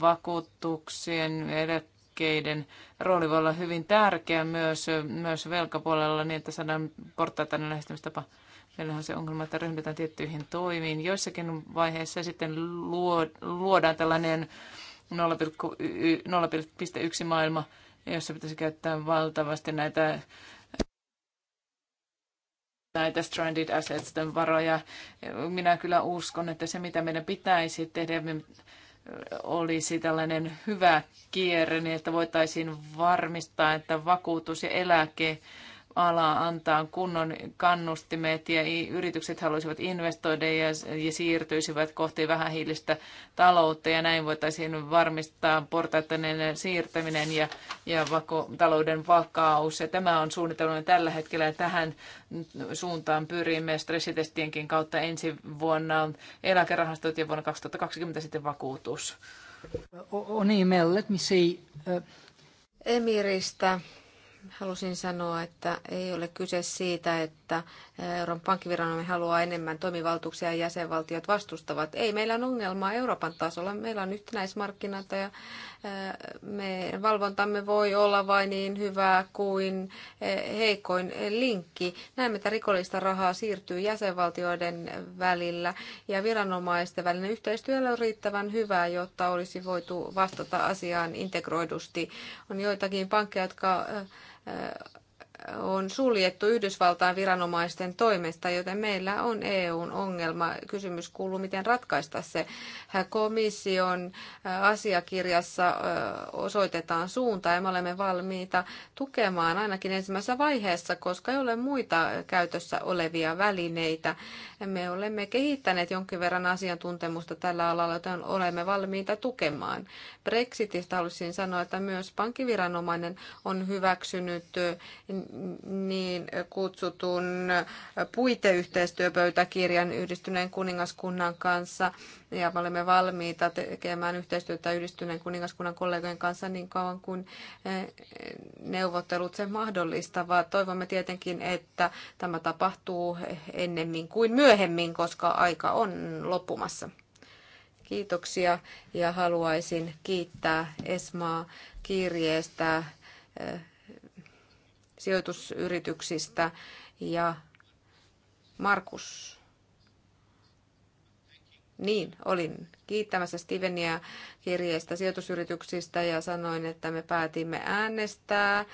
vakuutuksien hankkeiden rooli voi olla hyvin tärkeä myös, myös velkapuolella niin, että saadaan portaitainen lähestymistapa. Meillähän on se ongelma, että ryhdytään tiettyihin toimiin. Joissakin vaiheissa sitten luo, luodaan tällainen 0,1 maailma, jossa pitäisi käyttää valtavasti näitä näitä stranded assets varoja. Minä kyllä uskon, että se mitä meidän pitäisi tehdä, olisi tällainen hyvä kierre, niin että voitaisiin varmistaa, että vakuutus- ja eläke ala antaa kunnon kannustimet ja yritykset haluaisivat investoida ja, ja siirtyisivät kohti vähähiilistä taloutta ja näin voitaisiin varmistaa portaittainen siirtäminen ja, ja vako, talouden vakaus. Ja tämä on suunnitelma tällä hetkellä ja tähän suuntaan pyrimme stressitestienkin kautta ensi vuonna eläkerahastot ja vuonna 2020 sitten vakuutus. On niin, Mellet, let uh, Emiristä Halusin sanoa, että ei ole kyse siitä, että Euroopan pankkiviranomainen haluaa enemmän toimivaltuuksia ja jäsenvaltiot vastustavat. Ei, meillä on ongelmaa Euroopan tasolla. Meillä on yhtenäismarkkinat ja me, valvontamme voi olla vain niin hyvää kuin heikoin linkki. Näemme, että rikollista rahaa siirtyy jäsenvaltioiden välillä ja viranomaisten välinen yhteistyö on riittävän hyvää, jotta olisi voitu vastata asiaan integroidusti. On joitakin pankkeja, jotka on suljettu Yhdysvaltain viranomaisten toimesta, joten meillä on EUn ongelma. Kysymys kuuluu, miten ratkaista se. Komission asiakirjassa osoitetaan suunta ja me olemme valmiita tukemaan ainakin ensimmäisessä vaiheessa, koska ei ole muita käytössä olevia välineitä me olemme kehittäneet jonkin verran asiantuntemusta tällä alalla, joten olemme valmiita tukemaan. Brexitistä haluaisin sanoa, että myös pankkiviranomainen on hyväksynyt niin kutsutun puiteyhteistyöpöytäkirjan yhdistyneen kuningaskunnan kanssa ja me olemme valmiita tekemään yhteistyötä yhdistyneen kuningaskunnan kollegojen kanssa niin kauan kuin eh, neuvottelut sen mahdollistavat. Toivomme tietenkin, että tämä tapahtuu ennemmin kuin myöhemmin, koska aika on loppumassa. Kiitoksia ja haluaisin kiittää Esmaa kirjeestä eh, sijoitusyrityksistä ja Markus niin, olin kiittämässä Steveniä kirjeestä sijoitusyrityksistä ja sanoin, että me päätimme äänestää,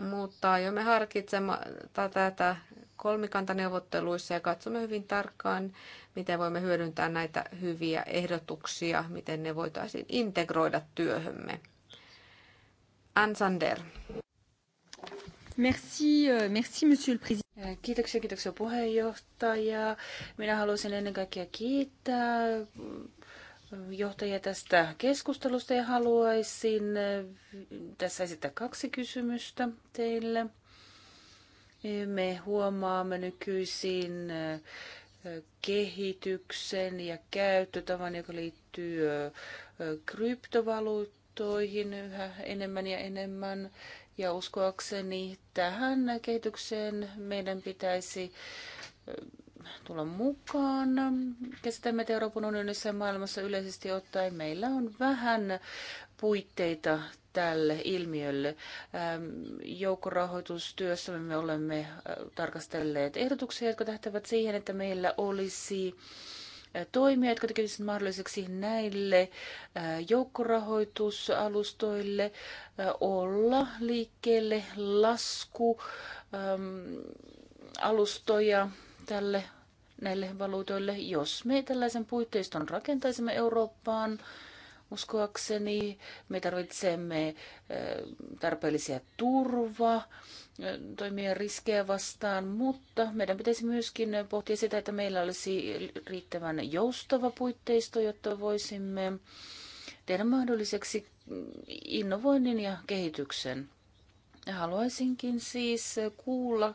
mutta jo me harkitsemme tätä kolmikantaneuvotteluissa ja katsomme hyvin tarkkaan, miten voimme hyödyntää näitä hyviä ehdotuksia, miten ne voitaisiin integroida työhömme. Ansander. Merci, euh, merci monsieur le président. Äh, kiitoksia, kiitoksia puheenjohtaja. Minä haluaisin ennen kaikkea kiittää äh, johtajia tästä keskustelusta ja haluaisin äh, tässä esittää kaksi kysymystä teille. Me huomaamme nykyisin kehityksen ja käyttötavan, joka liittyy kryptovaluuttoihin yhä enemmän ja enemmän. Ja uskoakseni tähän kehitykseen meidän pitäisi tulla mukaan. Käsitämme, että Euroopan unionissa ja maailmassa yleisesti ottaen meillä on vähän puitteita tälle ilmiölle. Ähm, joukkorahoitustyössä me olemme tarkastelleet ehdotuksia, jotka tähtävät siihen, että meillä olisi toimia, jotka tekevät mahdolliseksi näille joukkorahoitusalustoille olla liikkeelle lasku alustoja tälle näille valuutoille. Jos me tällaisen puitteiston rakentaisimme Eurooppaan, uskoakseni me tarvitsemme tarpeellisia turva toimia riskejä vastaan, mutta meidän pitäisi myöskin pohtia sitä, että meillä olisi riittävän joustava puitteisto, jotta voisimme tehdä mahdolliseksi innovoinnin ja kehityksen. Haluaisinkin siis kuulla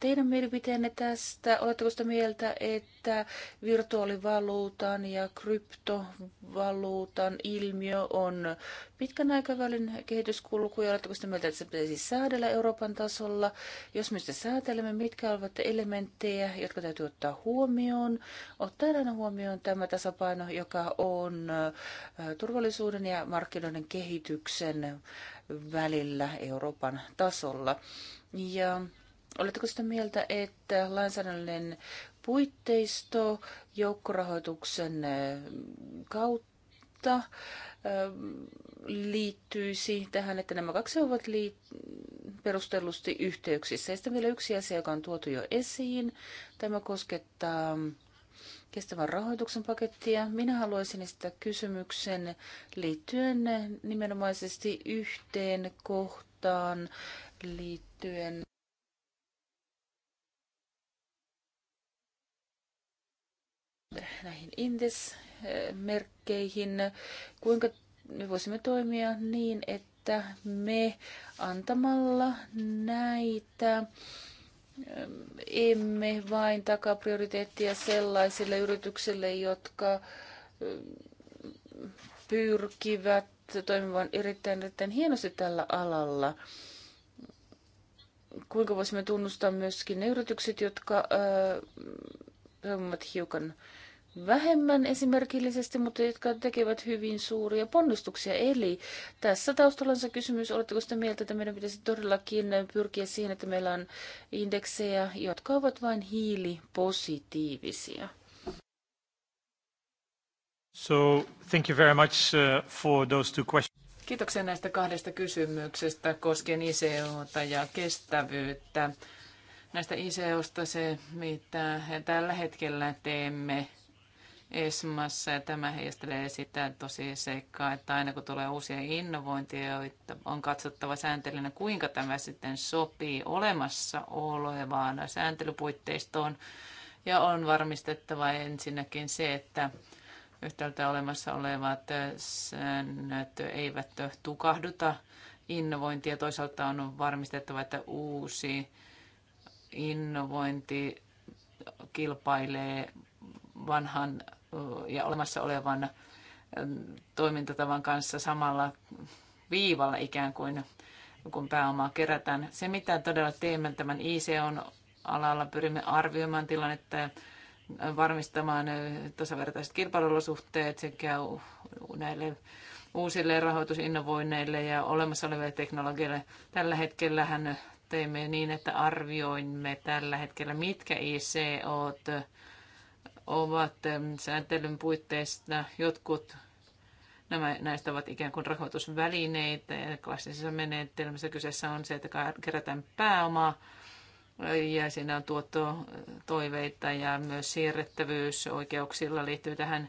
teidän mielipiteenne tästä? Oletteko sitä mieltä, että virtuaalivaluutan ja kryptovaluutan ilmiö on pitkän aikavälin kehityskulku? Ja oletteko sitä mieltä, että se pitäisi säädellä Euroopan tasolla? Jos me sitä säätelemme, mitkä ovat elementtejä, jotka täytyy ottaa huomioon? Ottaa aina huomioon tämä tasapaino, joka on turvallisuuden ja markkinoiden kehityksen välillä Euroopan tasolla. Ja Oletteko sitä mieltä, että lainsäädännöllinen puitteisto joukkorahoituksen äh, kautta äh, liittyisi tähän, että nämä kaksi ovat liit- perustellusti yhteyksissä. Ja sitten vielä yksi asia, joka on tuotu jo esiin. Tämä koskettaa kestävän rahoituksen pakettia. Minä haluaisin esittää kysymyksen liittyen nimenomaisesti yhteen kohtaan liittyen näihin indesmerkkeihin, kuinka me voisimme toimia niin, että me antamalla näitä eh, emme vain takaa prioriteettia sellaisille yrityksille, jotka eh, pyrkivät toimimaan erittäin, erittäin hienosti tällä alalla. Kuinka voisimme tunnustaa myöskin ne yritykset, jotka eh, toimivat hiukan äh, vähemmän esimerkillisesti, mutta jotka tekevät hyvin suuria ponnistuksia. Eli tässä taustallansa kysymys, oletteko sitä mieltä, että meidän pitäisi todellakin pyrkiä siihen, että meillä on indeksejä, jotka ovat vain hiilipositiivisia? So, thank you very much uh, for those two questions. Kiitoksia näistä kahdesta kysymyksestä koskien ICOta ja kestävyyttä. Näistä ICOsta se, mitä tällä hetkellä teemme, ESMassa ja tämä heijastelee sitä tosi seikkaa, että aina kun tulee uusia innovointia, on katsottava sääntelynä, kuinka tämä sitten sopii olemassa olevaan sääntelypuitteistoon ja on varmistettava ensinnäkin se, että yhtäältä olemassa olevat säännöt eivät tukahduta innovointia. Toisaalta on varmistettava, että uusi innovointi kilpailee vanhan ja olemassa olevan toimintatavan kanssa samalla viivalla ikään kuin kun pääomaa kerätään. Se, mitä todella teemme tämän ICO-alalla, pyrimme arvioimaan tilannetta ja varmistamaan tasavertaiset kilpailuolosuhteet sekä näille uusille rahoitusinnovoinneille ja olemassa oleville teknologioille. Tällä hetkellähän teimme niin, että arvioimme tällä hetkellä, mitkä ICOt ovat sääntelyn puitteista jotkut Nämä, näistä ovat ikään kuin rahoitusvälineitä ja klassisessa menetelmässä kyseessä on se, että kerätään pääomaa ja siinä on tuotto toiveita ja myös siirrettävyys oikeuksilla liittyy tähän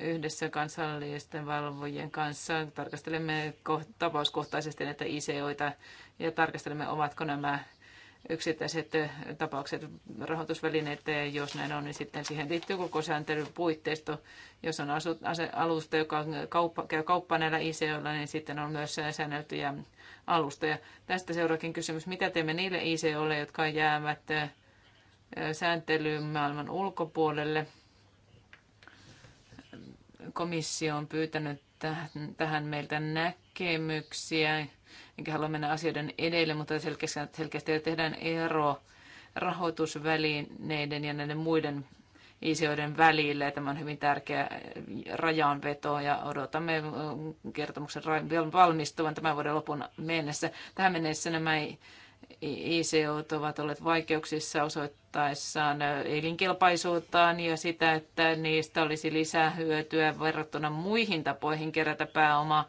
yhdessä kansallisten valvojien kanssa. Tarkastelemme tapauskohtaisesti näitä ICOita ja tarkastelemme, ovatko nämä yksittäiset tapaukset, rahoitusvälineet, jos näin on, niin sitten siihen liittyy koko sääntelyn puitteisto. Jos on alusta, joka kauppa, käy kauppaa näillä ICOilla, niin sitten on myös säänneltyjä alustoja. Tästä seuraakin kysymys, mitä teemme niille ICOille, jotka jäävät sääntelyyn maailman ulkopuolelle? Komissio on pyytänyt tähän meiltä näkemyksiä enkä halua mennä asioiden edelle, mutta selkeästi, selkeästi tehdään ero rahoitusvälineiden ja näiden muiden isioiden välillä. Tämä on hyvin tärkeä rajanveto ja odotamme äh, kertomuksen valmistuvan tämän vuoden lopun mennessä. Tähän mennessä nämä ICO ovat olleet vaikeuksissa osoittaessaan äh, elinkelpaisuuttaan ja sitä, että niistä olisi lisää hyötyä verrattuna muihin tapoihin kerätä pääomaa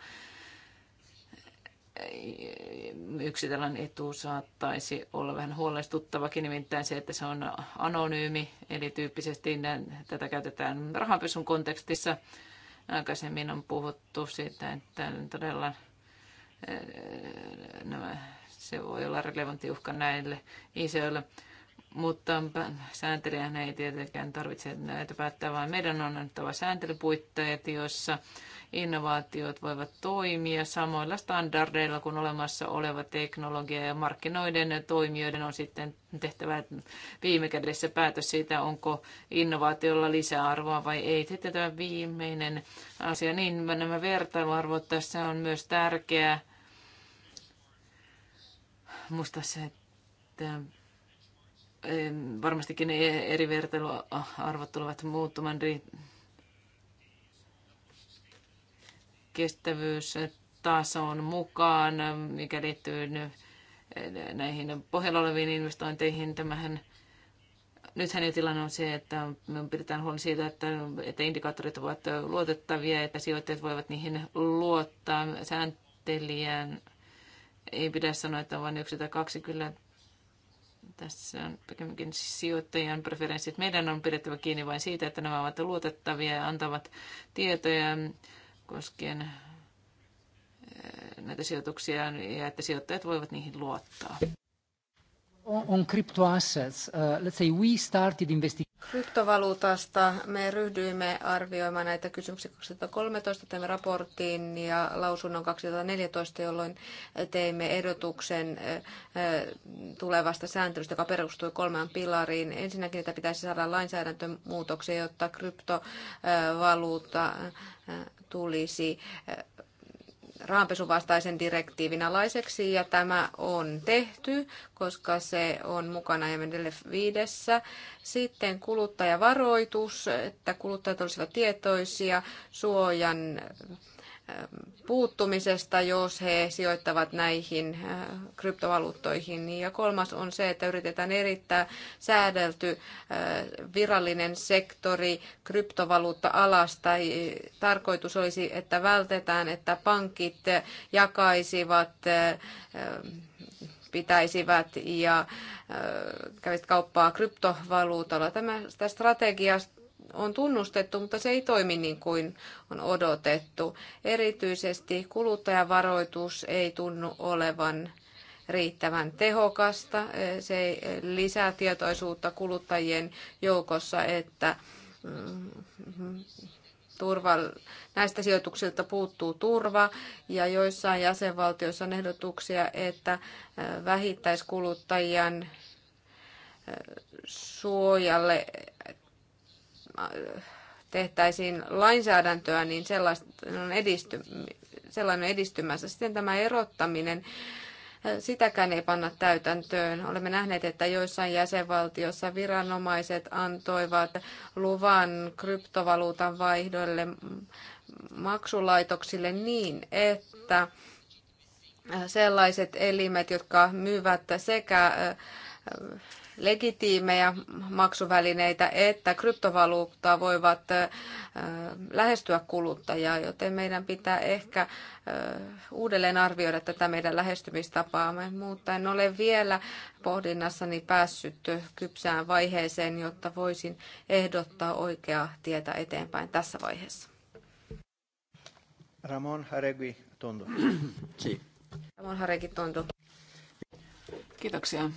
yksi tällainen etu saattaisi olla vähän huolestuttavakin, nimittäin se, että se on anonyymi, eli tyyppisesti tätä käytetään rahanpesun kontekstissa. Aikaisemmin on puhuttu siitä, että todella eh, nämä, se voi olla relevantti uhka näille isoille, mutta sääntelijähän ei tietenkään tarvitse näitä päättää, vaan meidän on annettava sääntelypuitteet, joissa innovaatiot voivat toimia samoilla standardeilla kuin olemassa oleva teknologia ja markkinoiden toimijoiden on sitten tehtävä viime kädessä päätös siitä, onko innovaatiolla lisäarvoa vai ei. Sitten tämä viimeinen asia, niin nämä vertailuarvot tässä on myös tärkeää. Musta se, että eh, varmastikin eri vertailuarvot tulevat muuttumaan kestävyystason mukaan, mikä liittyy näihin pohjalla oleviin investointeihin. Tämähän, nythän jo tilanne on se, että me pidetään huoli siitä, että, että indikaattorit ovat luotettavia, että sijoittajat voivat niihin luottaa. Sääntelijän ei pidä sanoa, että on vain yksi tai kaksi. Kyllä tässä on pikemminkin sijoittajan preferenssit. Meidän on pidettävä kiinni vain siitä, että nämä ovat luotettavia ja antavat tietoja koskien eh, näitä sijoituksia ja että sijoittajat voivat niihin luottaa. On, on crypto assets, uh, let's say we started investing Kryptovaluutasta me ryhdyimme arvioimaan näitä kysymyksiä 2013, teimme raportin ja lausunnon 2014, jolloin teimme ehdotuksen eh, eh, tulevasta sääntelystä, joka perustui kolmeen pilariin. Ensinnäkin, että pitäisi saada lainsäädäntömuutoksia, jotta kryptovaluutta eh, tulisi rahanpesuvastaisen direktiivin alaiseksi ja tämä on tehty, koska se on mukana MDLF 5. Sitten kuluttajavaroitus, että kuluttajat olisivat tietoisia suojan puuttumisesta, jos he sijoittavat näihin äh, kryptovaluuttoihin. Ja kolmas on se, että yritetään erittää säädelty äh, virallinen sektori kryptovaluutta-alasta. Tarkoitus olisi, että vältetään, että pankit jakaisivat äh, pitäisivät ja kävisivät kauppaa kryptovaluutalla. Tämä, tästä strategiasta on tunnustettu, mutta se ei toimi niin kuin on odotettu. Erityisesti kuluttajavaroitus ei tunnu olevan riittävän tehokasta. Se lisää tietoisuutta kuluttajien joukossa, että mm, turva, näistä sijoituksilta puuttuu turva ja joissain jäsenvaltioissa on ehdotuksia, että vähittäiskuluttajien suojalle tehtäisiin lainsäädäntöä, niin on edisty, sellainen edistymässä. Sitten tämä erottaminen, sitäkään ei panna täytäntöön. Olemme nähneet, että joissain jäsenvaltiossa viranomaiset antoivat luvan kryptovaluutan vaihdolle maksulaitoksille niin, että sellaiset elimet, jotka myyvät sekä legitiimejä maksuvälineitä että kryptovaluuttaa voivat lähestyä kuluttajaa, joten meidän pitää ehkä uudelleen arvioida tätä meidän lähestymistapaamme, mutta en ole vielä pohdinnassani niin päässyt kypsään vaiheeseen, jotta voisin ehdottaa oikeaa tietä eteenpäin tässä vaiheessa. Ramon Haregui Tondo. Ramon Haregui Tondo. Kiitoksia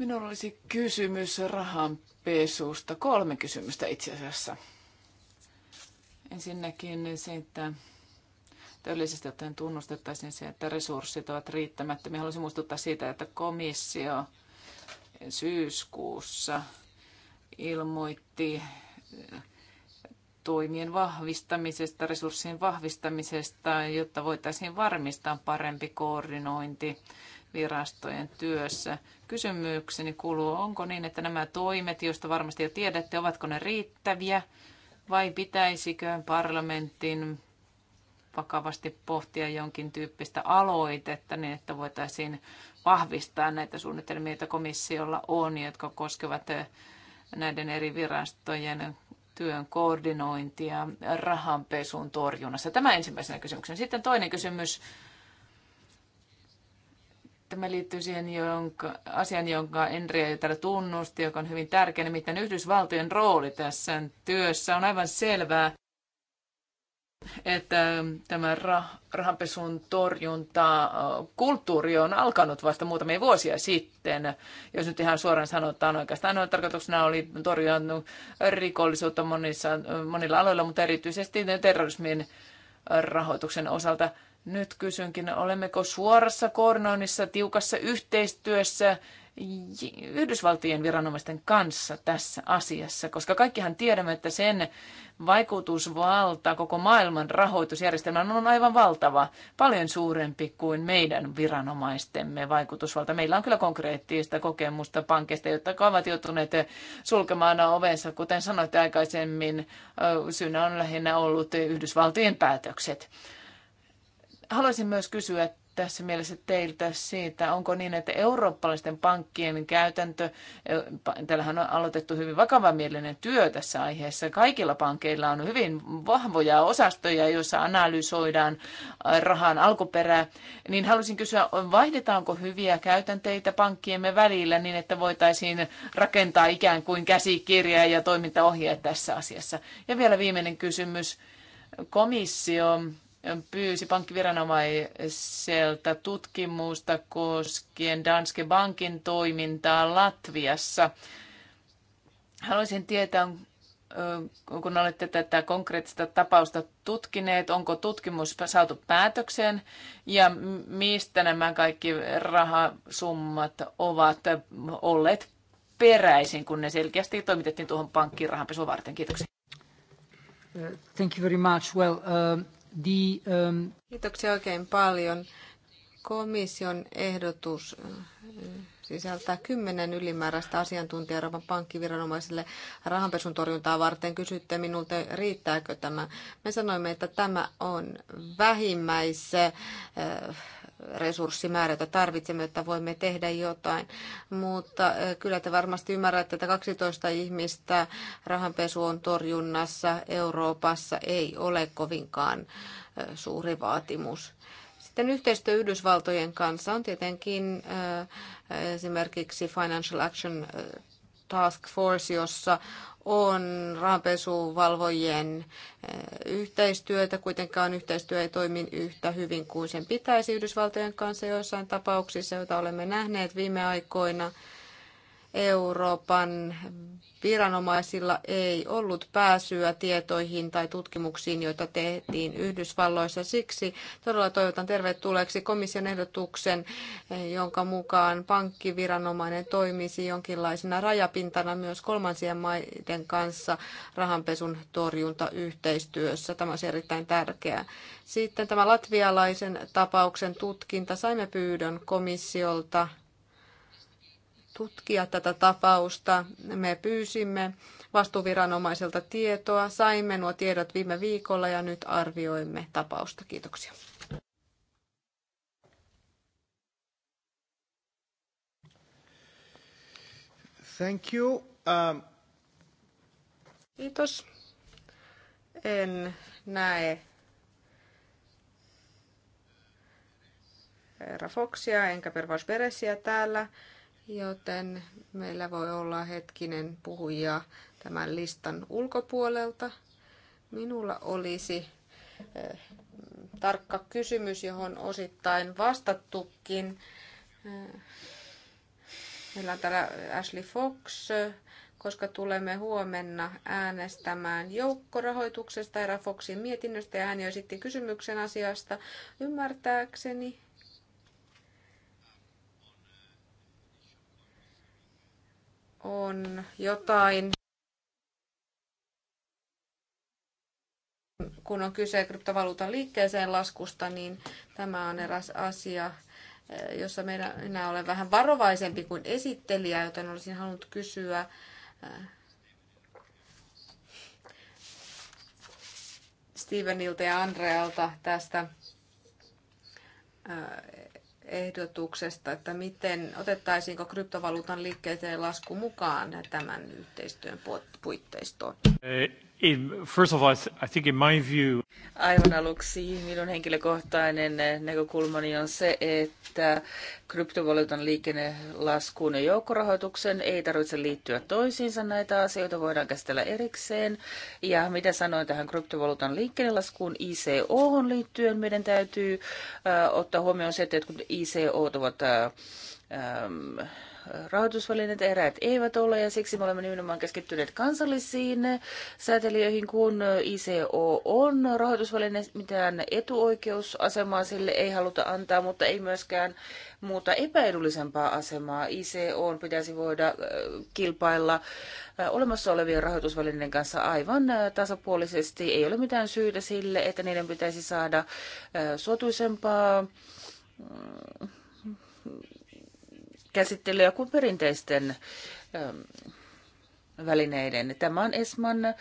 Minulla olisi kysymys rahanpesusta. Kolme kysymystä itse asiassa. Ensinnäkin se, että töllisesti ottaen tunnustettaisiin se, että resurssit ovat riittämättömiä. Haluaisin muistuttaa siitä, että komissio syyskuussa ilmoitti eh, toimien vahvistamisesta, resurssien vahvistamisesta, jotta voitaisiin varmistaa parempi koordinointi virastojen työssä. Kysymykseni kuuluu, onko niin, että nämä toimet, joista varmasti jo tiedätte, ovatko ne riittäviä vai pitäisikö parlamentin vakavasti pohtia jonkin tyyppistä aloitetta niin, että voitaisiin vahvistaa näitä suunnitelmia, joita komissiolla on, jotka koskevat näiden eri virastojen työn koordinointia rahanpesun torjunnassa. Tämä ensimmäisenä kysymyksenä. Sitten toinen kysymys Tämä liittyy siihen jonka, asian, jonka jo täällä tunnusti, joka on hyvin tärkeä, nimittäin Yhdysvaltojen rooli tässä työssä on aivan selvää että tämä rahanpesun torjunta kulttuuri on alkanut vasta muutamia vuosia sitten. Jos nyt ihan suoraan sanotaan, oikeastaan no, tarkoituksena oli torjua rikollisuutta monissa, monilla aloilla, mutta erityisesti terrorismin rahoituksen osalta – nyt kysynkin, olemmeko suorassa koordinoinnissa, tiukassa yhteistyössä Yhdysvaltien viranomaisten kanssa tässä asiassa, koska kaikkihan tiedämme, että sen vaikutusvalta koko maailman rahoitusjärjestelmän on aivan valtava, paljon suurempi kuin meidän viranomaistemme vaikutusvalta. Meillä on kyllä konkreettista kokemusta pankeista, jotka ovat joutuneet sulkemaan ovensa, kuten sanoitte aikaisemmin, syynä on lähinnä ollut Yhdysvaltojen päätökset. Haluaisin myös kysyä tässä mielessä teiltä siitä, onko niin, että eurooppalaisten pankkien käytäntö, täällähän on aloitettu hyvin vakavamielinen työ tässä aiheessa. Kaikilla pankeilla on hyvin vahvoja osastoja, joissa analysoidaan rahan alkuperää. Niin halusin kysyä, vaihdetaanko hyviä käytänteitä pankkiemme välillä niin, että voitaisiin rakentaa ikään kuin käsikirjaa ja toimintaohjeet tässä asiassa. Ja vielä viimeinen kysymys. Komissio pyysi pankkiviranomaiselta tutkimusta koskien Danske Bankin toimintaa Latviassa. Haluaisin tietää, kun olette tätä konkreettista tapausta tutkineet, onko tutkimus saatu päätökseen ja mistä nämä kaikki rahasummat ovat olleet peräisin, kun ne selkeästi toimitettiin tuohon pankkiin rahanpesua varten. Kiitoksia. Uh, thank you very much. Well, uh... Um, Kiitoksia oikein paljon. Komission ehdotus äh, sisältää kymmenen ylimääräistä asiantuntijaa Euroopan pankkiviranomaisille rahanpesun torjuntaa varten. Kysytte minulta, riittääkö tämä. Me sanoimme, että tämä on vähimmäis äh, resurssimäärätä tarvitsemme, että voimme tehdä jotain. Mutta kyllä te varmasti ymmärrätte, että 12 ihmistä on torjunnassa Euroopassa ei ole kovinkaan suuri vaatimus. Sitten yhteistyö Yhdysvaltojen kanssa on tietenkin esimerkiksi Financial Action Task Force, jossa on rahanpesuvalvojien eh, yhteistyötä. Kuitenkaan yhteistyö ei toimi yhtä hyvin kuin sen pitäisi Yhdysvaltojen kanssa joissain tapauksissa, joita olemme nähneet viime aikoina – Euroopan viranomaisilla ei ollut pääsyä tietoihin tai tutkimuksiin, joita tehtiin Yhdysvalloissa. Siksi todella toivotan tervetulleeksi komission ehdotuksen, jonka mukaan pankkiviranomainen toimisi jonkinlaisena rajapintana myös kolmansien maiden kanssa rahanpesun torjuntayhteistyössä. Tämä on erittäin tärkeää. Sitten tämä latvialaisen tapauksen tutkinta. Saimme pyydön komissiolta tutkia tätä tapausta. Me pyysimme vastuuviranomaiselta tietoa, saimme nuo tiedot viime viikolla ja nyt arvioimme tapausta. Kiitoksia. Thank you. Um... Kiitos. En näe Foxia enkä Pervas Beresiä täällä joten meillä voi olla hetkinen puhujia tämän listan ulkopuolelta. Minulla olisi eh, tarkka kysymys, johon osittain vastattukin. Eh, meillä on täällä Ashley Fox, koska tulemme huomenna äänestämään joukkorahoituksesta ja Foxin mietinnöstä, ja hän jo esitti kysymyksen asiasta. Ymmärtääkseni on jotain, kun on kyse kryptovaluutan liikkeeseen laskusta, niin tämä on eräs asia, eh, jossa meidän, minä olen vähän varovaisempi kuin esittelijä, joten olisin halunnut kysyä, eh, Stevenilta ja Andrealta tästä eh, ehdotuksesta, että miten otettaisiinko kryptovaluutan liikkeeseen lasku mukaan tämän yhteistyön puitteistoon? Uh, first of all, I think in my view... Aivan aluksi minun henkilökohtainen näkökulmani on se, että kryptovaluutan liikennelaskuun ja joukkorahoituksen ei tarvitse liittyä toisiinsa. Näitä asioita voidaan käsitellä erikseen. Ja mitä sanoin tähän kryptovaluutan liikennelaskuun ICO liittyen, meidän täytyy äh, ottaa huomioon se, että kun ICO ovat äh, ähm, rahoitusvälineet, eräät eivät ole, ja siksi me olemme nimenomaan keskittyneet kansallisiin säätelijöihin, kun ICO on rahoitusväline, mitään etuoikeusasemaa sille ei haluta antaa, mutta ei myöskään muuta epäedullisempaa asemaa. ICO on pitäisi voida äh, kilpailla äh, olemassa olevien rahoitusvälineiden kanssa aivan äh, tasapuolisesti. Ei ole mitään syytä sille, että niiden pitäisi saada suotuisempaa mm, käsittelyä kuin perinteisten ähm, välineiden. Tämä on ESMAN äh,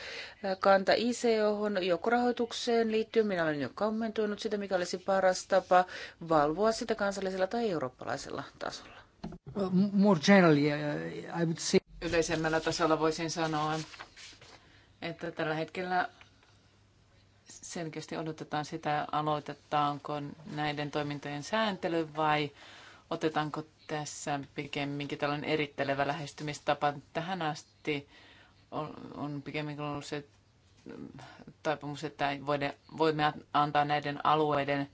kanta ICO, joukkorahoitukseen liittyen. Minä olen jo kommentoinut sitä, mikä olisi paras tapa valvoa sitä kansallisella tai eurooppalaisella tasolla. More generally, uh, I would say... Yleisemmällä tasolla voisin sanoa, että tällä hetkellä selkeästi odotetaan sitä, aloitetaanko näiden toimintojen sääntely vai Otetaanko tässä pikemminkin tällainen erittelevä lähestymistapa? Tähän asti on, on pikemminkin ollut se mm, taipumus, että voimme antaa näiden alueiden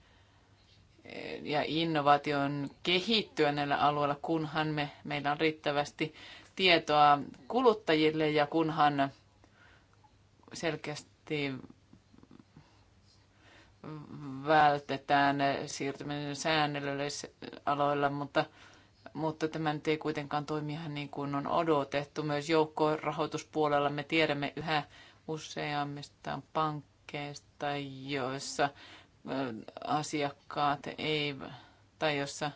eh, ja innovaation kehittyä näillä alueilla, kunhan me, meillä on riittävästi tietoa kuluttajille ja kunhan selkeästi vältetään siirtyminen säännöllisille aloilla, mutta, mutta tämä nyt ei kuitenkaan toimi ihan niin kuin on odotettu. Myös joukkorahoituspuolella me tiedämme yhä useammista pankkeista, joissa asiakkaat ei, tai jossa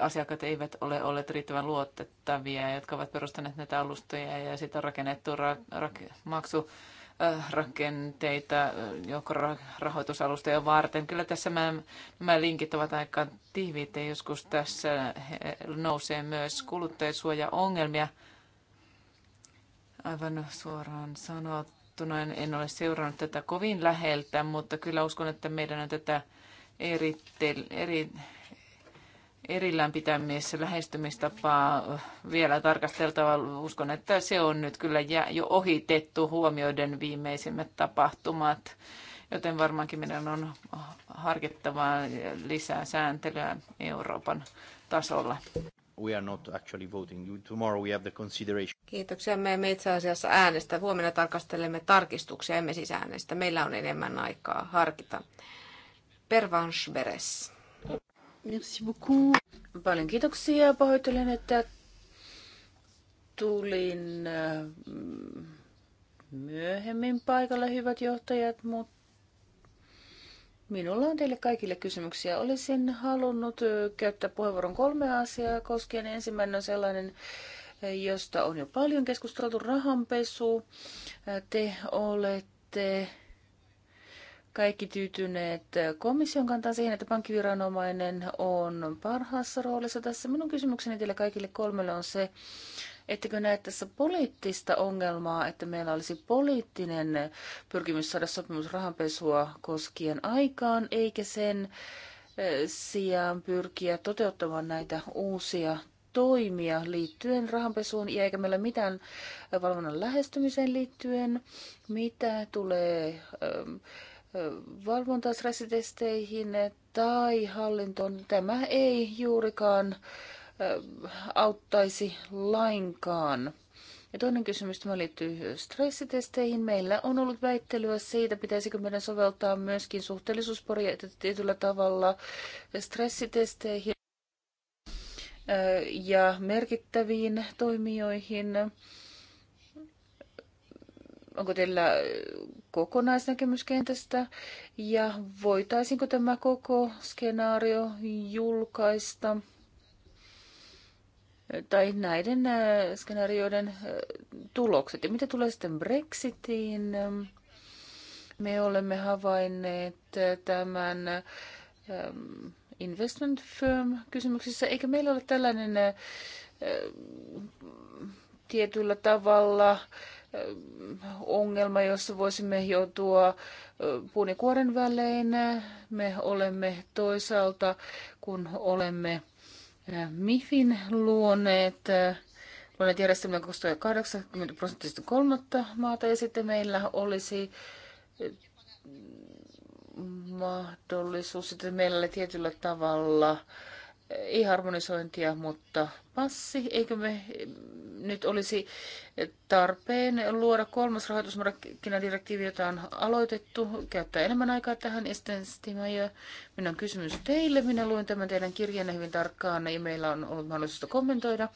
asiakkaat eivät ole olleet riittävän luotettavia, jotka ovat perustaneet näitä alustoja ja sitten on rakennettu ra- ra- maksu Äh, rakenteita äh, joukkorahoitusalustoja varten. Kyllä tässä mä nämä linkit ovat aika tiiviitä. Joskus tässä nousee myös kuluttajasuojaongelmia. Aivan suoraan sanottuna en ole seurannut tätä kovin läheltä, mutta kyllä uskon, että meidän on tätä eritel, eri, erillään pitämissä lähestymistapaa vielä tarkasteltava. Uskon, että se on nyt kyllä jo ohitettu huomioiden viimeisimmät tapahtumat, joten varmaankin meidän on harkittava lisää sääntelyä Euroopan tasolla. We are not actually voting. tomorrow we have the consideration. Kiitoksia. Me emme itse asiassa äänestä. Huomenna tarkastelemme tarkistuksia, emme siis äänestä. Meillä on enemmän aikaa harkita. Pervanche Merci beaucoup. Paljon kiitoksia. Pahoittelen, että tulin äh, myöhemmin paikalle, hyvät johtajat, mutta Minulla on teille kaikille kysymyksiä. Olisin halunnut äh, käyttää puheenvuoron kolme asiaa koskien. Ensimmäinen on sellainen, äh, josta on jo paljon keskusteltu, rahanpesu. Te olette kaikki tyytyneet komission kantaa siihen, että pankkiviranomainen on parhaassa roolissa tässä. Minun kysymykseni teille kaikille kolmelle on se, ettekö näe tässä poliittista ongelmaa, että meillä olisi poliittinen pyrkimys saada sopimus rahanpesua koskien aikaan, eikä sen eh, sijaan pyrkiä toteuttamaan näitä uusia toimia liittyen rahanpesuun, ja eikä meillä mitään valvonnan lähestymiseen liittyen, mitä tulee ähm, valvontasresidesteihin tai hallintoon. Tämä ei juurikaan auttaisi lainkaan. Ja toinen kysymys, tämä liittyy stressitesteihin. Meillä on ollut väittelyä siitä, pitäisikö meidän soveltaa myöskin suhteellisuusperiaatetta tietyllä tavalla stressitesteihin ja merkittäviin toimijoihin onko teillä kokonaisnäkemys kentästä ja voitaisiinko tämä koko skenaario julkaista? tai näiden äh, skenaarioiden äh, tulokset. Ja mitä tulee sitten Brexitiin, me olemme havainneet äh, tämän ähm, investment firm kysymyksissä, eikä meillä ole tällainen tietyllä tavalla ongelma, jossa voisimme joutua punikuoren kuoren välein. Me olemme toisaalta, kun olemme MIFin luoneet, luoneet järjestelmän 80 prosenttisesti kolmatta maata, ja sitten meillä olisi mahdollisuus, että meillä oli tietyllä tavalla ei harmonisointia, mutta passi. Eikö me nyt olisi tarpeen luoda kolmas rahoitusmarkkinadirektiivi, jota on aloitettu, käyttää enemmän aikaa tähän. Ja minä on kysymys teille. Minä luin tämän teidän kirjanne hyvin tarkkaan ja meillä on ollut mahdollisuus kommentoida.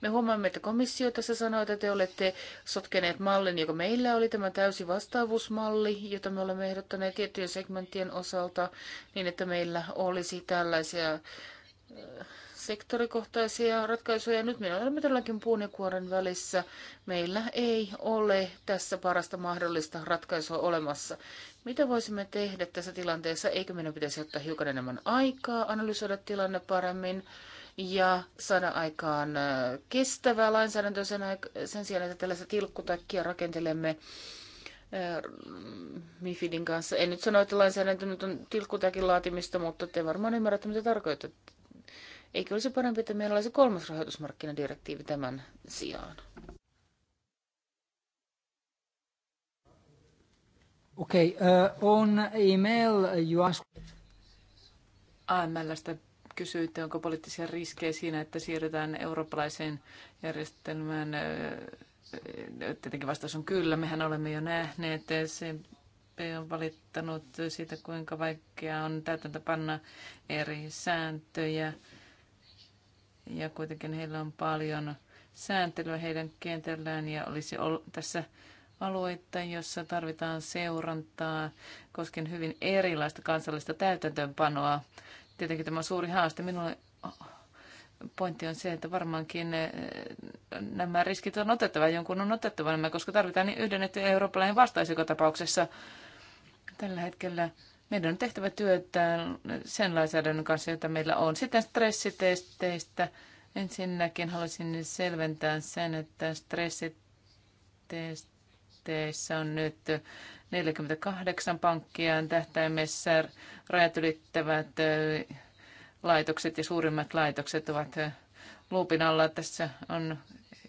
Me huomaamme, että komissio tässä sanoi, että te olette sotkeneet mallin, joka meillä oli tämä täysi vastaavuusmalli, jota me olemme ehdottaneet tiettyjen segmenttien osalta, niin että meillä olisi tällaisia sektorikohtaisia ratkaisuja. Nyt me olemme todellakin puun ja kuoren välissä. Meillä ei ole tässä parasta mahdollista ratkaisua olemassa. Mitä voisimme tehdä tässä tilanteessa? Eikö meidän pitäisi ottaa hiukan enemmän aikaa, analysoida tilanne paremmin ja saada aikaan äh, kestävää lainsäädäntöä sen, sen sijaan, että tällaista tilkkutakkia rakentelemme äh, Mifidin kanssa. En nyt sano, että lainsäädäntö nyt on tilkkutakin laatimista, mutta te varmaan ymmärrätte, mitä tarkoitat Eikö olisi parempi, että meillä olisi kolmas rahoitusmarkkinadirektiivi tämän sijaan? Okay, uh, eh, on email you asked... AMLstä kysyitte, onko poliittisia riskejä siinä, että siirrytään eurooppalaiseen järjestelmään. Eh, eh, tietenkin vastaus on kyllä. Mehän olemme jo nähneet. CP on valittanut siitä, kuinka vaikeaa on täytäntöpanna eri sääntöjä ja kuitenkin heillä on paljon sääntelyä heidän kentällään ja olisi tässä alueita, jossa tarvitaan seurantaa koskien hyvin erilaista kansallista täytäntöönpanoa. Tietenkin tämä on suuri haaste. Minulle pointti on se, että varmaankin eh, nämä riskit on otettava, jonkun on otettava nämä, koska tarvitaan niin yhdennetty eurooppalainen vastaus joka tapauksessa. Tällä hetkellä meidän on tehtävä työtä sen lainsäädännön kanssa, jota meillä on. Sitten stressitesteistä. Ensinnäkin haluaisin selventää sen, että stressitesteissä on nyt 48 pankkia tähtäimessä. Rajat ylittävät laitokset ja suurimmat laitokset ovat luupin alla. Tässä on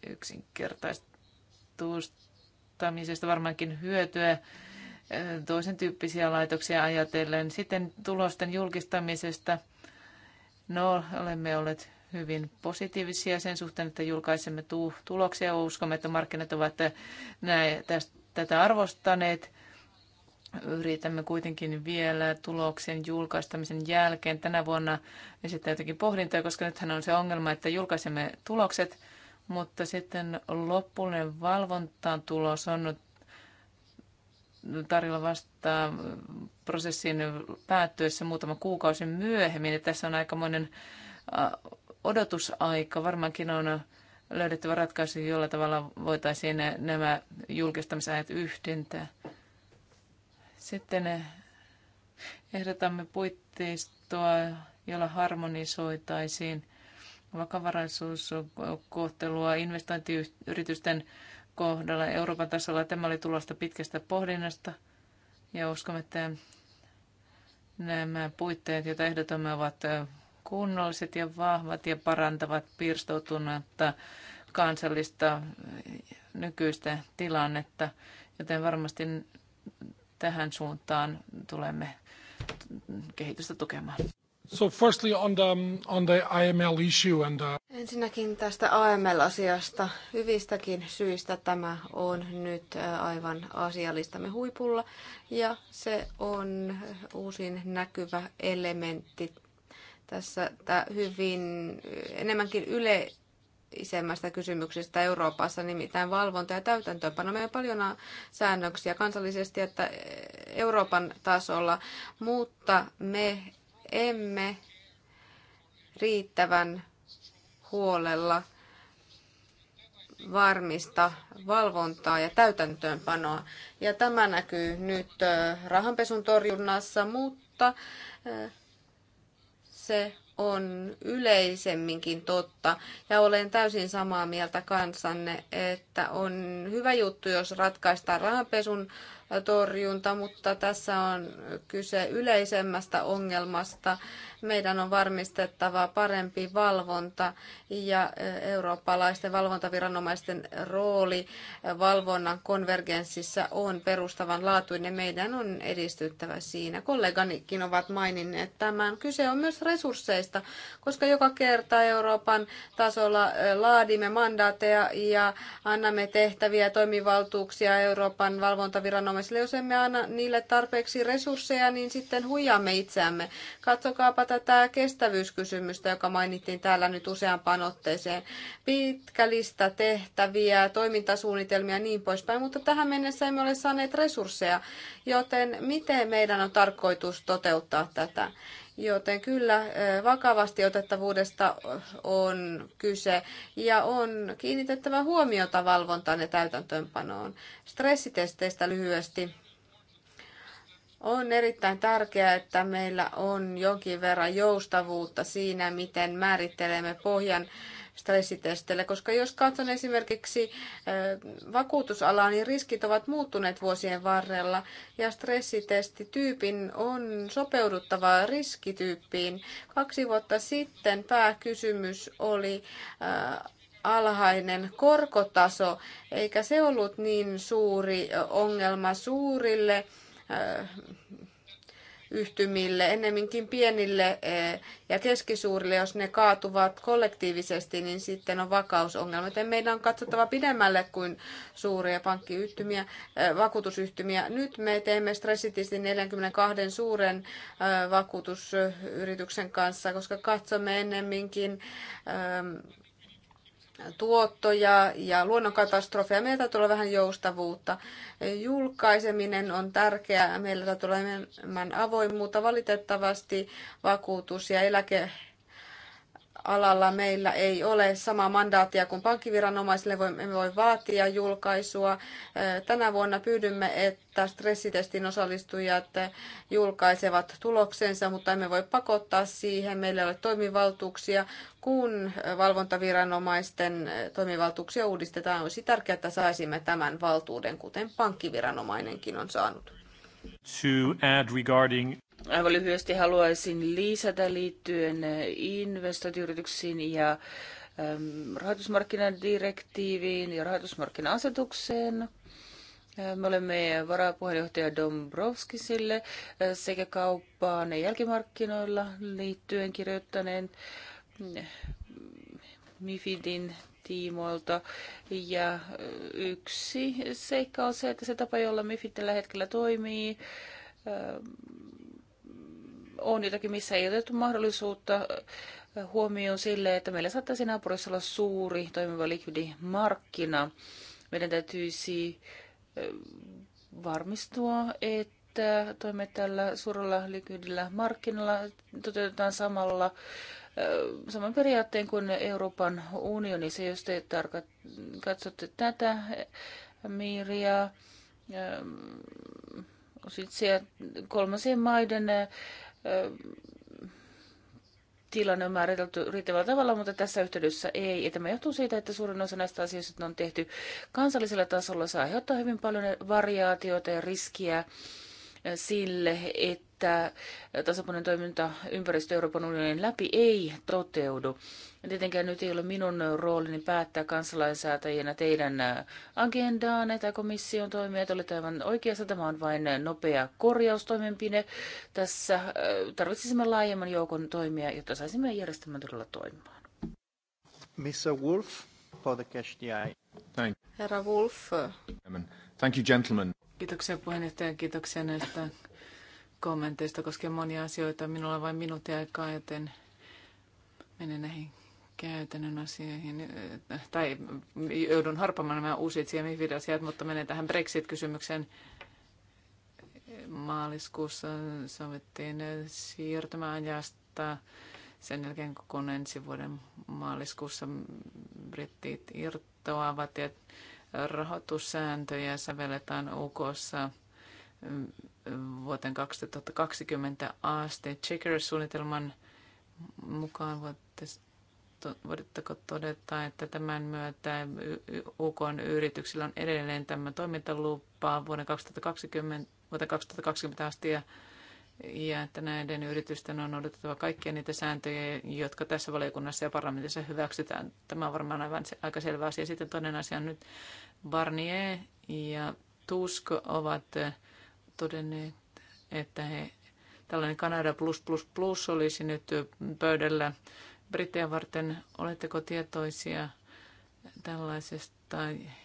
yksinkertaistustamisesta varmaankin hyötyä toisen tyyppisiä laitoksia ajatellen. Sitten tulosten julkistamisesta. No, olemme olleet hyvin positiivisia sen suhteen, että julkaisemme tuloksia. Uskomme, että markkinat ovat näin, tästä, tätä arvostaneet. Yritämme kuitenkin vielä tuloksen julkaistamisen jälkeen tänä vuonna esittää jotenkin pohdintoja, koska nythän on se ongelma, että julkaisemme tulokset, mutta sitten loppuinen valvontaan tulos on tarjolla vasta prosessin päättyessä muutama kuukausi myöhemmin. Ja tässä on aikamoinen odotusaika. Varmaankin on löydettävä ratkaisu, jolla tavalla voitaisiin nämä julkistamisajat yhdentää. Sitten ehdotamme puitteistoa, jolla harmonisoitaisiin vakavaraisuuskohtelua investointiyritysten kohdalla Euroopan tasolla. Tämä oli tulosta pitkästä pohdinnasta ja uskomme, että nämä puitteet, joita ehdotamme, ovat kunnolliset ja vahvat ja parantavat pirstoutunutta kansallista nykyistä tilannetta, joten varmasti tähän suuntaan tulemme kehitystä tukemaan. So firstly on the, um, on the issue and the... Uh, Ensinnäkin tästä AML-asiasta. Hyvistäkin syistä tämä on nyt aivan asialistamme huipulla ja se on uusin näkyvä elementti tässä hyvin enemmänkin yle, isemmästä kysymyksestä Euroopassa, nimittäin valvonta ja täytäntöönpano. Meillä on paljon säännöksiä kansallisesti että Euroopan tasolla, mutta me emme riittävän huolella varmista valvontaa ja täytäntöönpanoa. Ja tämä näkyy nyt rahanpesun torjunnassa, mutta se on yleisemminkin totta. Ja olen täysin samaa mieltä kanssanne, että on hyvä juttu, jos ratkaistaan rahanpesun torjunta, mutta tässä on kyse yleisemmästä ongelmasta. Meidän on varmistettava parempi valvonta ja e, eurooppalaisten valvontaviranomaisten rooli valvonnan konvergenssissa on perustavanlaatuinen. Meidän on edistyttävä siinä. Kolleganikin ovat maininneet tämän. Kyse on myös resursseista, koska joka kerta Euroopan tasolla e, laadimme mandaateja ja annamme tehtäviä ja toimivaltuuksia Euroopan valvontaviranomaisille myös. Jos emme anna niille tarpeeksi resursseja, niin sitten huijaamme itseämme. Katsokaapa tätä kestävyyskysymystä, joka mainittiin täällä nyt useampaan otteeseen. Pitkä lista tehtäviä, toimintasuunnitelmia ja niin poispäin, mutta tähän mennessä emme ole saaneet resursseja. Joten miten meidän on tarkoitus toteuttaa tätä? Joten kyllä vakavasti otettavuudesta on kyse ja on kiinnitettävä huomiota valvontaan ja täytäntöönpanoon. Stressitesteistä lyhyesti. On erittäin tärkeää, että meillä on jonkin verran joustavuutta siinä, miten määrittelemme pohjan stressitesteillä, koska jos katson esimerkiksi äh, vakuutusalaa, niin riskit ovat muuttuneet vuosien varrella ja stressitestityypin on sopeuduttava riskityyppiin. Kaksi vuotta sitten pääkysymys oli äh, alhainen korkotaso, eikä se ollut niin suuri ongelma suurille äh, yhtymille, ennemminkin pienille eh, ja keskisuurille, jos ne kaatuvat kollektiivisesti, niin sitten on vakausongelma. Joten meidän on katsottava pidemmälle kuin suuria pankkiyhtymiä, eh, vakuutusyhtymiä. Nyt me teemme stressitistin 42 suuren eh, vakuutusyrityksen kanssa, koska katsomme ennemminkin tuottoja ja luonnonkatastrofeja. Meillä täytyy olla vähän joustavuutta. Julkaiseminen on tärkeää. Meillä täytyy olla enemmän avoimuutta. Valitettavasti vakuutus- ja eläke alalla meillä ei ole samaa mandaattia kuin pankkiviranomaisille, emme voi vaatia julkaisua. Tänä vuonna pyydymme, että stressitestin osallistujat julkaisevat tuloksensa, mutta emme voi pakottaa siihen. Meillä ei ole toimivaltuuksia, kun valvontaviranomaisten toimivaltuuksia uudistetaan. Olisi tärkeää, että saisimme tämän valtuuden, kuten pankkiviranomainenkin on saanut. To add regarding... Aivan lyhyesti haluaisin lisätä liittyen eh, investointiyrityksiin ja ehm, rahoitusmarkkinadirektiiviin ja rahoitusmarkkina-asetukseen. Eh, me olemme varapuheenjohtaja Dombrovskisille eh, sekä kauppaan ja jälkimarkkinoilla liittyen kirjoittaneen MIFIDin tiimoilta. Ja yksi seikka on se, että se tapa, jolla MIFID tällä hetkellä toimii, ehm, on jotakin, missä ei otettu mahdollisuutta eh, huomioon sille, että meillä saattaisi naapurissa olla suuri toimiva likvidimarkkina. Meidän täytyisi eh, varmistua, että toimme tällä suurella likvidillä markkinalla toteutetaan samalla eh, saman periaatteen kuin Euroopan unionissa. Jos te tarkat- katsotte tätä miiriä, sitten kolmansien maiden tilanne on määritelty riittävällä tavalla, mutta tässä yhteydessä ei. Ja tämä johtuu siitä, että suurin osa näistä asioista on tehty kansallisella tasolla. Se aiheuttaa hyvin paljon variaatioita ja riskiä sille, että että tasapuolinen toiminta ympäristö Euroopan unionin läpi ei toteudu. Ja tietenkään nyt ei ole minun roolini päättää kansalainsäätäjänä teidän agendaan tai komission toimia. Te olette aivan oikeassa. Tämä on vain nopea korjaustoimenpide. Tässä äh, tarvitsisimme laajemman joukon toimia, jotta saisimme järjestelmän todella toimimaan. Mr. Wolf for the cash Thank. Herra Wolf. Thank you, gentlemen. Kiitoksia puheenjohtaja, kiitoksia näistä kommenteista koskien monia asioita. Minulla on vain minuutin aikaa, joten menen näihin käytännön asioihin. Tai joudun harpamaan nämä uusit cmi mifid asiat, mutta menen tähän Brexit-kysymykseen. Maaliskuussa sovittiin siirtymäajasta sen jälkeen, kun ensi vuoden maaliskuussa brittit irtoavat ja rahoitussääntöjä sävelletään UKssa vuoteen 2020 asti. Checker-suunnitelman mukaan voitteko todeta, että tämän myötä UK yrityksillä on edelleen tämä toimintalupa vuoden 2020, vuoteen 2020 asti ja, ja että näiden yritysten on odotettava kaikkia niitä sääntöjä, jotka tässä valiokunnassa ja parlamentissa hyväksytään. Tämä on varmaan aivan se, aika selvä asia. Sitten toinen asia on nyt Barnier ja Tusk ovat todenneet, että he, tällainen Kanada plus plus plus olisi nyt pöydällä Brittejä varten. Oletteko tietoisia tällaisesta äh,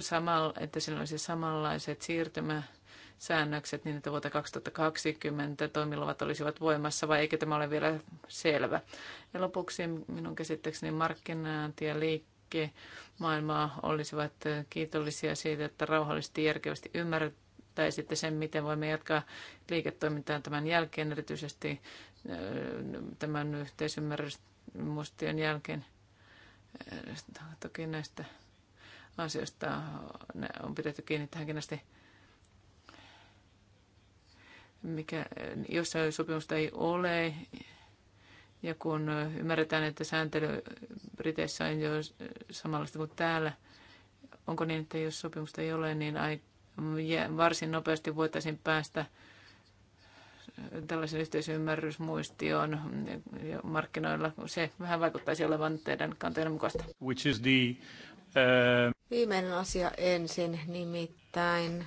samalla, että siinä olisi samanlaiset siirtymä säännökset, niin, että vuotta 2020 toimiluvat olisivat voimassa vai eikö tämä ole vielä selvä. Ja lopuksi minun käsittääkseni markkinointi ja liikkeelle kaikki maailmaa olisivat kiitollisia siitä, että rauhallisesti järkevästi ymmärtäisitte sen, miten voimme jatkaa liiketoimintaa tämän jälkeen, erityisesti äh, tämän yhteisymmärrysten jälkeen. Äh, toki näistä asioista on pidetty kiinni tähänkin asti mikä, äh, jos sopimusta ei ole, ja kun ymmärretään, että sääntely Briteissä on jo samanlaista kuin täällä, onko niin, että jos sopimusta ei ole, niin varsin nopeasti voitaisiin päästä tällaisen yhteisymmärrysmuistioon markkinoilla. Se vähän vaikuttaisi olevan teidän kanteen mukaista. Which is the, uh... Viimeinen asia ensin, nimittäin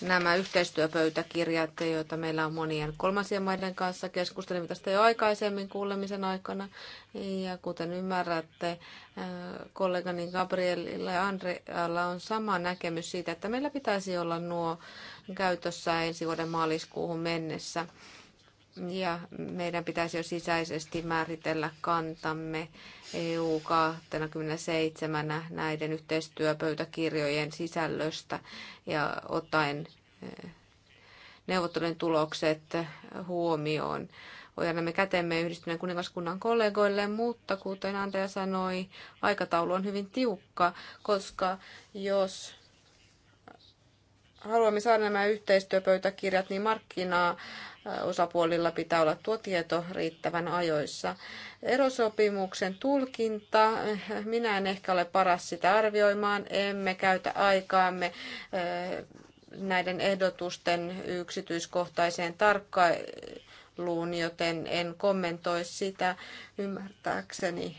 nämä yhteistyöpöytäkirjat, joita meillä on monien kolmansien maiden kanssa. Keskustelimme tästä jo aikaisemmin kuulemisen aikana. Ja kuten ymmärrätte, äh, kollegani Gabrielilla ja Andrealla on sama näkemys siitä, että meillä pitäisi olla nuo käytössä ensi vuoden maaliskuuhun mennessä. Ja meidän pitäisi jo sisäisesti määritellä kantamme EU 27 näiden yhteistyöpöytäkirjojen sisällöstä ja ottaen eh, neuvottelujen tulokset huomioon. Ojennamme kätemme yhdistyneen kuningaskunnan kollegoille, mutta kuten Andrea sanoi, aikataulu on hyvin tiukka, koska jos haluamme saada nämä yhteistyöpöytäkirjat, niin markkinaa osapuolilla pitää olla tuo tieto riittävän ajoissa. Erosopimuksen tulkinta, minä en ehkä ole paras sitä arvioimaan, emme käytä aikaamme eh, näiden ehdotusten yksityiskohtaiseen tarkkailuun, joten en kommentoi sitä ymmärtääkseni.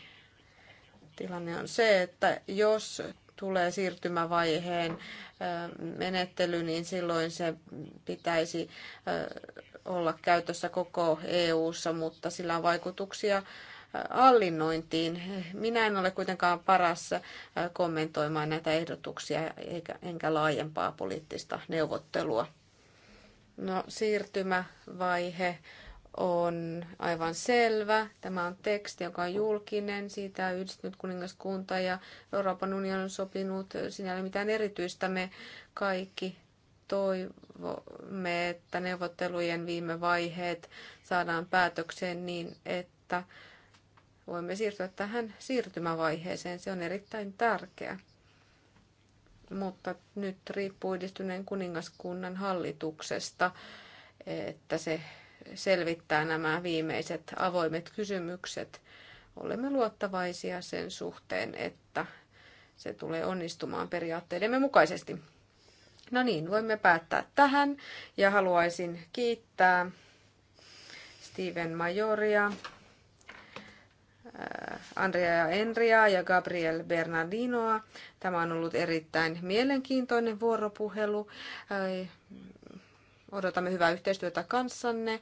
Tilanne on se, että jos tulee siirtymävaiheen eh, menettely, niin silloin se pitäisi eh, olla käytössä koko EU:ssa, mutta sillä on vaikutuksia hallinnointiin. Minä en ole kuitenkaan paras kommentoimaan näitä ehdotuksia eikä, enkä laajempaa poliittista neuvottelua. No, siirtymävaihe on aivan selvä. Tämä on teksti, joka on julkinen. Siitä yhdistynyt kuningaskunta ja Euroopan unioni on sopinut. Sinä ei ole mitään erityistä. Me kaikki toivomme, että neuvottelujen viime vaiheet saadaan päätökseen niin, että voimme siirtyä tähän siirtymävaiheeseen. Se on erittäin tärkeä. Mutta nyt riippuu yhdistyneen kuningaskunnan hallituksesta, että se selvittää nämä viimeiset avoimet kysymykset. Olemme luottavaisia sen suhteen, että se tulee onnistumaan periaatteidemme mukaisesti. No niin, voimme päättää tähän ja haluaisin kiittää Steven Majoria, äh, Andrea ja Enria ja Gabriel Bernardinoa. Tämä on ollut erittäin mielenkiintoinen vuoropuhelu. Äh, odotamme hyvää yhteistyötä kanssanne.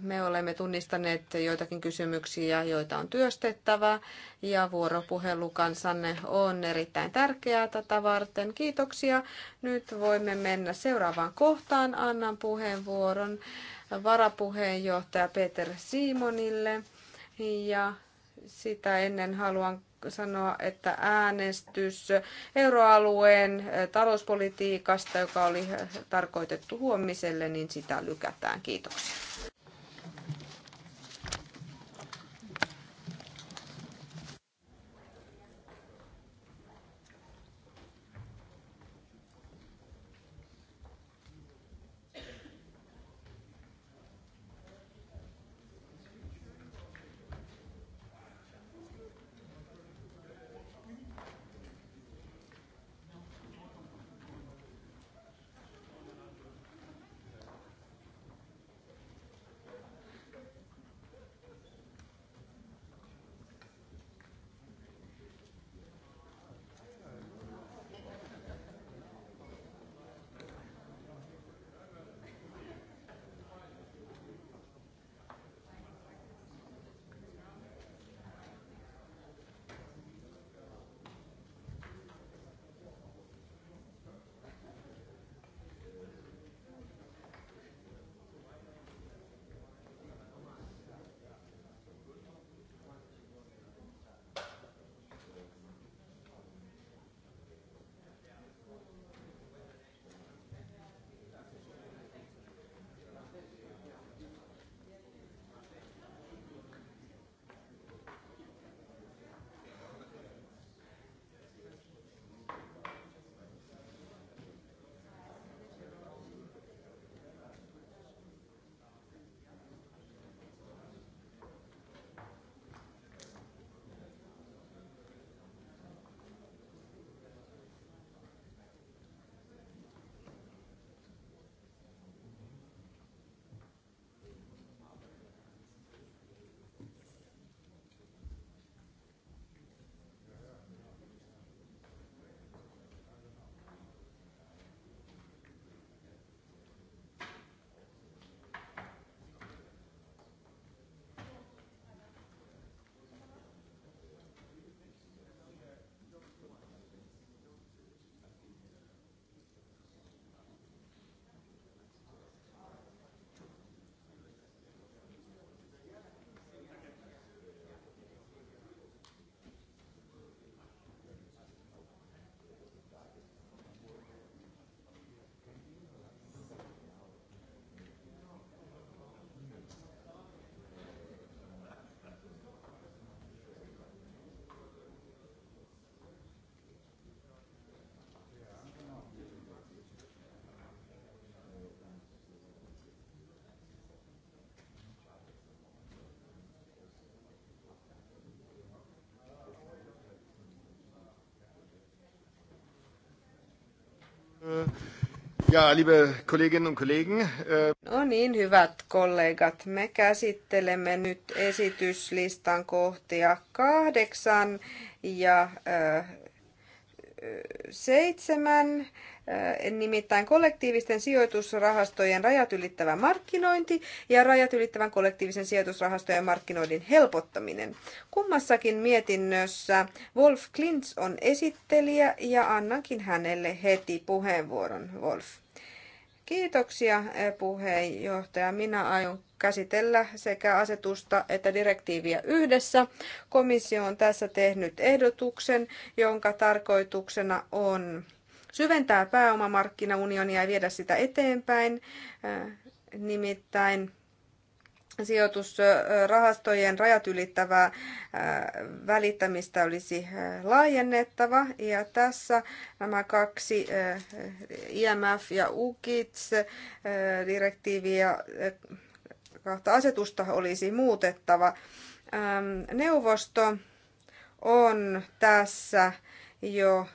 Me olemme tunnistaneet joitakin kysymyksiä, joita on työstettävä, ja vuoropuhelu kansanne on erittäin tärkeää tätä varten. Kiitoksia. Nyt voimme mennä seuraavaan kohtaan. Annan puheenvuoron varapuheenjohtaja Peter Simonille, ja sitä ennen haluan sanoa, että äänestys euroalueen talouspolitiikasta, joka oli tarkoitettu huomiselle, niin sitä lykätään. Kiitoksia. Äh, ja, liebe Kolleginnen und Kollegen. Äh, no niin, hyvät kollegat, me käsittelemme nyt esityslistan kohtia kahdeksan ja äh, seitsemän, äh, nimittäin kollektiivisten sijoitusrahastojen rajat ylittävä markkinointi ja rajat ylittävän kollektiivisen sijoitusrahastojen markkinoinnin helpottaminen. Kummassakin mietinnössä Wolf Klintz on esittelijä ja annankin hänelle heti puheenvuoron, Wolf. Kiitoksia eh, puheenjohtaja. Minä aion käsitellä sekä asetusta että direktiiviä yhdessä. Komissio on tässä tehnyt ehdotuksen, jonka tarkoituksena on syventää pääomamarkkinaunionia ja viedä sitä eteenpäin. Eh, nimittäin sijoitusrahastojen rajat ylittävää välittämistä olisi laajennettava. Ja tässä nämä kaksi IMF ja UKITS direktiiviä kahta asetusta olisi muutettava. Neuvosto on tässä jo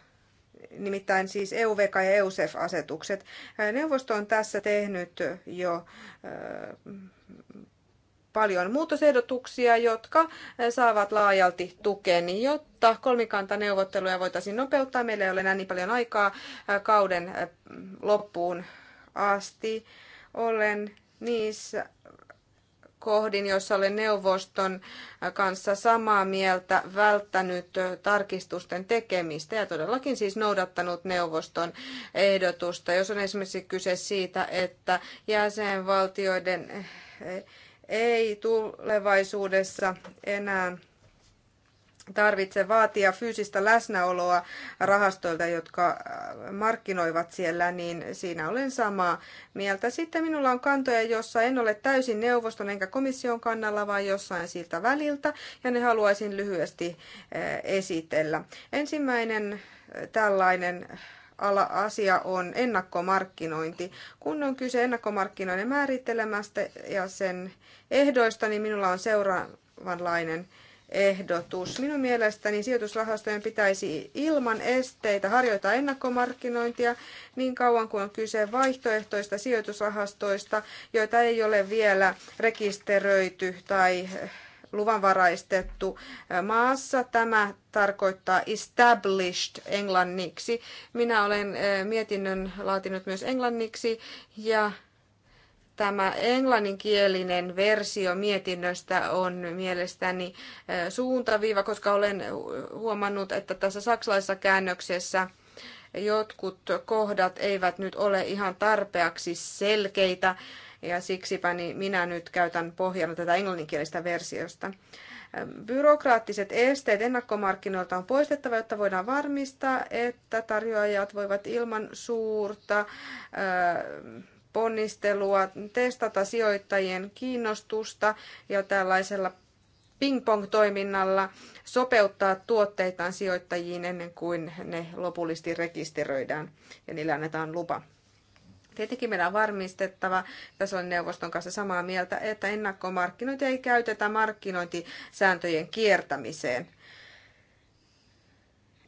nimittäin siis EUVK ja EUSEF-asetukset. Neuvosto on tässä tehnyt jo paljon muutosehdotuksia, jotka eh, saavat laajalti tukeni, jotta kolmikantaneuvotteluja voitaisiin nopeuttaa. Meillä ei ole enää niin paljon aikaa eh, kauden eh, loppuun asti. Olen niissä kohdin, jossa olen neuvoston kanssa samaa mieltä, välttänyt tarkistusten tekemistä ja todellakin siis noudattanut neuvoston ehdotusta. Jos on esimerkiksi kyse siitä, että jäsenvaltioiden ei tulevaisuudessa enää tarvitse vaatia fyysistä läsnäoloa rahastoilta, jotka äh, markkinoivat siellä, niin siinä olen samaa mieltä. Sitten minulla on kantoja, jossa en ole täysin neuvoston enkä komission kannalla, vaan jossain siltä väliltä, ja ne haluaisin lyhyesti äh, esitellä. Ensimmäinen äh, tällainen asia on ennakkomarkkinointi. Kun on kyse ennakkomarkkinoinnin määrittelemästä ja sen ehdoista, niin minulla on seuraavanlainen ehdotus. Minun mielestäni sijoitusrahastojen pitäisi ilman esteitä harjoittaa ennakkomarkkinointia niin kauan kuin on kyse vaihtoehtoista sijoitusrahastoista, joita ei ole vielä rekisteröity tai luvanvaraistettu maassa. Tämä tarkoittaa established englanniksi. Minä olen mietinnön laatinut myös englanniksi ja tämä englanninkielinen versio mietinnöstä on mielestäni suuntaviiva, koska olen huomannut, että tässä saksalaisessa käännöksessä jotkut kohdat eivät nyt ole ihan tarpeeksi selkeitä ja siksipä niin minä nyt käytän pohjana tätä englanninkielistä versiosta. Byrokraattiset esteet ennakkomarkkinoilta on poistettava, jotta voidaan varmistaa, että tarjoajat voivat ilman suurta ponnistelua testata sijoittajien kiinnostusta ja tällaisella ping-pong-toiminnalla sopeuttaa tuotteitaan sijoittajiin ennen kuin ne lopullisesti rekisteröidään ja niillä annetaan lupa. Tietenkin meillä on varmistettava, että se on neuvoston kanssa samaa mieltä, että ennakkomarkkinointia ei käytetä markkinointisääntöjen kiertämiseen.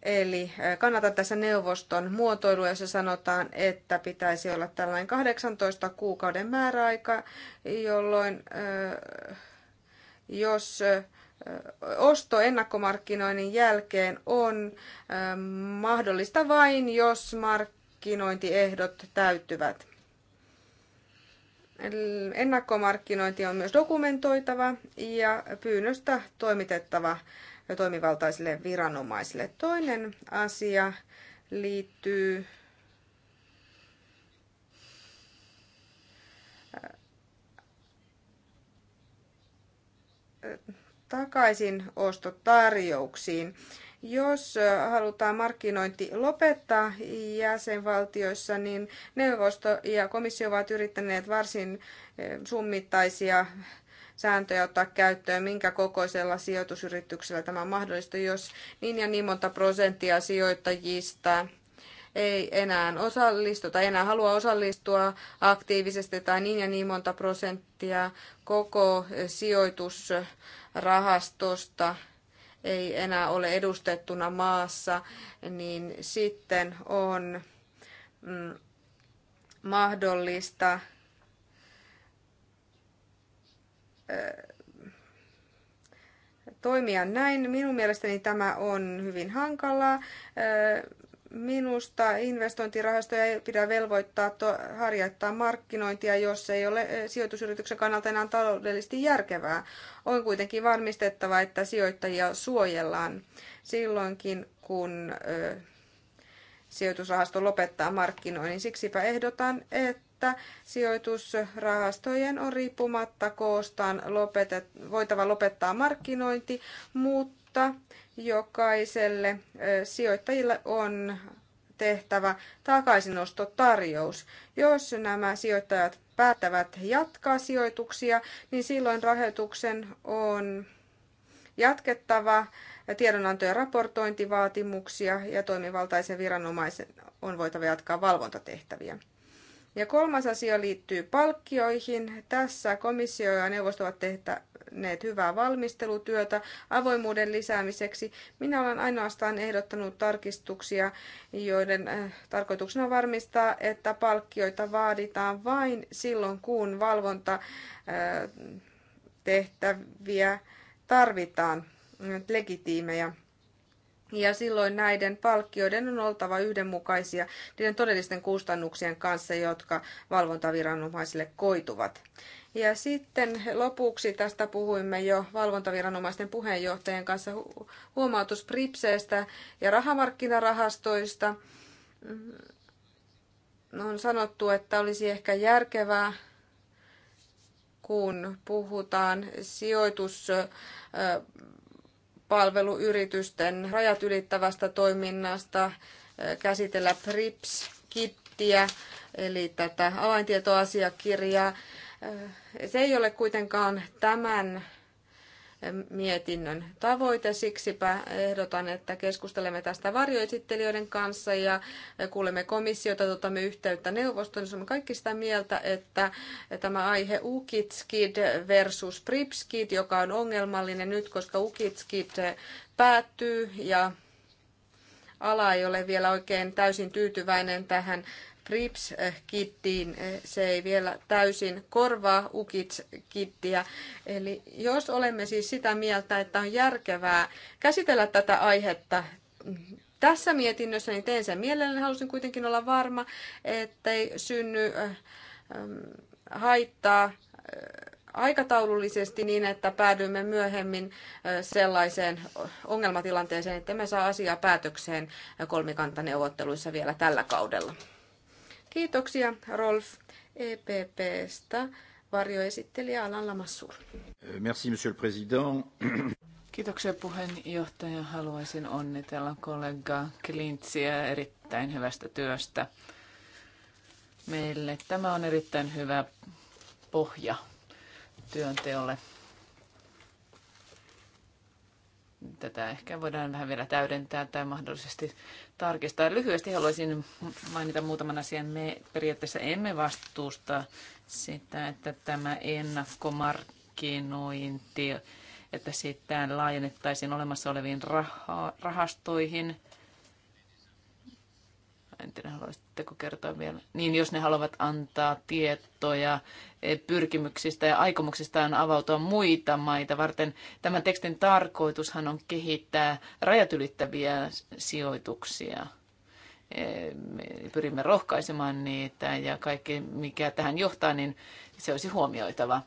Eli eh, kannatan tässä neuvoston muotoilua, jossa sanotaan, että pitäisi olla tällainen 18 kuukauden määräaika, jolloin eh, jos eh, osto ennakkomarkkinoinnin jälkeen on mahdollista vain, jos mark- markkinointiehdot täyttyvät. Ennakkomarkkinointi on myös dokumentoitava ja pyynnöstä toimitettava toimivaltaisille viranomaisille. Toinen asia liittyy äh, takaisin ostotarjouksiin. Jos halutaan markkinointi lopettaa jäsenvaltioissa, niin neuvosto ja komissio ovat yrittäneet varsin summittaisia sääntöjä ottaa käyttöön, minkä kokoisella sijoitusyrityksellä tämä on mahdollista, jos niin ja niin monta prosenttia sijoittajista ei enää osallistu tai enää halua osallistua aktiivisesti tai niin ja niin monta prosenttia koko sijoitusrahastosta ei enää ole edustettuna maassa, niin sitten on mm, mahdollista toimia näin. Minun mielestäni tämä on hyvin hankalaa. Minusta investointirahastoja ei pidä velvoittaa to, harjoittaa markkinointia, jos se ei ole eh, sijoitusyrityksen kannalta enää taloudellisesti järkevää. On kuitenkin varmistettava, että sijoittajia suojellaan silloinkin, kun ö, sijoitusrahasto lopettaa markkinoinnin. Siksipä ehdotan, että sijoitusrahastojen on riippumatta koostaan lopetet, voitava lopettaa markkinointi, mutta jokaiselle sijoittajille on tehtävä takaisinostotarjous. Jos nämä sijoittajat päättävät jatkaa sijoituksia, niin silloin rahoituksen on jatkettava tiedonanto- ja raportointivaatimuksia ja toimivaltaisen viranomaisen on voitava jatkaa valvontatehtäviä. Ja kolmas asia liittyy palkkioihin. Tässä komissio ja neuvosto ovat tehneet hyvää valmistelutyötä avoimuuden lisäämiseksi. Minä olen ainoastaan ehdottanut tarkistuksia, joiden äh, tarkoituksena on varmistaa, että palkkioita vaaditaan vain silloin, kun valvonta äh, tehtäviä tarvitaan äh, legitiimejä ja silloin näiden palkkioiden on oltava yhdenmukaisia niiden todellisten kustannuksien kanssa, jotka valvontaviranomaisille koituvat. Ja sitten lopuksi tästä puhuimme jo valvontaviranomaisten puheenjohtajien kanssa huomautus Pripseestä ja rahamarkkinarahastoista. Mm, on sanottu, että olisi ehkä järkevää, kun puhutaan sijoitus palveluyritysten rajat ylittävästä toiminnasta, eh, käsitellä PRIPS-kittiä, eli tätä avaintietoasiakirjaa. Eh, se ei ole kuitenkaan tämän mietinnön tavoite. Siksipä ehdotan, että keskustelemme tästä varjoesittelijöiden kanssa ja kuulemme komissiota, otamme yhteyttä neuvostoon. Olemme kaikki sitä mieltä, että tämä aihe UKITSKID versus PRIPSKID, joka on ongelmallinen nyt, koska UKITSKID päättyy ja ala ei ole vielä oikein täysin tyytyväinen tähän Rips eh, kittiin eh, Se ei vielä täysin korvaa UKITS-kittiä. Eli jos olemme siis sitä mieltä, että on järkevää käsitellä tätä aihetta mm, tässä mietinnössä, niin teen sen mielelläni. Halusin kuitenkin olla varma, ettei synny eh, mm, haittaa aikataulullisesti niin, että päädymme myöhemmin sellaiseen ongelmatilanteeseen, että me saa asiaa päätökseen kolmikantaneuvotteluissa vielä tällä kaudella. Kiitoksia Rolf EPPstä. Varjoesittelijä Alan Lamassur. Merci, monsieur le président. Kiitoksia puheenjohtaja. Haluaisin onnitella kollega Klintsiä erittäin hyvästä työstä meille. Tämä on erittäin hyvä pohja työnteolle Tätä ehkä voidaan vähän vielä täydentää tai mahdollisesti tarkistaa. Lyhyesti haluaisin mainita muutaman asian. Me periaatteessa emme vastuusta sitä, että tämä ennakkomarkkinointi, että sitä laajennettaisiin olemassa oleviin rahastoihin – en tiedä, haluaisitteko kertoa vielä. Niin, jos ne haluavat antaa tietoja eh, pyrkimyksistä ja aikomuksistaan avautua muita maita varten. Tämän tekstin tarkoitushan on kehittää rajat ylittäviä sijoituksia. Eh, me pyrimme rohkaisemaan niitä ja kaikki, mikä tähän johtaa, niin se olisi huomioitava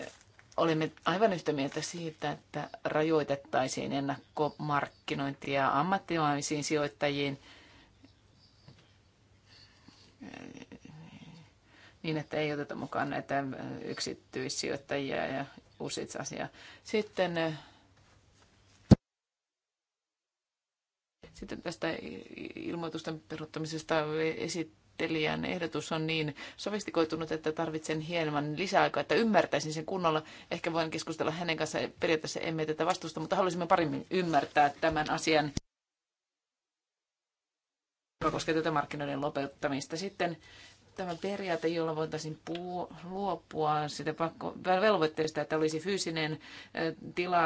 eh, olimme aivan yhtä mieltä siitä, että rajoitettaisiin ennakkomarkkinointia ammattimaisiin sijoittajiin niin, että ei oteta mukaan näitä yksityissijoittajia ja uusitsa asiaa. Sitten, eh, sitten tästä ilmoitusten peruuttamisesta esittelijän ehdotus on niin sofistikoitunut, että tarvitsen hieman lisäaikaa, että ymmärtäisin sen kunnolla. Ehkä voin keskustella hänen kanssaan. Periaatteessa emme tätä vastusta, mutta haluaisimme paremmin ymmärtää tämän asian joka koskee tätä markkinoiden lopettamista. Sitten tämä periaate, jolla voitaisiin puu, luopua sitä pakko, velvoitteesta, että olisi fyysinen tila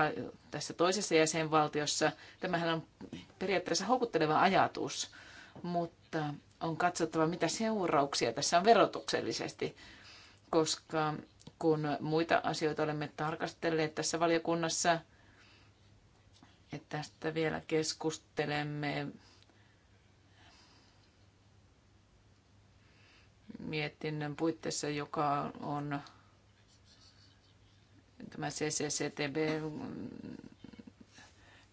tässä toisessa jäsenvaltiossa. Tämähän on periaatteessa houkutteleva ajatus, mutta on katsottava, mitä seurauksia tässä on verotuksellisesti, koska kun muita asioita olemme tarkastelleet tässä valiokunnassa, että tästä vielä keskustelemme mietinnön puitteissa, joka on tämä CCCTB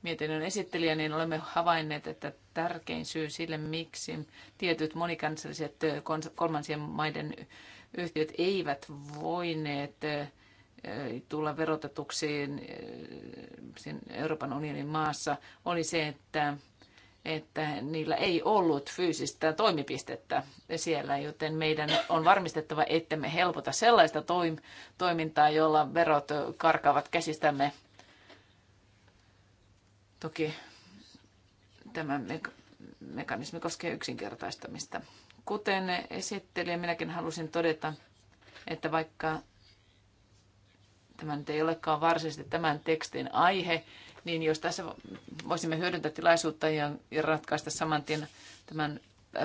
mietinnön esittelijä, niin olemme havainneet, että tärkein syy sille, miksi tietyt monikansalliset kolmansien maiden yhtiöt eivät voineet tulla verotetuksiin Euroopan unionin maassa, oli se, että että niillä ei ollut fyysistä toimipistettä siellä, joten meidän on varmistettava, että me helpota sellaista toim- toimintaa, jolla verot karkaavat käsistämme. Toki tämä me- mekanismi koskee yksinkertaistamista. Kuten esittelin, minäkin halusin todeta, että vaikka tämä nyt ei olekaan varsinaisesti tämän tekstin aihe, niin jos tässä voisimme hyödyntää tilaisuutta ja, ja ratkaista saman tien tämän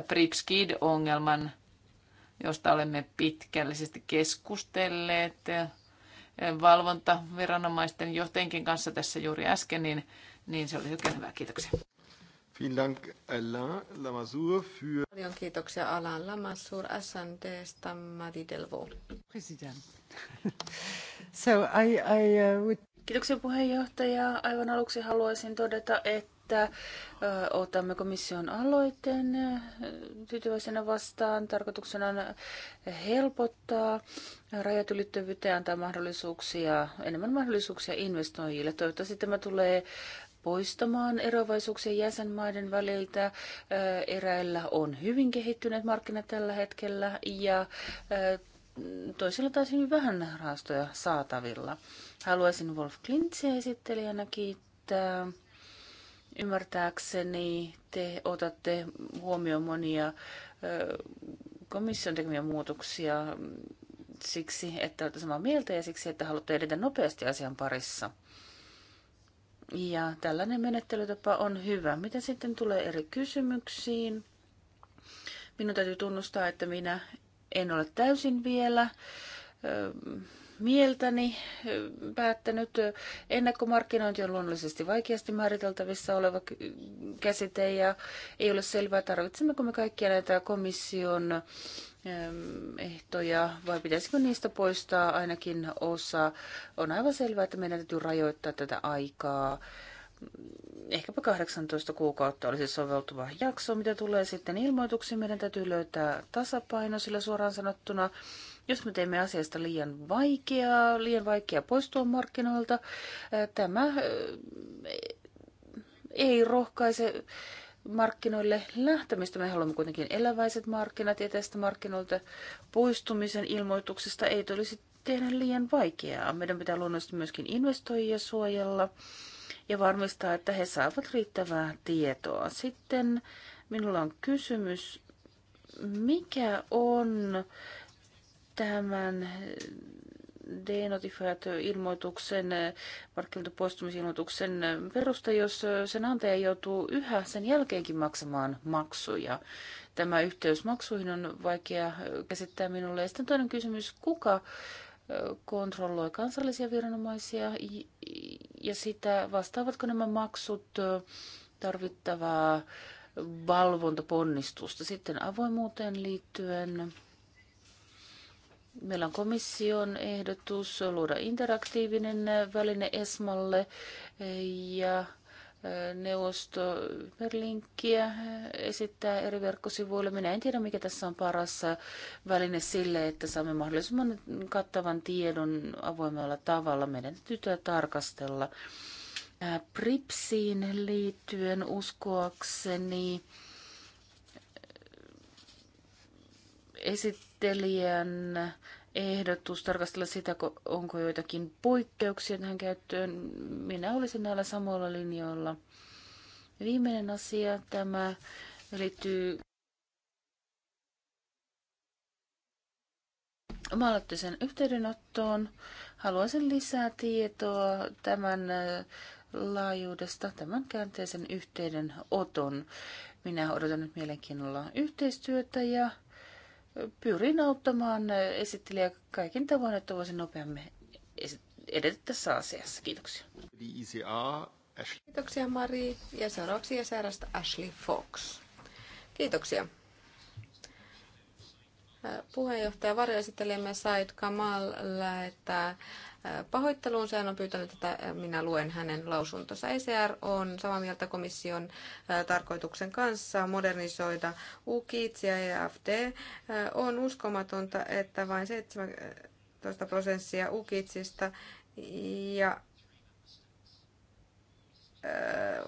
brics Kid-ongelman, josta olemme pitkällisesti keskustelleet valvontaviranomaisten jotenkin kanssa tässä juuri äsken, niin, niin se oli oikein hyvä. Kiitoksia. Dank, Alain Lamassur, für... Paljon kiitoksia Alain Lamassur, SNDstä, Madi Delvaux. President. <laughs> so I, I uh, would... Kiitoksia puheenjohtaja. Aivan aluksi haluaisin todeta, että otamme komission aloitteen tyytyväisenä vastaan. Tarkoituksena on helpottaa rajat ylittävyyttä ja antaa mahdollisuuksia, enemmän mahdollisuuksia investoijille. Toivottavasti tämä tulee poistamaan eroavaisuuksia jäsenmaiden väliltä. Eräillä on hyvin kehittyneet markkinat tällä hetkellä ja toisilla taas hyvin vähän rahastoja saatavilla. Haluaisin Wolf Klintsiä esittelijänä kiittää. Ymmärtääkseni te otatte huomioon monia komission tekemiä muutoksia siksi, että olette samaa mieltä ja siksi, että haluatte edetä nopeasti asian parissa. Ja tällainen menettelytapa on hyvä. Mitä sitten tulee eri kysymyksiin? Minun täytyy tunnustaa, että minä en ole täysin vielä mieltäni päättänyt. Ennakkomarkkinointi on luonnollisesti vaikeasti määriteltävissä oleva käsite ja ei ole selvää, tarvitsemmeko me kaikkia näitä komission ehtoja vai pitäisikö niistä poistaa ainakin osa. On aivan selvää, että meidän täytyy rajoittaa tätä aikaa ehkäpä 18 kuukautta olisi soveltuva jakso. Mitä tulee sitten ilmoituksiin, meidän täytyy löytää tasapaino, sillä suoraan sanottuna, jos me teemme asiasta liian vaikeaa, liian vaikeaa poistua markkinoilta, tämä ei rohkaise markkinoille lähtemistä. Me haluamme kuitenkin eläväiset markkinat ja tästä markkinoilta poistumisen ilmoituksesta ei tulisi tehdä liian vaikeaa. Meidän pitää luonnollisesti myöskin investoijia suojella ja varmistaa, että he saavat riittävää tietoa. Sitten minulla on kysymys, mikä on tämän denotifiaatio ilmoituksen markkinoilta poistumisilmoituksen perusta, jos sen antaja joutuu yhä sen jälkeenkin maksamaan maksuja. Tämä yhteys maksuihin on vaikea käsittää minulle. Ja sitten toinen kysymys, kuka kontrolloi kansallisia viranomaisia ja sitä, vastaavatko nämä maksut tarvittavaa valvontaponnistusta. Sitten avoimuuteen liittyen meillä on komission ehdotus luoda interaktiivinen väline ESMalle ja neuvosto linkkiä esittää eri verkkosivuille. Minä en tiedä, mikä tässä on paras väline sille, että saamme mahdollisimman kattavan tiedon avoimella tavalla. Meidän täytyy tarkastella. Pripsiin liittyen uskoakseni esittelijän ehdotus tarkastella sitä, onko joitakin poikkeuksia tähän käyttöön. Minä olisin näillä samoilla linjoilla. Viimeinen asia, tämä liittyy maaloitteisen yhteydenottoon. Haluaisin lisää tietoa tämän laajuudesta, tämän käänteisen yhteydenoton. Minä odotan nyt mielenkiinnolla yhteistyötä ja pyrin auttamaan esittelijä kaikin tavoin, että voisin nopeammin edetä tässä asiassa. Kiitoksia. Kiitoksia Mari ja seuraavaksi ja Ashley Fox. Kiitoksia puheenjohtaja varjoesittelijämme Said Kamal lähettää pahoitteluun. sehän on pyytänyt, että minä luen hänen lausuntonsa. ECR on samaa mieltä komission tarkoituksen kanssa modernisoida UKIT ja EFD. On uskomatonta, että vain 17 prosenttia UKITsista ja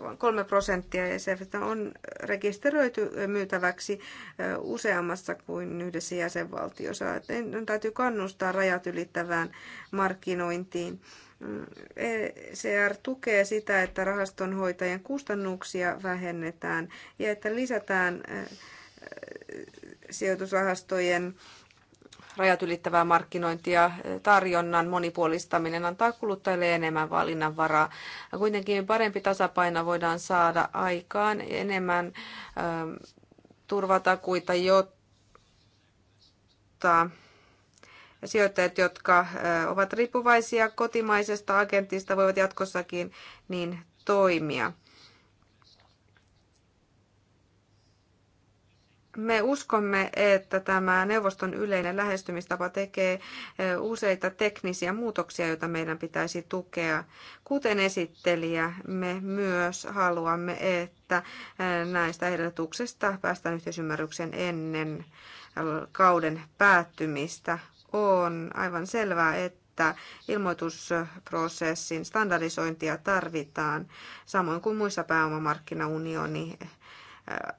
vain 3 prosenttia ja se on rekisteröity myytäväksi useammassa kuin yhdessä jäsenvaltiossa. Joten täytyy kannustaa rajat ylittävään markkinointiin. ECR tukee sitä, että rahastonhoitajien kustannuksia vähennetään ja että lisätään sijoitusrahastojen rajat ylittävää markkinointia, eh, tarjonnan monipuolistaminen antaa kuluttajille enemmän valinnanvaraa. Kuitenkin parempi tasapaino voidaan saada aikaan enemmän eh, turvatakuita, jotta sijoittajat, jotka eh, ovat riippuvaisia kotimaisesta agentista, voivat jatkossakin niin toimia. Me uskomme, että tämä neuvoston yleinen lähestymistapa tekee useita teknisiä muutoksia, joita meidän pitäisi tukea. Kuten esittelijä, me myös haluamme, että näistä ehdotuksista päästään yhteisymmärrykseen ennen kauden päättymistä. On aivan selvää, että että ilmoitusprosessin standardisointia tarvitaan, samoin kuin muissa pääomamarkkinaunioni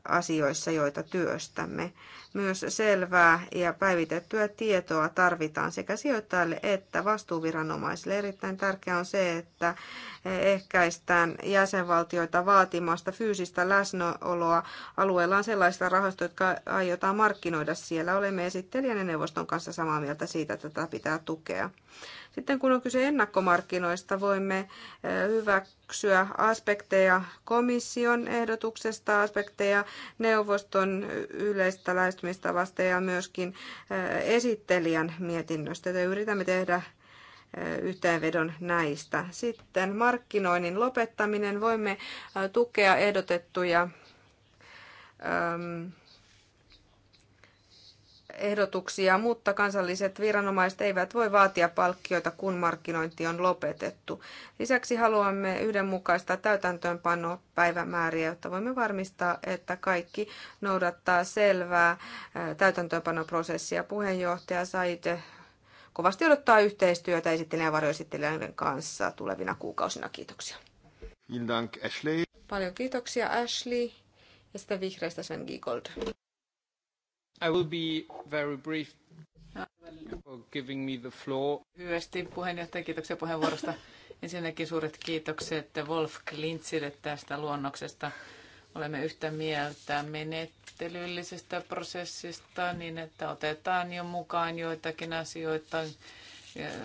asioissa, joita työstämme. Myös selvää ja päivitettyä tietoa tarvitaan sekä sijoittajille että vastuuviranomaisille. Erittäin tärkeää on se, että ehkäistään jäsenvaltioita vaatimasta fyysistä läsnäoloa. Alueella on sellaista rahoista, jotka aiotaan markkinoida siellä. Olemme esittelijän ja neuvoston kanssa samaa mieltä siitä, että tätä pitää tukea. Sitten kun on kyse ennakkomarkkinoista, voimme hyväksyä aspekteja komission ehdotuksesta, aspekteja neuvoston yleistä lähestymistavasta ja myöskin esittelijän mietinnöstä. Joten yritämme tehdä yhteenvedon näistä. Sitten markkinoinnin lopettaminen. Voimme tukea ehdotettuja ehdotuksia, mutta kansalliset viranomaiset eivät voi vaatia palkkioita, kun markkinointi on lopetettu. Lisäksi haluamme yhdenmukaista päivämääriä, jotta voimme varmistaa, että kaikki noudattaa selvää täytäntöönpanoprosessia. Puheenjohtaja Saite kovasti odottaa yhteistyötä esittelijän ja varjoesittelijöiden kanssa tulevina kuukausina. Kiitoksia. Dank, Ashley. Paljon kiitoksia Ashley ja sitten vihreistä Sven Giegold. I will be very brief ah. for giving me the floor. puheenjohtaja, kiitoksia puheenvuorosta. Ensinnäkin suuret kiitokset Wolf Klintsille tästä luonnoksesta. Olemme yhtä mieltä menettelyllisestä prosessista niin, että otetaan jo mukaan joitakin asioita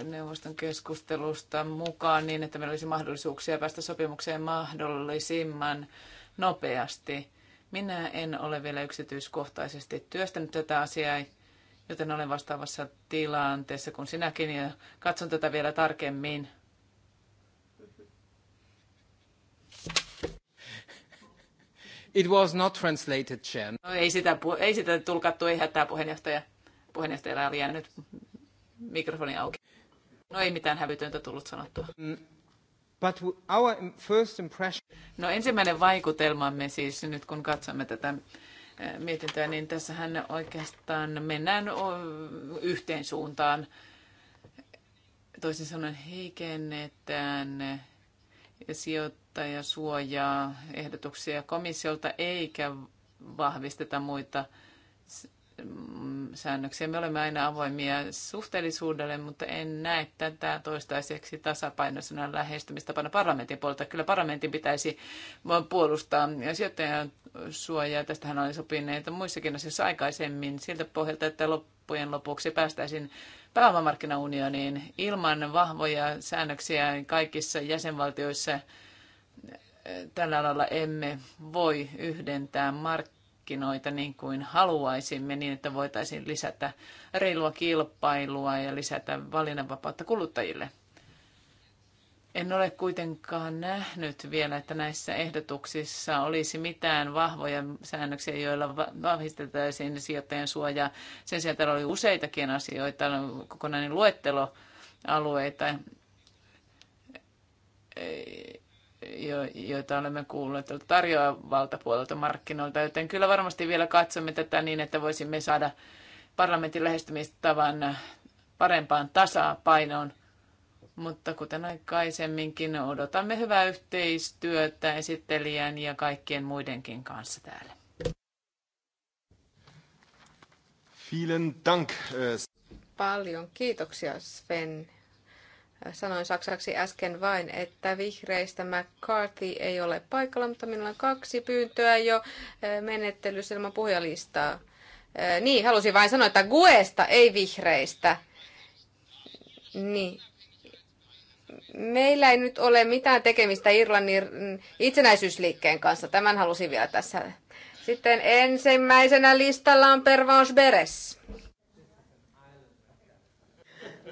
neuvoston keskustelusta mukaan niin, että meillä olisi mahdollisuuksia päästä sopimukseen mahdollisimman nopeasti minä en ole vielä yksityiskohtaisesti työstänyt tätä asiaa, joten olen vastaavassa tilanteessa kuin sinäkin ja katson tätä vielä tarkemmin. It was not translated, Chen. No, ei, sitä, ei sitä tulkattu, ei hätää puheenjohtaja. Puheenjohtajalla oli jäänyt mikrofoni auki. No ei mitään hävytöntä tullut sanottua. Mm, But our first impression... No ensimmäinen vaikutelmamme siis nyt kun katsomme tätä äh, mietintöä, niin tässähän oikeastaan mennään yhteen suuntaan. Toisin sanoen heikennetään sijoittajasuojaa ehdotuksia komissiolta eikä vahvisteta muita Mm, säännöksiä. Me olemme aina avoimia suhteellisuudelle, mutta en näe tätä toistaiseksi tasapainoisena lähestymistapana parlamentin puolelta. Kyllä parlamentin pitäisi puolustaa ja sijoittajan suojaa. Tästähän oli sopineita muissakin asioissa aikaisemmin siltä pohjalta, että loppujen lopuksi päästäisiin pääomamarkkinaunioniin ilman vahvoja säännöksiä kaikissa jäsenvaltioissa. Tällä alalla emme voi yhdentää markkinoita markkinoita niin kuin haluaisimme, niin että voitaisiin lisätä reilua kilpailua ja lisätä valinnanvapautta kuluttajille. En ole kuitenkaan nähnyt vielä, että näissä ehdotuksissa olisi mitään vahvoja säännöksiä, joilla vahvistettaisiin sijoittajan suojaa. Sen sijaan täällä oli useitakin asioita, kokonainen luettelo alueita, joita olemme kuulleet tarjoaa valtapuolelta markkinoilta, joten kyllä varmasti vielä katsomme tätä niin, että voisimme saada parlamentin lähestymistavan parempaan tasapainoon. Mutta kuten aikaisemminkin, odotamme hyvää yhteistyötä esittelijän ja kaikkien muidenkin kanssa täällä. Vielen Dank. Äh, Paljon kiitoksia Sven Sanoin saksaksi äsken vain, että vihreistä McCarthy ei ole paikalla, mutta minulla on kaksi pyyntöä jo eh, menettelyssä ilman puhujalistaa. Eh, niin, halusin vain sanoa, että Guesta, ei vihreistä. Niin, meillä ei nyt ole mitään tekemistä Irlannin itsenäisyysliikkeen kanssa. Tämän halusin vielä tässä. Sitten ensimmäisenä listalla on Pervaus Beres.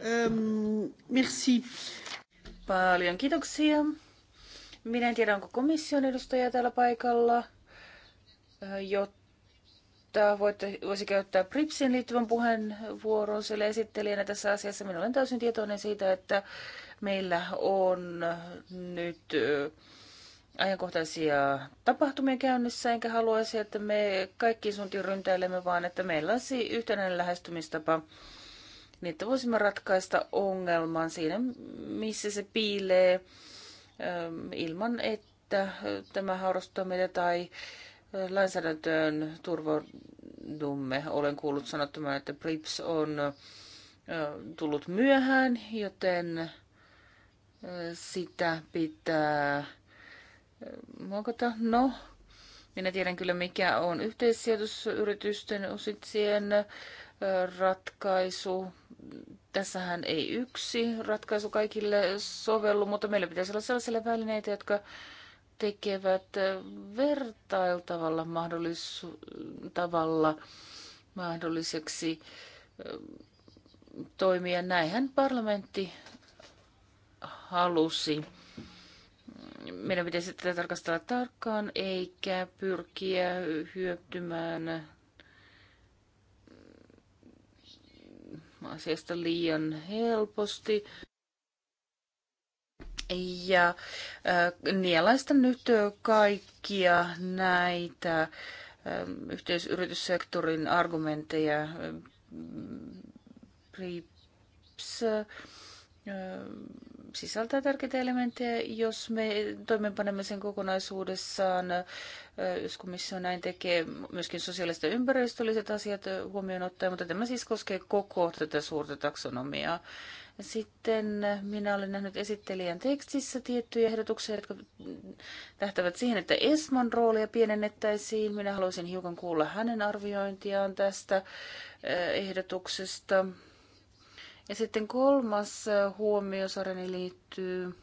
Ähm, merci. Paljon kiitoksia. Minä en tiedä, onko komission edustaja täällä paikalla, äh, jotta voitte, voisi käyttää PRIPSin liittyvän puheenvuoron sille esittelijänä tässä asiassa. Minä olen täysin tietoinen siitä, että meillä on nyt äh, ajankohtaisia tapahtumia käynnissä, enkä haluaisi, että me kaikki suuntiin ryntäilemme, vaan että meillä olisi yhtenäinen lähestymistapa niin että voisimme ratkaista ongelman siinä, missä se piilee ähm, ilman, että äh, tämä haurastaa meitä tai äh, lainsäädäntöön turvaudumme. Olen kuullut sanottamaan, että PRIPS on äh, tullut myöhään, joten sitä pitää muokata. No, minä tiedän kyllä mikä on yhteissijoitusyritysten ositsien ratkaisu. Tässähän ei yksi ratkaisu kaikille sovellu, mutta meillä pitäisi olla sellaisia välineitä, jotka tekevät vertailtavalla mahdollis- tavalla mahdolliseksi eh, toimia. Näinhän parlamentti halusi. Meidän pitäisi tätä tarkastella tarkkaan, eikä pyrkiä hyötymään asiasta liian helposti. Ja äh, nielaista nyt kaikkia näitä äh, yhteisyrityssektorin argumentteja. äh, sisältää tärkeitä elementtejä. Jos me toimeenpanemme sen kokonaisuudessaan, jos komissio näin tekee, myöskin sosiaaliset ja ympäristölliset asiat huomioon ottaen, mutta tämä siis koskee koko tätä suurta taksonomiaa. Sitten minä olen nähnyt esittelijän tekstissä tiettyjä ehdotuksia, jotka tähtävät siihen, että Esman roolia pienennettäisiin. Minä haluaisin hiukan kuulla hänen arviointiaan tästä ehdotuksesta. Ja sitten kolmas huomiosarjani liittyy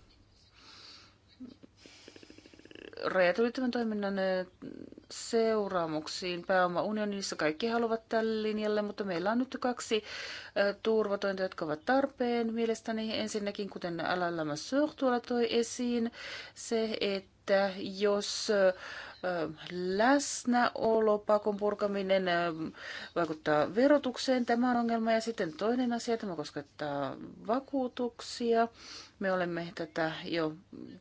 rajat toiminnan seuraamuksiin pääomaunionissa. Kaikki haluavat tälle linjalle, mutta meillä on nyt kaksi turvatointa, jotka ovat tarpeen. Mielestäni ensinnäkin, kuten Alain Lamassur tuolla toi esiin, se, että jos läsnäolo, pakon purkaminen vaikuttaa verotukseen, tämä on ongelma. Ja sitten toinen asia, tämä koskettaa vakuutuksia. Me olemme tätä jo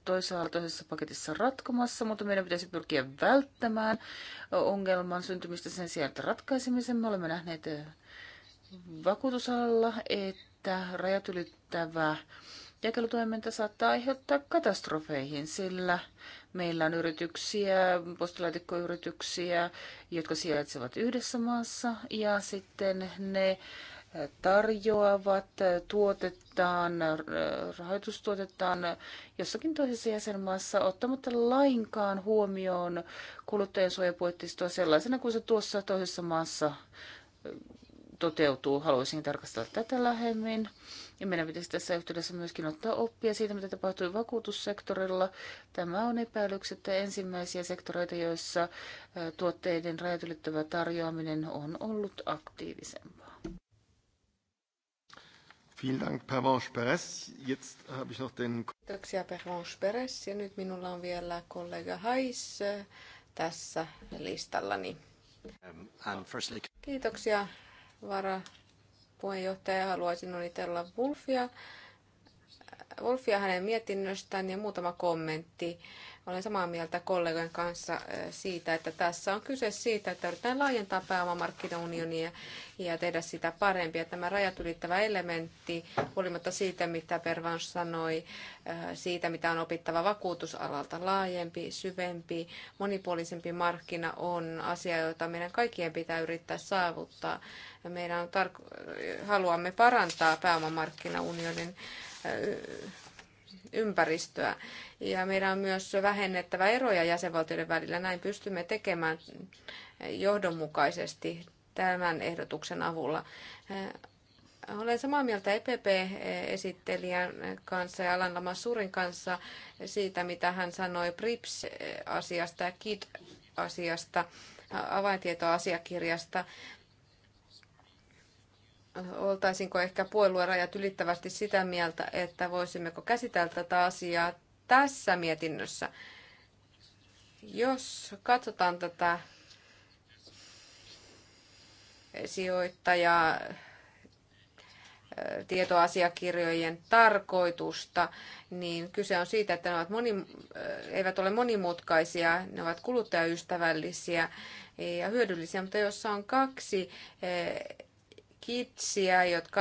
toisaalta toisessa paketissa ratkomassa, mutta meidän pitäisi pyrkiä välttämään ongelman syntymistä sen sijaan, että ratkaisemisen. Me olemme nähneet vakuutusalalla, että rajat ylittävä jakelutoiminta saattaa aiheuttaa katastrofeihin, sillä Meillä on yrityksiä, postilaatikkoyrityksiä, jotka sijaitsevat yhdessä maassa ja sitten ne tarjoavat tuotettaan, rahoitustuotettaan jossakin toisessa jäsenmaassa ottamatta lainkaan huomioon suojapuettistoa sellaisena kuin se tuossa toisessa maassa toteutuu. Haluaisin tarkastella tätä lähemmin. Ja meidän pitäisi tässä yhteydessä myöskin ottaa oppia siitä, mitä tapahtui vakuutussektorilla. Tämä on epäilyksettä ensimmäisiä sektoreita, joissa tuotteiden rajat ylittävä tarjoaminen on ollut aktiivisempaa. Kiitoksia, Pervenche Peres. Ja nyt minulla on vielä kollega Hais tässä listallani. Um, Kiitoksia, vara puheenjohtaja. Haluaisin onnitella Wolfia, Wolfia hänen mietinnöstään ja muutama kommentti. Olen samaa mieltä kollegojen kanssa siitä, että tässä on kyse siitä, että yritetään laajentaa pääomamarkkinaunionia ja tehdä sitä parempia. Tämä rajat ylittävä elementti, huolimatta siitä, mitä Pervans sanoi, siitä, mitä on opittava vakuutusalalta, laajempi, syvempi, monipuolisempi markkina on asia, jota meidän kaikkien pitää yrittää saavuttaa. Meidän on haluamme parantaa pääomamarkkinaunionin ympäristöä. Ja meidän on myös vähennettävä eroja jäsenvaltioiden välillä. Näin pystymme tekemään johdonmukaisesti tämän ehdotuksen avulla. Olen samaa mieltä EPP-esittelijän kanssa ja Alan Lamassurin kanssa siitä, mitä hän sanoi PRIPS-asiasta ja KID-asiasta avaintietoasiakirjasta oltaisinko ehkä puoluerajat ylittävästi sitä mieltä, että voisimmeko käsitellä tätä asiaa tässä mietinnössä. Jos katsotaan tätä sijoittajaa, tietoasiakirjojen tarkoitusta, niin kyse on siitä, että ne ovat moni, eivät ole monimutkaisia, ne ovat kuluttajaystävällisiä ja hyödyllisiä, mutta jos on kaksi kitsiä, jotka,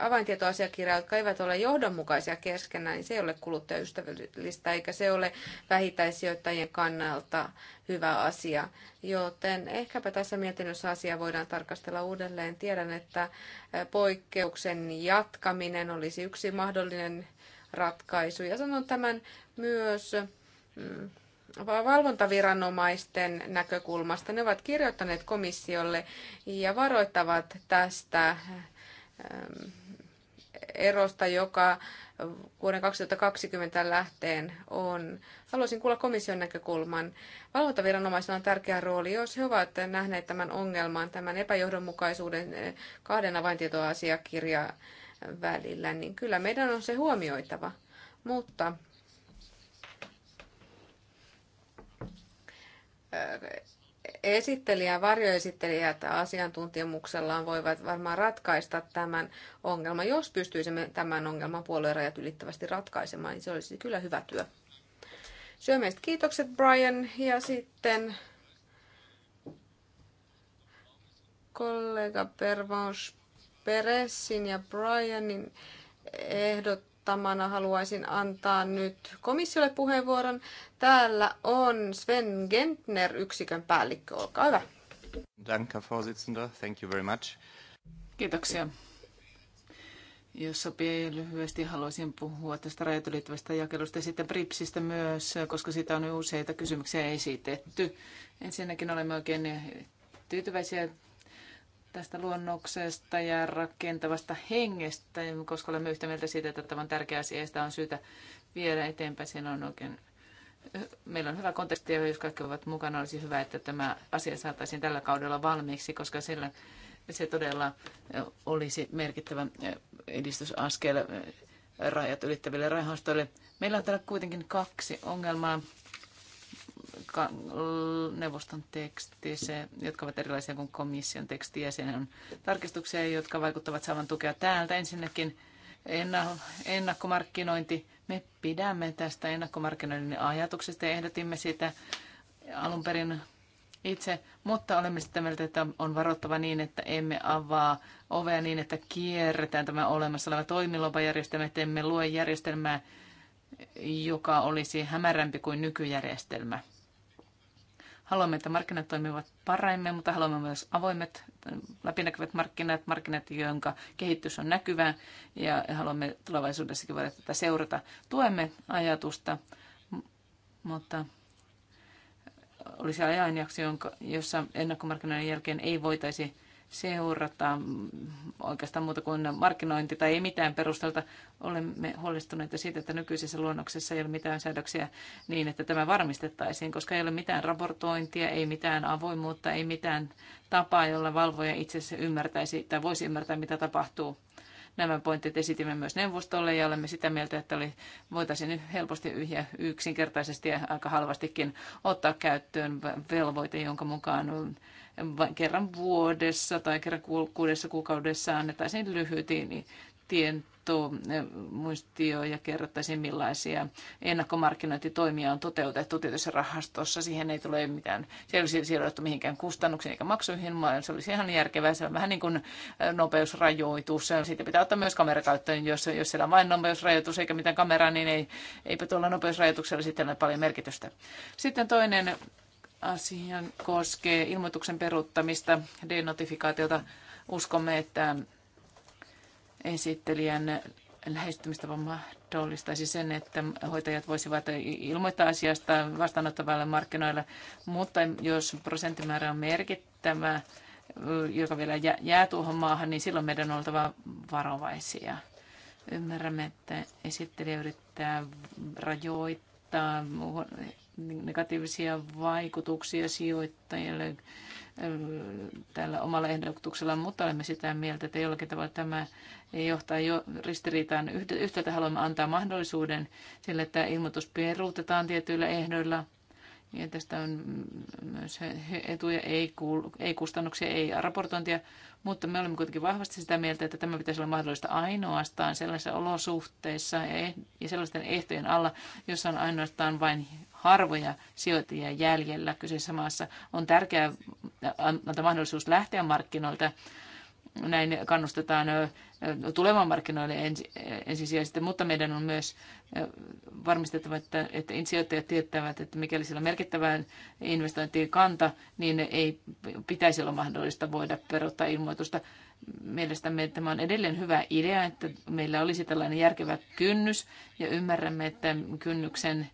avaintietoasiakirjaa, jotka eivät ole johdonmukaisia keskenään, niin se ei ole kuluttajaystävällistä eikä se ole vähittäisijoittajien kannalta hyvä asia. Joten ehkäpä tässä mietinnössä asia voidaan tarkastella uudelleen. Tiedän, että poikkeuksen jatkaminen olisi yksi mahdollinen ratkaisu. Ja sanon tämän myös mm, valvontaviranomaisten näkökulmasta. Ne ovat kirjoittaneet komissiolle ja varoittavat tästä ähm, erosta, joka vuoden 2020 lähteen on. Haluaisin kuulla komission näkökulman. Valvontaviranomaisilla on tärkeä rooli, jos he ovat nähneet tämän ongelman, tämän epäjohdonmukaisuuden äh, kahden avaintietoasiakirjan välillä, niin kyllä meidän on se huomioitava. Mutta esittelijä, varjoesittelijät asiantuntemuksellaan voivat varmaan ratkaista tämän ongelman. Jos pystyisimme tämän ongelman rajat ylittävästi ratkaisemaan, niin se olisi kyllä hyvä työ. Syömeistä kiitokset Brian ja sitten kollega Pervans Peresin ja Brianin ehdot johtamana haluaisin antaa nyt komissiolle puheenvuoron. Täällä on Sven Gentner, yksikön päällikkö. Olkaa hyvä. Danke, Vorsitzender. Thank you very much. Kiitoksia. Jos sopii lyhyesti, haluaisin puhua tästä rajat jakelusta ja sitten PRIPSistä myös, koska siitä on useita kysymyksiä esitetty. Ensinnäkin olemme oikein tyytyväisiä tästä luonnoksesta ja rakentavasta hengestä, koska olemme yhtä mieltä siitä, että tämä on tärkeä asia ja sitä on syytä viedä eteenpäin. Siinä on oikein meillä on hyvä konteksti ja jos kaikki ovat mukana, olisi hyvä, että tämä asia saataisiin tällä kaudella valmiiksi, koska sillä se todella olisi merkittävä edistysaskel rajat ylittäville rahastoille. Meillä on täällä kuitenkin kaksi ongelmaa neuvoston teksti, se, jotka ovat erilaisia kuin komission teksti, ja siinä on tarkistuksia, jotka vaikuttavat saavan tukea täältä. Ensinnäkin ennakkomarkkinointi. Me pidämme tästä ennakkomarkkinoinnin ajatuksesta ja ehdotimme sitä alun perin itse, mutta olemme sitä mieltä, että on varottava niin, että emme avaa ovea niin, että kierretään tämä olemassa oleva toimilupajärjestelmä, että emme lue järjestelmää, joka olisi hämärämpi kuin nykyjärjestelmä. Haluamme, että markkinat toimivat paremmin, mutta haluamme myös avoimet, läpinäkyvät markkinat, markkinat, jonka kehitys on näkyvää ja haluamme tulevaisuudessakin voida tätä seurata. Tuemme ajatusta, mutta olisi ajanjakso, jossa ennakkomarkkinoiden jälkeen ei voitaisi seurata oikeastaan muuta kuin markkinointi tai ei mitään perustelta. Olemme huolestuneita siitä, että nykyisessä luonnoksessa ei ole mitään säädöksiä niin, että tämä varmistettaisiin, koska ei ole mitään raportointia, ei mitään avoimuutta, ei mitään tapaa, jolla valvoja itse asiassa ymmärtäisi tai voisi ymmärtää, mitä tapahtuu. Nämä pointit esitimme myös neuvostolle ja olemme sitä mieltä, että oli, voitaisiin helposti ja yksinkertaisesti ja aika halvastikin ottaa käyttöön velvoite, jonka mukaan kerran vuodessa tai kerran kuudessa kuukaudessa annettaisiin lyhyt tieto eh, muistio ja kerrottaisiin millaisia ennakkomarkkinointitoimia on toteutettu tietyssä rahastossa. Siihen ei tule mitään, se ei olisi siirretty mihinkään kustannuksiin eikä maksuihin, vaan se olisi ihan järkevää. Se on vähän niin kuin eh, nopeusrajoitus. Siitä pitää ottaa myös kamerakäyttöön, jos, jos siellä on vain nopeusrajoitus eikä mitään kameraa, niin ei, eipä tuolla nopeusrajoituksella sitten ole paljon merkitystä. Sitten toinen asian koskee ilmoituksen peruuttamista, denotifikaatiota. Uskomme, että esittelijän lähestymistapa mahdollistaisi sen, että hoitajat voisivat ilmoittaa asiasta vastaanottavalle markkinoille, mutta jos prosenttimäärä on merkittävä, joka vielä jää tuohon maahan, niin silloin meidän on oltava varovaisia. Ymmärrämme, että esittelijä yrittää rajoittaa negatiivisia vaikutuksia sijoittajille tällä omalla ehdotuksella, mutta olemme sitä mieltä, että jollakin tavalla tämä johtaa jo ristiriitaan. Yhtäältä haluamme antaa mahdollisuuden sille, että ilmoitus peruutetaan tietyillä ehdoilla, ja tästä on myös etuja, ei, kuulu, ei kustannuksia, ei raportointia, mutta me olemme kuitenkin vahvasti sitä mieltä, että tämä pitäisi olla mahdollista ainoastaan sellaisissa olosuhteissa ja, eh, ja sellaisten ehtojen alla, jossa on ainoastaan vain harvoja sijoittajia jäljellä kyseisessä maassa. On tärkeää äh, antaa mahdollisuus lähteä markkinoilta. Näin kannustetaan äh, tulemaan markkinoille äh, ensisijaisesti, mutta meidän on myös varmistettava, että, että sijoittajat tietävät, että mikäli sillä on merkittävää investointien kanta, niin ei pitäisi olla mahdollista voida peruuttaa ilmoitusta mielestämme tämä on edelleen hyvä idea, että meillä olisi tällainen järkevä kynnys ja ymmärrämme, että kynnyksen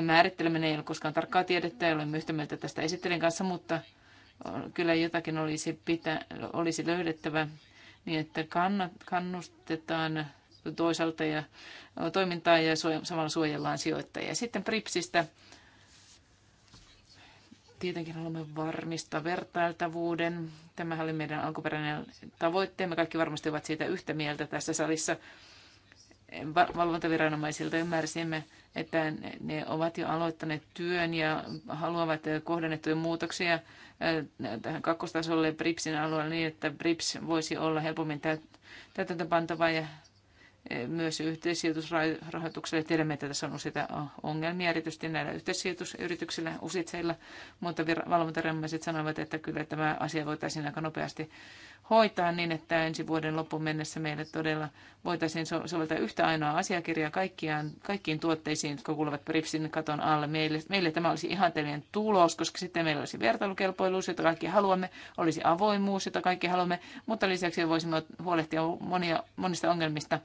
määritteleminen ei ole koskaan tarkkaa tiedettä, ei ole yhtä mieltä tästä esittelen kanssa, mutta kyllä jotakin olisi, pitä, olisi löydettävä niin, että kannustetaan toisaalta ja toimintaa ja samalla suojellaan sijoittajia. Sitten PRIPSistä tietenkin haluamme varmistaa vertailtavuuden. Tämähän oli meidän alkuperäinen tavoitteemme. Kaikki varmasti ovat siitä yhtä mieltä tässä salissa valvontaviranomaisilta ymmärsimme, että ne ovat jo aloittaneet työn ja haluavat eh, kohdennettuja muutoksia eh, tähän kakkostasolle BRIPSin alueelle niin, että BRIPS voisi olla helpommin täytäntöpantava ja eh, myös yhteissijoitusrahoitukselle. Tiedämme, että tässä on useita ongelmia, erityisesti näillä yhteissijoitusyrityksillä, usitseilla, mutta valvontaviranomaiset sanovat, että kyllä tämä asia voitaisiin aika nopeasti hoitaa niin, että ensi vuoden loppuun mennessä meillä todella voitaisiin so- soveltaa yhtä ainoa asiakirjaa kaikkiaan, kaikkiin tuotteisiin, jotka kuuluvat Pripsin katon alle. Meille, meille tämä olisi ihanteellinen tulos, koska sitten meillä olisi vertailukelpoiluus, jota kaikki haluamme, olisi avoimuus, jota kaikki haluamme, mutta lisäksi voisimme huolehtia monia, monista ongelmista,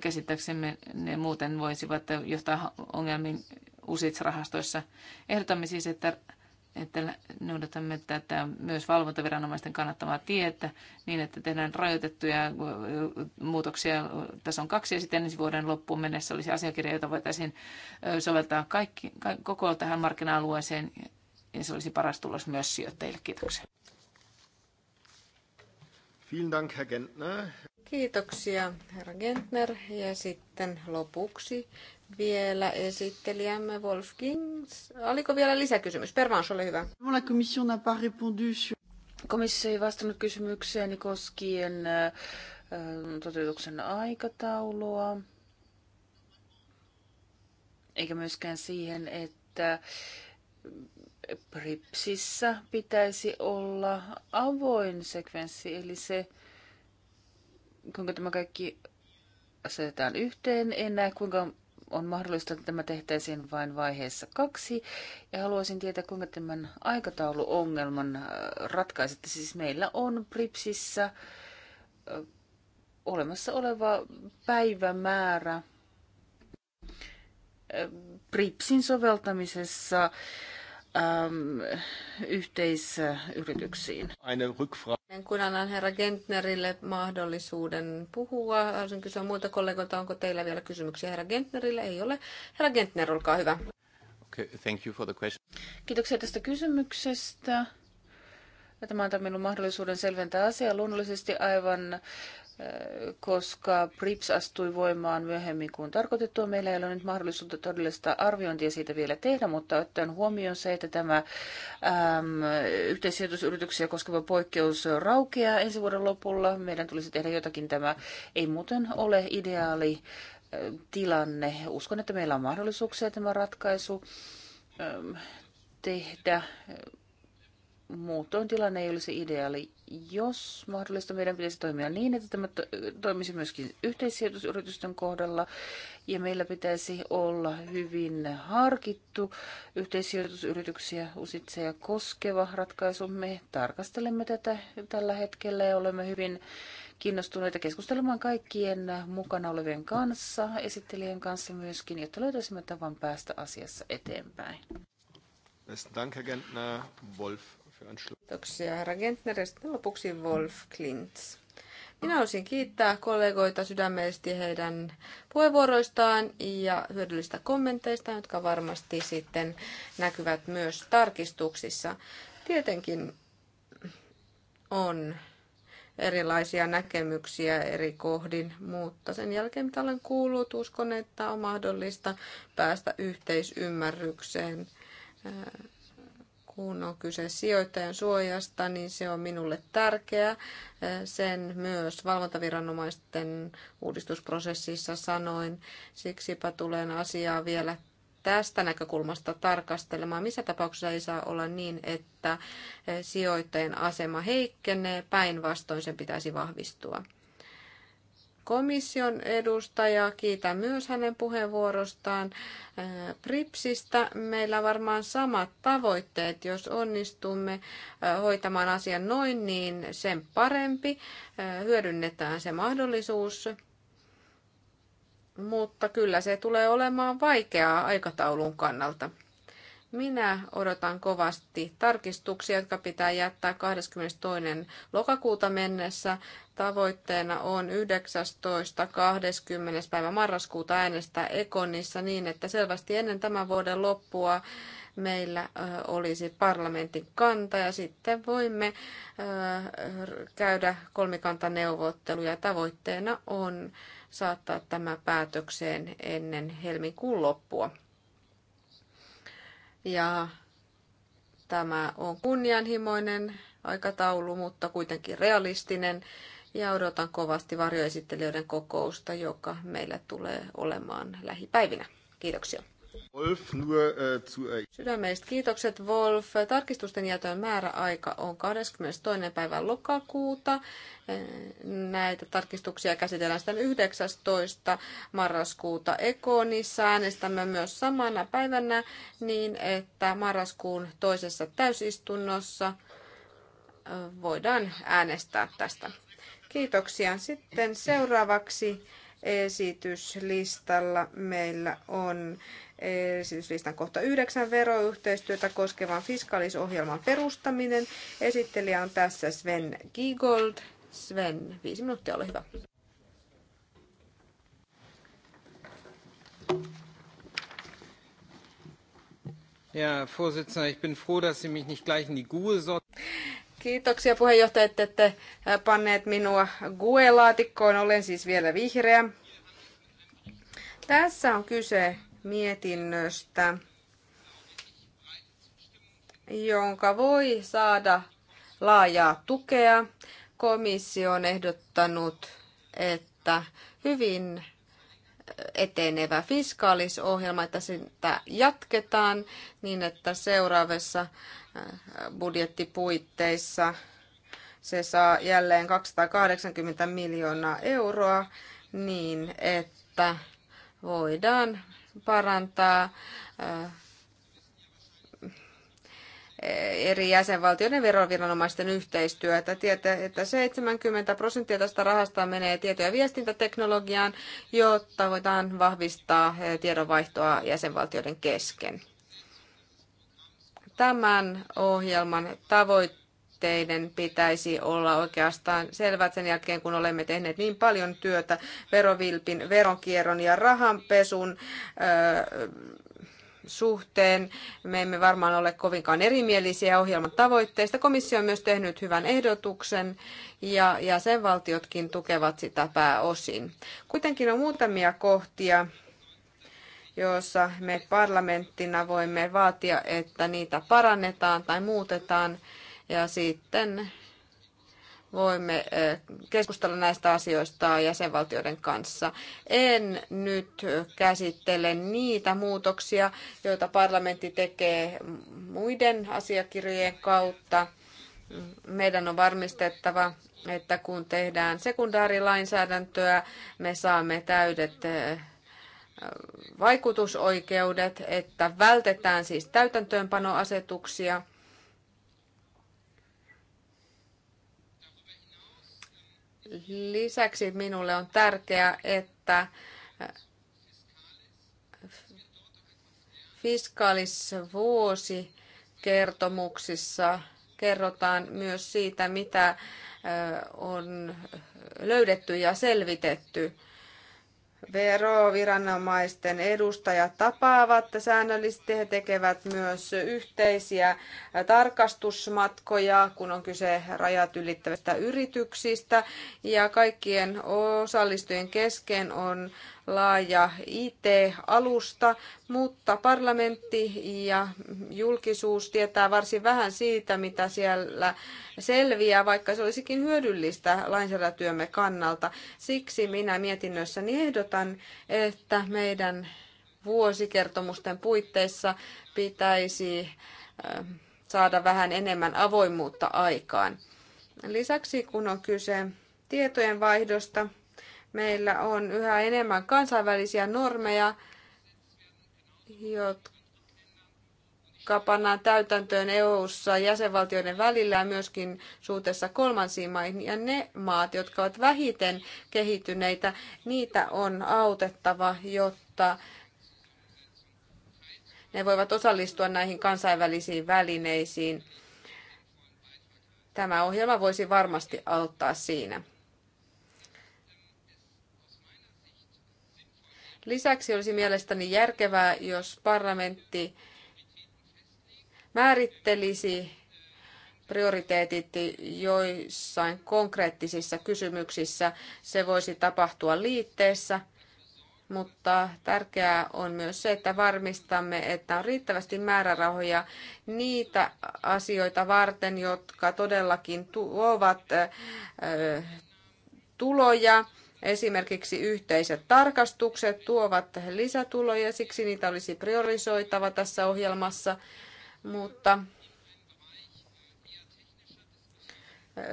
käsittääksemme ne muuten voisivat johtaa ongelmiin uusits rahastoissa. Ehdotamme siis, että että noudatamme tätä myös valvontaviranomaisten kannattavaa tietä niin, että tehdään rajoitettuja muutoksia tason kaksi ja sitten ensi vuoden loppuun mennessä olisi asiakirja, jota voitaisiin soveltaa kaikki, koko tähän markkina-alueeseen ja se olisi paras tulos myös sijoittajille. Kiitoksia. Dank, Herr Kiitoksia, herra Gentner. Ja sitten lopuksi vielä esittelijämme Wolfgang. Oliko vielä lisäkysymys? Pervans, ole hyvä. Komissio ei vastannut kysymykseeni koskien äh, toteutuksen aikataulua, eikä myöskään siihen, että PRIPSissä pitäisi olla avoin sekvenssi, eli se, kuinka tämä kaikki asetetaan yhteen. En näe, kuinka on mahdollista, että tämä tehtäisiin vain vaiheessa kaksi. Ja haluaisin tietää, kuinka tämän aikatauluongelman äh, ratkaisette. Siis meillä on Pripsissä äh, olemassa oleva päivämäärä äh, Pripsin soveltamisessa äm, yhteisyrityksiin. Kun annan herra Gentnerille mahdollisuuden puhua, haluaisin kysyä muilta kollegoilta, onko teillä vielä kysymyksiä herra Gentnerille? Ei ole. Herra Gentner, olkaa hyvä. Okay, thank you for the question. Kiitoksia tästä kysymyksestä. Tämä antaa minun mahdollisuuden selventää asiaa. Luonnollisesti aivan koska PRIPS astui voimaan myöhemmin kuin tarkoitettua. Meillä ei ole nyt mahdollisuutta todellista arviointia siitä vielä tehdä, mutta ottaen huomioon se, että tämä äm, yhteissijoitusyrityksiä koskeva poikkeus raukeaa ensi vuoden lopulla, meidän tulisi tehdä jotakin. Tämä ei muuten ole ideaali tilanne. Uskon, että meillä on mahdollisuuksia tämä ratkaisu äm, tehdä Muutoin tilanne ei olisi ideaali. Jos mahdollista, meidän pitäisi toimia niin, että tämä toimisi myöskin yhteissijoitusyritysten kohdalla. Ja meillä pitäisi olla hyvin harkittu yhteissijoitusyrityksiä usitseja koskeva ratkaisu. Me tarkastelemme tätä tällä hetkellä ja olemme hyvin kiinnostuneita keskustelemaan kaikkien mukana olevien kanssa, esittelijän kanssa myöskin, jotta löytäisimme tavan päästä asiassa eteenpäin. Besten Dank, Herr Gentner. Wolf. Kiitoksia herra Gentner ja sitten lopuksi Wolf Klintz. Minä haluaisin kiittää kollegoita sydämellisesti heidän puheenvuoroistaan ja hyödyllistä kommenteista, jotka varmasti sitten näkyvät myös tarkistuksissa. Tietenkin on erilaisia näkemyksiä eri kohdin, mutta sen jälkeen mitä olen kuullut, uskon, että on mahdollista päästä yhteisymmärrykseen kun on kyse sijoittajan suojasta, niin se on minulle tärkeä. Sen myös valvontaviranomaisten uudistusprosessissa sanoin. Siksipä tulen asiaa vielä tästä näkökulmasta tarkastelemaan. Missä tapauksessa ei saa olla niin, että sijoittajan asema heikkenee, päinvastoin sen pitäisi vahvistua komission edustaja. Kiitän myös hänen puheenvuorostaan äh, PRIPSistä. Meillä varmaan samat tavoitteet. Jos onnistumme äh, hoitamaan asian noin, niin sen parempi. Äh, hyödynnetään se mahdollisuus. Mutta kyllä se tulee olemaan vaikeaa aikataulun kannalta. Minä odotan kovasti tarkistuksia, jotka pitää jättää 22. lokakuuta mennessä. Tavoitteena on 19.20. päivä marraskuuta äänestää Ekonissa niin, että selvästi ennen tämän vuoden loppua meillä olisi parlamentin kanta ja sitten voimme käydä kolmikantaneuvotteluja. Tavoitteena on saattaa tämä päätökseen ennen helmikuun loppua. Ja tämä on kunnianhimoinen aikataulu, mutta kuitenkin realistinen. Ja odotan kovasti varjoesittelijöiden kokousta, joka meillä tulee olemaan lähipäivinä. Kiitoksia. Wolf, nur, äh, zu... Äh, Sydämeistä kiitokset Wolf. Tarkistusten jätön määräaika on 22. päivä lokakuuta. Äh, näitä tarkistuksia käsitellään sitten 19. marraskuuta Ekonissa. Äänestämme myös samana päivänä niin, että marraskuun toisessa täysistunnossa äh, voidaan äänestää tästä. Kiitoksia. Sitten seuraavaksi esityslistalla meillä on esityslistan kohta 9 veroyhteistyötä koskevan fiskaalisohjelman perustaminen. Esittelijä on tässä Sven Giegold. Sven, viisi minuuttia, ole hyvä. Ja, Vorsitzender, ich bin froh, dass Sie mich nicht gleich in die GUE Kiitoksia puheenjohtaja, että ette äh, panneet minua GUE-laatikkoon. Olen siis vielä vihreä. Tässä on kyse mietinnöstä, jonka voi saada laajaa tukea. Komissio on ehdottanut, että hyvin etenevä fiskaalisohjelma, että sitä jatketaan niin, että seuraavassa äh, budjettipuitteissa se saa jälleen 280 miljoonaa euroa niin, että voidaan parantaa äh, eri jäsenvaltioiden veroviranomaisten yhteistyötä. Tiedätte, että 70 prosenttia tästä rahasta menee tieto- ja viestintäteknologiaan, jotta voidaan vahvistaa äh, tiedonvaihtoa jäsenvaltioiden kesken. Tämän ohjelman tavoitteena tavoitteiden pitäisi olla oikeastaan selvät sen jälkeen, kun olemme tehneet niin paljon työtä verovilpin, veronkierron ja rahanpesun suhteen. Me emme varmaan ole kovinkaan erimielisiä ohjelman tavoitteista. Komissio on myös tehnyt hyvän ehdotuksen ja ja sen valtiotkin tukevat sitä pääosin. Kuitenkin on muutamia kohtia, joissa me parlamenttina voimme vaatia, että niitä parannetaan tai muutetaan. Ja sitten voimme keskustella näistä asioista jäsenvaltioiden kanssa. En nyt käsittele niitä muutoksia, joita parlamentti tekee muiden asiakirjojen kautta. Meidän on varmistettava, että kun tehdään sekundaarilainsäädäntöä, me saamme täydet vaikutusoikeudet, että vältetään siis täytäntöönpanoasetuksia – Lisäksi minulle on tärkeää, että äh, fiskaalisvuosi kertomuksissa kerrotaan myös siitä, mitä äh, on löydetty ja selvitetty veroviranomaisten edustajat tapaavat säännöllisesti. He tekevät myös yhteisiä tarkastusmatkoja, kun on kyse rajat ylittävistä yrityksistä. Ja kaikkien osallistujien kesken on laaja IT-alusta, mutta parlamentti ja julkisuus tietää varsin vähän siitä, mitä siellä selviää, vaikka se olisikin hyödyllistä lainsäädäntötyömme kannalta. Siksi minä mietinnössäni ehdotan, että meidän vuosikertomusten puitteissa pitäisi ähm, saada vähän enemmän avoimuutta aikaan. Lisäksi kun on kyse tietojen vaihdosta, Meillä on yhä enemmän kansainvälisiä normeja, jotka pannaan täytäntöön EU-ssa jäsenvaltioiden välillä ja myöskin suhteessa kolmansiin maihin. Ja ne maat, jotka ovat vähiten kehittyneitä, niitä on autettava, jotta ne voivat osallistua näihin kansainvälisiin välineisiin. Tämä ohjelma voisi varmasti auttaa siinä. Lisäksi olisi mielestäni järkevää, jos parlamentti määrittelisi prioriteetit joissain konkreettisissa kysymyksissä. Se voisi tapahtua liitteessä, mutta tärkeää on myös se, että varmistamme, että on riittävästi määrärahoja niitä asioita varten, jotka todellakin tuovat tuloja Esimerkiksi yhteiset tarkastukset tuovat lisätuloja, siksi niitä olisi priorisoitava tässä ohjelmassa, mutta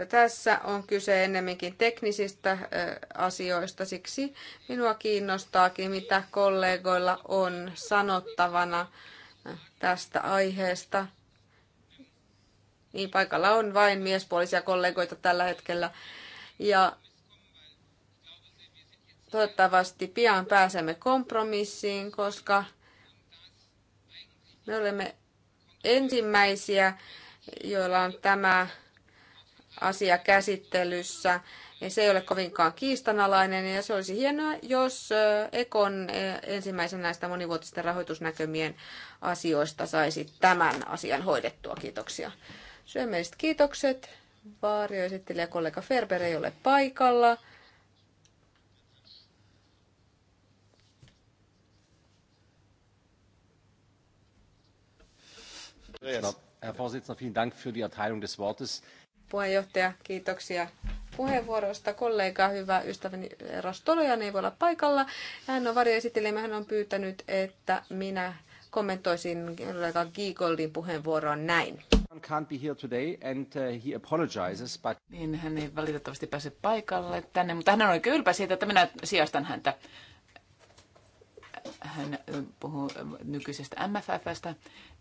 tässä on kyse ennemminkin teknisistä asioista, siksi minua kiinnostaakin, mitä kollegoilla on sanottavana tästä aiheesta. Niin paikalla on vain miespuolisia kollegoita tällä hetkellä. Ja Toivottavasti pian pääsemme kompromissiin, koska me olemme ensimmäisiä, joilla on tämä asia käsittelyssä. Ja se ei ole kovinkaan kiistanalainen ja se olisi hienoa, jos Ekon ensimmäisen näistä monivuotisten rahoitusnäkymien asioista saisi tämän asian hoidettua. Kiitoksia. Syömeiset kiitokset. esittelijä kollega Ferber ei ole paikalla. Puheenjohtaja, kiitoksia puheenvuorosta. Kollega, hyvä ystäväni Rastolojan ei voi olla paikalla. Hän on varjoesittelijä, hän on pyytänyt, että minä kommentoisin kollega Giegoldin puheenvuoroa näin. Can't be here today and uh, he apologizes, but... Niin, hän ei valitettavasti pääse paikalle tänne, mutta hän on oikein ylpeä siitä, että minä sijastan häntä. Hän puhuu nykyisestä MFFstä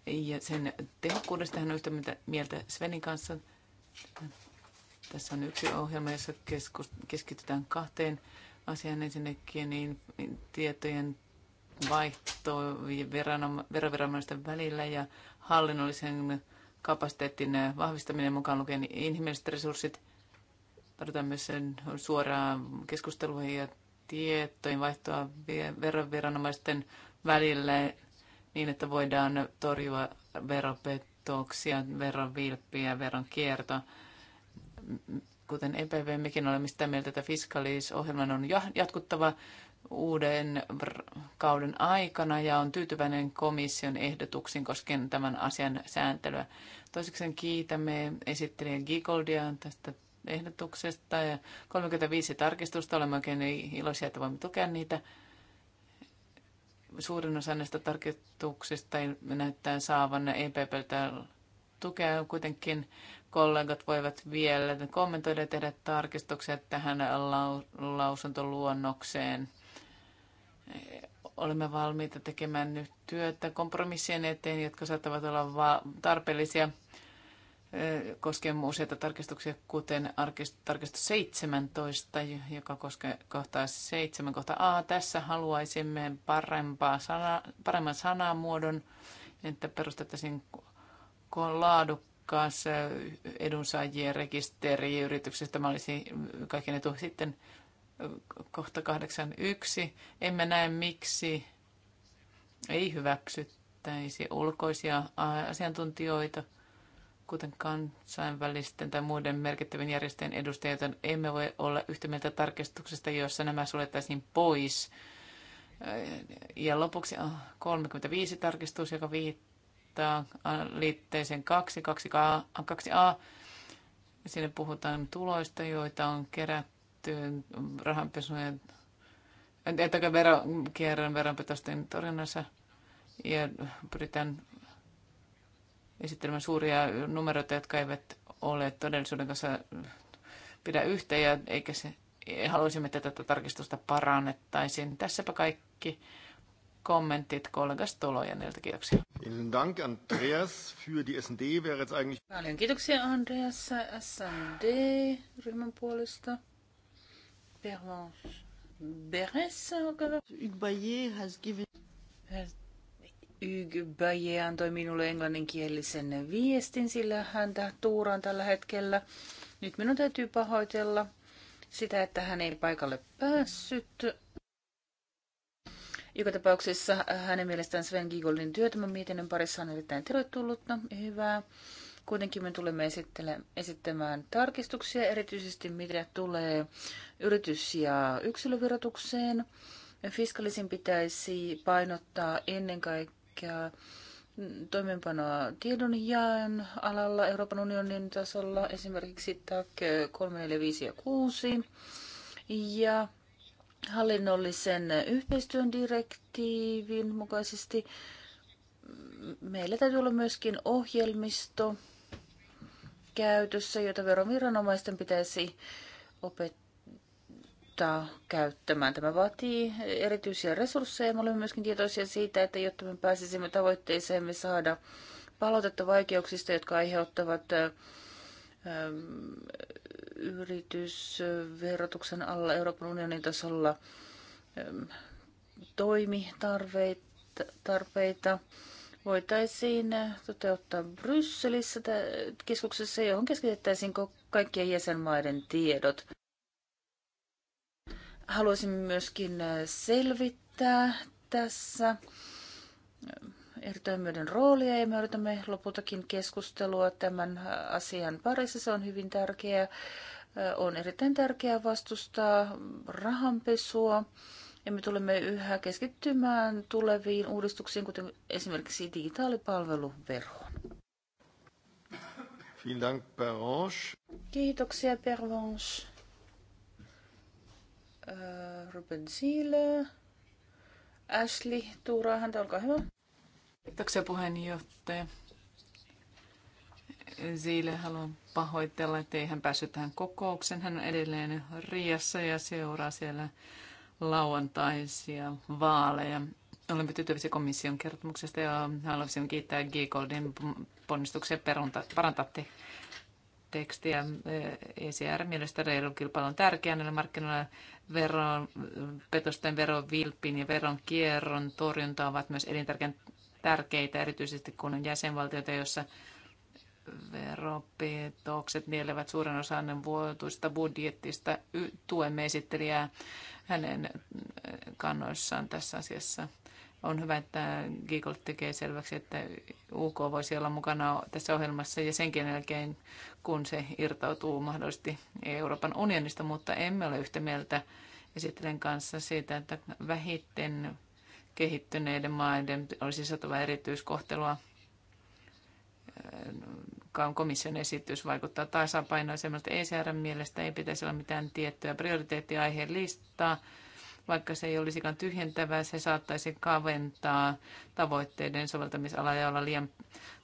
ja sen tehokkuudesta hän on yhtä mieltä Svenin kanssa. Tässä on yksi ohjelma, jossa keskitytään kahteen asiaan ensinnäkin niin, niin tietojen vaihto veroviranomaisten välillä ja hallinnollisen kapasiteetin vahvistaminen mukaan lukien inhimilliset resurssit. Tarvitaan myös suoraa keskustelua ja tietojen vaihtoa veroviranomaisten välillä niin, että voidaan torjua veropetoksia, veron vilppiä, veron kiertoa. Kuten EPV, mekin olemme sitä mieltä, että fiskalisohjelman on jatkuttava uuden kauden aikana ja on tyytyväinen komission ehdotuksin koskien tämän asian sääntelyä. Toiseksi kiitämme esittelijä Gigoldia tästä ehdotuksesta ja 35 tarkistusta. Olemme oikein iloisia, että voimme tukea niitä. Suurin osa näistä tarkoituksista näyttää saavan EPPltä tukea. Kuitenkin kollegat voivat vielä kommentoida ja tehdä tarkistuksia tähän lausuntoluonnokseen. Olemme valmiita tekemään nyt työtä kompromissien eteen, jotka saattavat olla tarpeellisia koskien museita tarkistuksia, kuten tarkistus 17, joka koskee kohtaa 7, kohta A. Tässä haluaisimme parempaa sana, paremman sanamuodon, että perustettaisiin laadukkaas edunsaajien rekisteri yrityksestä. Tämä olisi kaiken etu. Sitten kohta 81. Emme näe miksi ei hyväksyttäisi ulkoisia asiantuntijoita – kuten kansainvälisten tai muiden merkittävien järjestöjen edustajia, joten emme voi olla yhtä mieltä tarkistuksesta, jossa nämä suljettaisiin pois. Ja lopuksi 35 ah, tarkistus, joka viittaa liitteeseen 2, 2a, a Siinä puhutaan tuloista, joita on kerätty rahanpesujen, tai veronkierron veronpetosten torjunnassa. Ja pyritään esittelemään suuria numeroita, jotka eivät ole todellisuuden kanssa pidä yhteen, ja eikä se, ei haluaisimme, että tätä tarkistusta parannettaisiin. Tässäpä kaikki kommentit kollega Stolojanilta. Kiitoksia. Dank, Andreas. Für die SD wäre jetzt eigentlich... Paljon kiitoksia, Andreas. SND-ryhmän puolesta. Berlange. Beres, olkaa Bayer has given... Has... YGBJ antoi minulle englanninkielisen viestin, sillä häntä tuuraan tällä hetkellä. Nyt minun täytyy pahoitella sitä, että hän ei paikalle päässyt. Joka tapauksessa hänen mielestään Sven Giegoldin työ tämän mietinnön parissa on erittäin tervetullutta ja hyvää. Kuitenkin me tulemme esittämään tarkistuksia, erityisesti mitä tulee yritys- ja yksilövirotukseen. Fiskalisin pitäisi painottaa ennen kaikkea kaikkea toimeenpanoa tiedonjaon alalla Euroopan unionin tasolla, esimerkiksi TAC 3, 4, 5 ja 6, ja hallinnollisen yhteistyön direktiivin mukaisesti meillä täytyy olla myöskin ohjelmisto käytössä, jota veroviranomaisten pitäisi opettaa ottaa käyttämään. Tämä vaatii erityisiä resursseja. Me olemme myöskin tietoisia siitä, että jotta me pääsisimme tavoitteeseemme saada palautetta vaikeuksista, jotka aiheuttavat yritysverotuksen alla Euroopan unionin tasolla toimitarpeita voitaisiin toteuttaa Brysselissä keskuksessa, johon keskitettäisiin kaikkien jäsenmaiden tiedot. Haluaisin myöskin äh, selvittää tässä äh, erityismyyden roolia ja me odotamme lopultakin keskustelua tämän äh, asian parissa. Se on hyvin tärkeää. On erittäin tärkeää vastustaa rahanpesua ja me tulemme yhä keskittymään tuleviin uudistuksiin, kuten esimerkiksi digitaalipalveluveroon. Kiitoksia, Pervanche. Äh, Ruben Siile, Ashley Tuura, häntä olkaa hyvä. Kiitoksia puheenjohtaja. Siile haluan pahoitella, että ei hän päässyt tähän kokoukseen. Hän on edelleen Riassa ja seuraa siellä lauantaisia vaaleja. Olemme tyytyväisiä komission kertomuksesta ja haluaisin kiittää G. Goldin ponnistuksia parantaa tekstiä. ECR mielestä reilun kilpailu on tärkeää näillä markkinoilla. Veron, petosten veron vilpin ja veron kierron torjunta ovat myös elintärkeän tärkeitä, erityisesti kun on jäsenvaltioita, joissa veropetokset nielevät suuren osan vuotuista budjettista. Tuemme esittelijää hänen kannoissaan tässä asiassa. On hyvä, että Giggle tekee selväksi, että UK voisi olla mukana tässä ohjelmassa ja senkin jälkeen, kun se irtautuu mahdollisesti Euroopan unionista, mutta emme ole yhtä mieltä esittelen kanssa siitä, että vähiten kehittyneiden maiden olisi satava erityiskohtelua komission esitys vaikuttaa tasapainoisemmalta ECRn mielestä. Ei pitäisi olla mitään tiettyä prioriteettiaiheen listaa, vaikka se ei olisikaan tyhjentävää, se saattaisi kaventaa tavoitteiden soveltamisalaa ja olla liian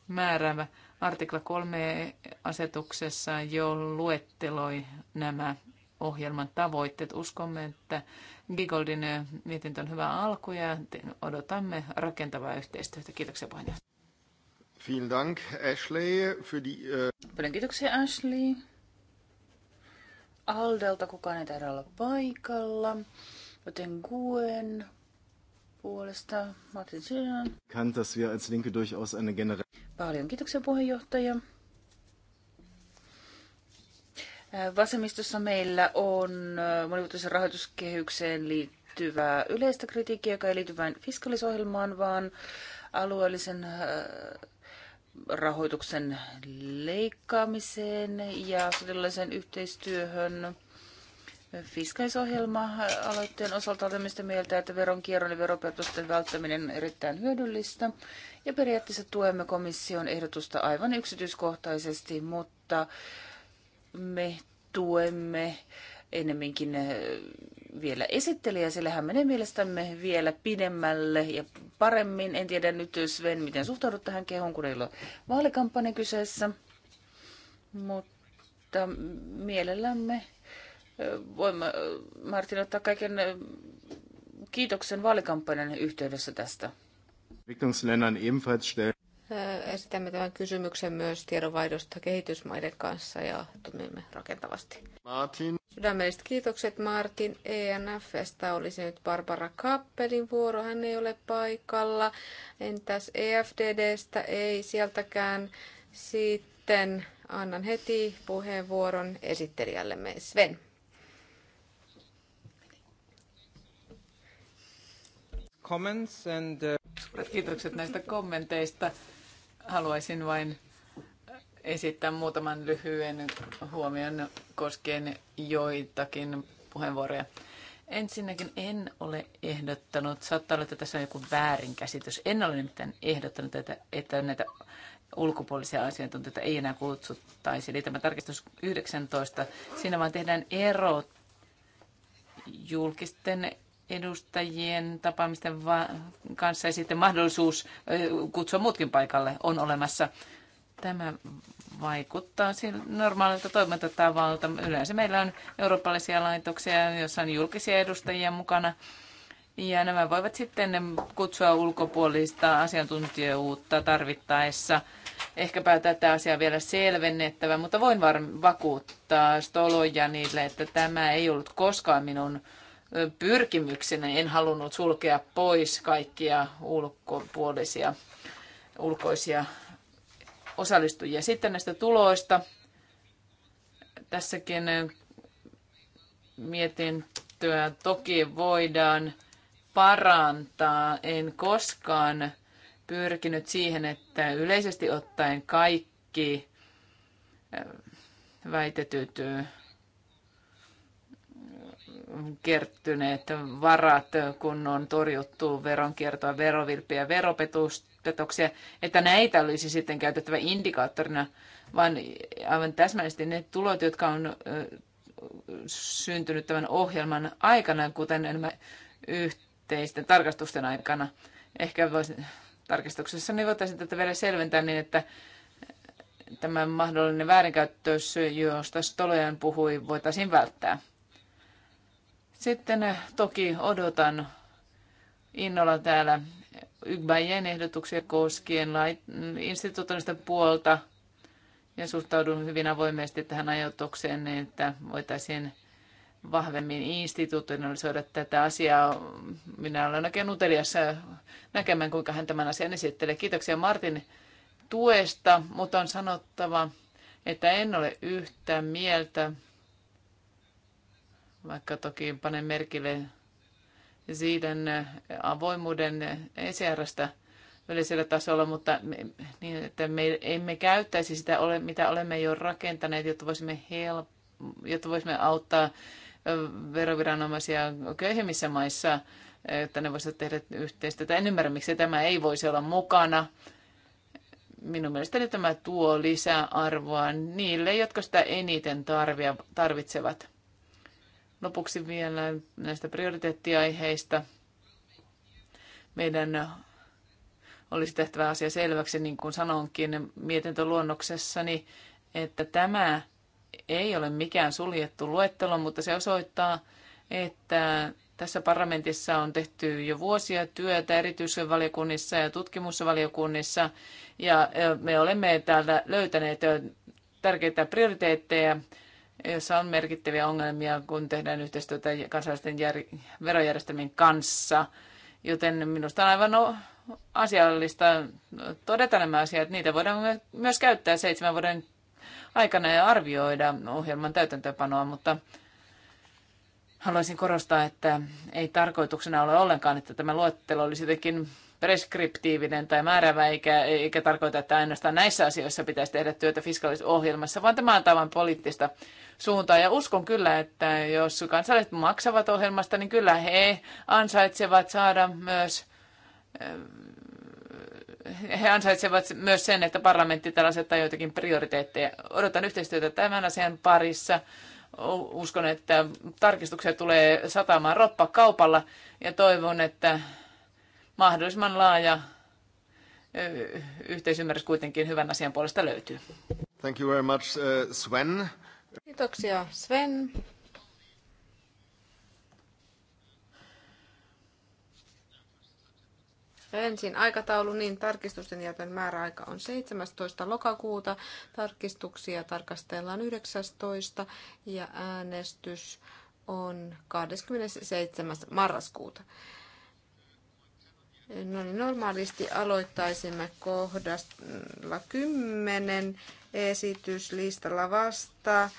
määräävä. Artikla 3 asetuksessa jo luetteloi nämä ohjelman tavoitteet. Uskomme, että Gigoldin mietintö on hyvä alku ja odotamme rakentavaa yhteistyötä. Kiitoksia puheenjohtaja. Vielen Dank, Ashley, für die, uh... Paljon kiitoksia, Ashley. Aldelta kukaan ei taida olla paikalla. Joten Guen puolesta Martin Siljan. Kann, dass wir als Linke durchaus eine generelle... Paljon kiitoksia puheenjohtaja. Äh, vasemmistossa meillä on äh, monivuotisen rahoituskehykseen liittyvää yleistä kritiikkiä, joka ei liity vain fiskalisohjelmaan, vaan alueellisen äh, rahoituksen leikkaamiseen ja sotilaisen yhteistyöhön – Fiskaisohjelma aloitteen osalta olemme sitä mieltä, että veronkierron ja veropetosten välttäminen on erittäin hyödyllistä. Ja periaatteessa tuemme komission ehdotusta aivan yksityiskohtaisesti, mutta me tuemme enemminkin eh, vielä esittelijä, sillä hän menee mielestämme vielä pidemmälle ja paremmin. En tiedä nyt Sven, miten suhtaudut tähän kehoon, kun ei ole vaalikampanja kyseessä, mutta mielellämme voin Martin ottaa kaiken kiitoksen vaalikampanjan yhteydessä tästä. Esitämme tämän kysymyksen myös tiedonvaihdosta kehitysmaiden kanssa ja tunnemme rakentavasti. Martin. Sydämelliset kiitokset Martin ENFstä. Olisi nyt Barbara Kappelin vuoro, hän ei ole paikalla. Entäs EFDDstä? Ei sieltäkään. Sitten annan heti puheenvuoron esittelijällemme Sven. comments and... Uh, kiitokset näistä kommenteista. Haluaisin vain äh, esittää muutaman lyhyen huomion koskien joitakin puheenvuoroja. Ensinnäkin en ole ehdottanut, saattaa olla, että tässä on joku väärinkäsitys. En ole nimittäin ehdottanut, että, että näitä ulkopuolisia asiantuntijoita ei enää kutsuttaisi. Eli tämä tarkistus 19, siinä vaan tehdään ero julkisten edustajien tapaamisten kanssa ja sitten mahdollisuus kutsua muutkin paikalle on olemassa. Tämä vaikuttaa normaalilta toimintatavalta. Yleensä meillä on eurooppalaisia laitoksia, joissa on julkisia edustajia mukana. Ja nämä voivat sitten kutsua ulkopuolista asiantuntijuutta tarvittaessa. Ehkäpä tätä asiaa vielä selvennettävä, mutta voin var- vakuuttaa Stolojanille, että tämä ei ollut koskaan minun pyrkimyksenä. En halunnut sulkea pois kaikkia ulkopuolisia ulkoisia osallistujia. Sitten näistä tuloista. Tässäkin mietintöä toki voidaan parantaa. En koskaan pyrkinyt siihen, että yleisesti ottaen kaikki väitetyt kertyneet varat, kun on torjuttu veronkiertoa, verovilppiä, veropetuksia, että näitä olisi sitten käytettävä indikaattorina, vaan aivan täsmällisesti ne tulot, jotka on syntynyt tämän ohjelman aikana, kuten nämä yhteisten tarkastusten aikana. Ehkä voisin, tarkistuksessa niin voitaisiin tätä vielä selventää niin, että tämä mahdollinen väärinkäyttö, josta Stolojan puhui, voitaisiin välttää. Sitten eh, toki odotan innolla täällä Ygbayen ehdotuksia koskien instituutioista puolta ja suhtaudun hyvin avoimesti tähän ajatukseen, että voitaisiin vahvemmin institutionalisoida tätä asiaa. Minä olen oikein uteliassa eh, näkemään, kuinka hän tämän asian esittelee. Kiitoksia Martin tuesta, mutta on sanottava, että en ole yhtä mieltä vaikka toki panen merkille Ziiden avoimuuden ECRstä yleisellä tasolla, mutta me, niin, että me emme käyttäisi sitä, mitä olemme jo rakentaneet, jotta voisimme, help, jotta voisimme auttaa veroviranomaisia köyhemmissä maissa, että ne voisivat tehdä yhteistyötä. En ymmärrä, miksi tämä ei voisi olla mukana. Minun mielestäni tämä tuo lisää arvoa niille, jotka sitä eniten tarvitsevat. Lopuksi vielä näistä prioriteettiaiheista. Meidän olisi tehtävä asia selväksi, niin kuin sanonkin mietintöluonnoksessani, että tämä ei ole mikään suljettu luettelo, mutta se osoittaa, että tässä parlamentissa on tehty jo vuosia työtä erityisvaliokunnissa ja tutkimusvaliokunnissa, ja me olemme täällä löytäneet tärkeitä prioriteetteja jossa on merkittäviä ongelmia, kun tehdään yhteistyötä kansallisten jär- verojärjestelmien kanssa. Joten minusta on aivan asiallista todeta nämä asiat. Niitä voidaan myös käyttää seitsemän vuoden aikana ja arvioida ohjelman täytäntöpanoa, mutta haluaisin korostaa, että ei tarkoituksena ole ollenkaan, että tämä luettelo olisi jotenkin preskriptiivinen tai määrävä, eikä, eikä tarkoita, että ainoastaan näissä asioissa pitäisi tehdä työtä fiskaalisohjelmassa, vaan tämä on tavan poliittista suuntaa. Ja uskon kyllä, että jos kansalaiset maksavat ohjelmasta, niin kyllä he ansaitsevat saada myös eh, he ansaitsevat myös sen, että parlamentti tällaiset tai joitakin prioriteetteja. Odotan yhteistyötä tämän asian parissa. Uskon, että tarkistuksia tulee satamaan roppakaupalla ja toivon, että mahdollisimman laaja yhteisymmärrys kuitenkin hyvän asian puolesta löytyy. Thank you very much, uh, Sven. Kiitoksia, Sven. Ensin aikataulu, niin tarkistusten jälkeen määräaika on 17. lokakuuta. Tarkistuksia tarkastellaan 19. ja äänestys on 27. marraskuuta. No niin, normaalisti aloittaisimme kohdalla 10 esityslistalla vasta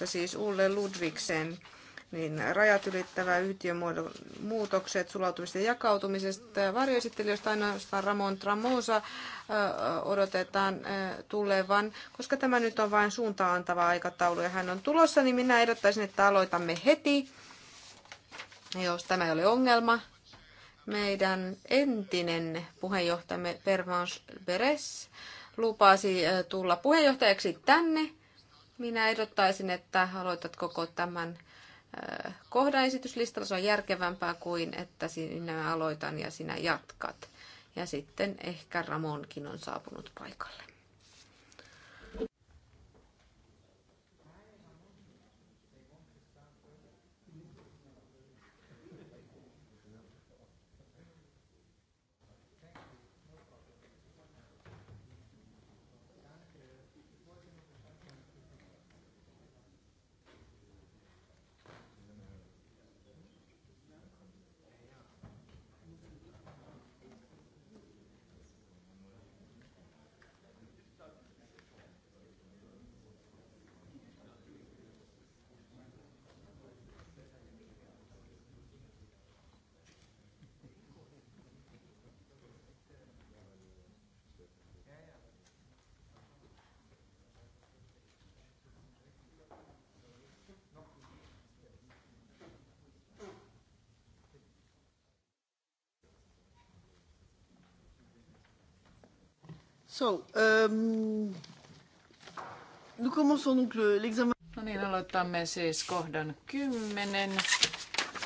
18.15, siis Ulle Ludvigsen niin rajat ylittävä yhtiömuodon muutokset, sulautumisesta ja jakautumisesta. Ja varjoesittelijöistä ainoastaan Ramon Tramosa odotetaan tulevan, koska tämä nyt on vain suuntaan antava aikataulu ja hän on tulossa, niin minä ehdottaisin, että aloitamme heti jos tämä ei ole ongelma, meidän entinen puheenjohtajamme Pervans Beres lupasi äh, tulla puheenjohtajaksi tänne. Minä ehdottaisin, että aloitat koko tämän äh, kohdan esityslistalla. Se on järkevämpää kuin, että sinä aloitan ja sinä jatkat. Ja sitten ehkä Ramonkin on saapunut paikalle. So, um, nous commençons donc l'examen. No niin, aloitamme siis kohdan 10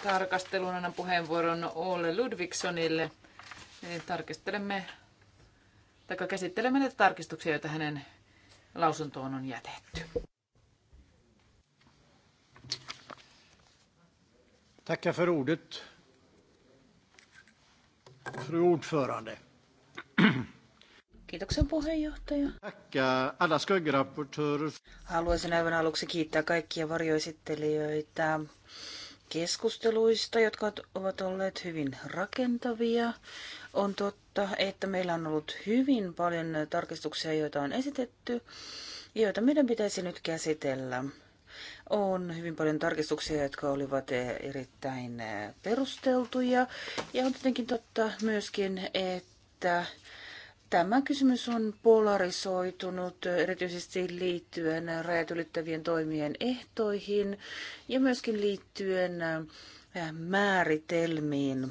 tarkastelun annan puheenvuoron Ole Ludvigsonille. Niin tarkistelemme, tai käsittelemme näitä tarkistuksia, joita hänen lausuntoon on jätetty. Tackar för ordet, fru ordförande. Kiitoksen puheenjohtaja. Haluaisin aivan aluksi kiittää kaikkia varjoesittelijöitä keskusteluista, jotka ovat olleet hyvin rakentavia. On totta, että meillä on ollut hyvin paljon tarkistuksia, joita on esitetty, joita meidän pitäisi nyt käsitellä. On hyvin paljon tarkistuksia, jotka olivat eh, erittäin eh, perusteltuja. Ja on tietenkin totta myöskin, että Tämä kysymys on polarisoitunut erityisesti liittyen rajat ylittävien toimien ehtoihin ja myöskin liittyen äh, määritelmiin.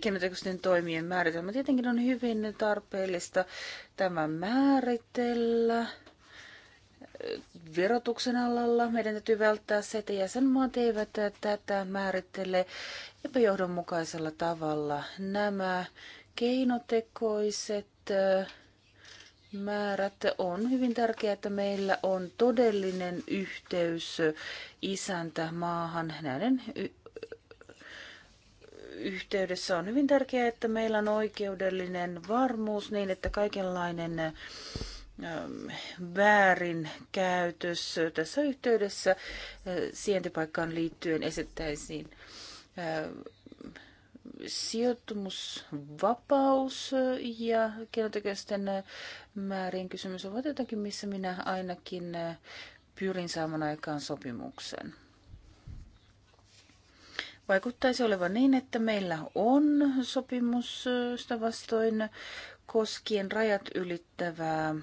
keinotekoisten toimien määritelmä tietenkin on hyvin tarpeellista tämä määritellä verotuksen alalla. Meidän täytyy välttää se, että jäsenmaat eivät tätä määrittele epäjohdonmukaisella tavalla. Nämä keinotekoiset määrät on hyvin tärkeää, että meillä on todellinen yhteys isäntä maahan näiden yhteydessä on hyvin tärkeää, että meillä on oikeudellinen varmuus niin, että kaikenlainen Ähm, väärinkäytös tässä yhteydessä äh, sijaintipaikkaan liittyen esittäisiin äh, sijoittumusvapaus äh, ja keinotekoisten määrin kysymys ovat jotakin, missä minä ainakin pyrin saamaan aikaan sopimuksen. Vaikuttaisi olevan niin, että meillä on sopimus sitä vastoin koskien rajat ylittävää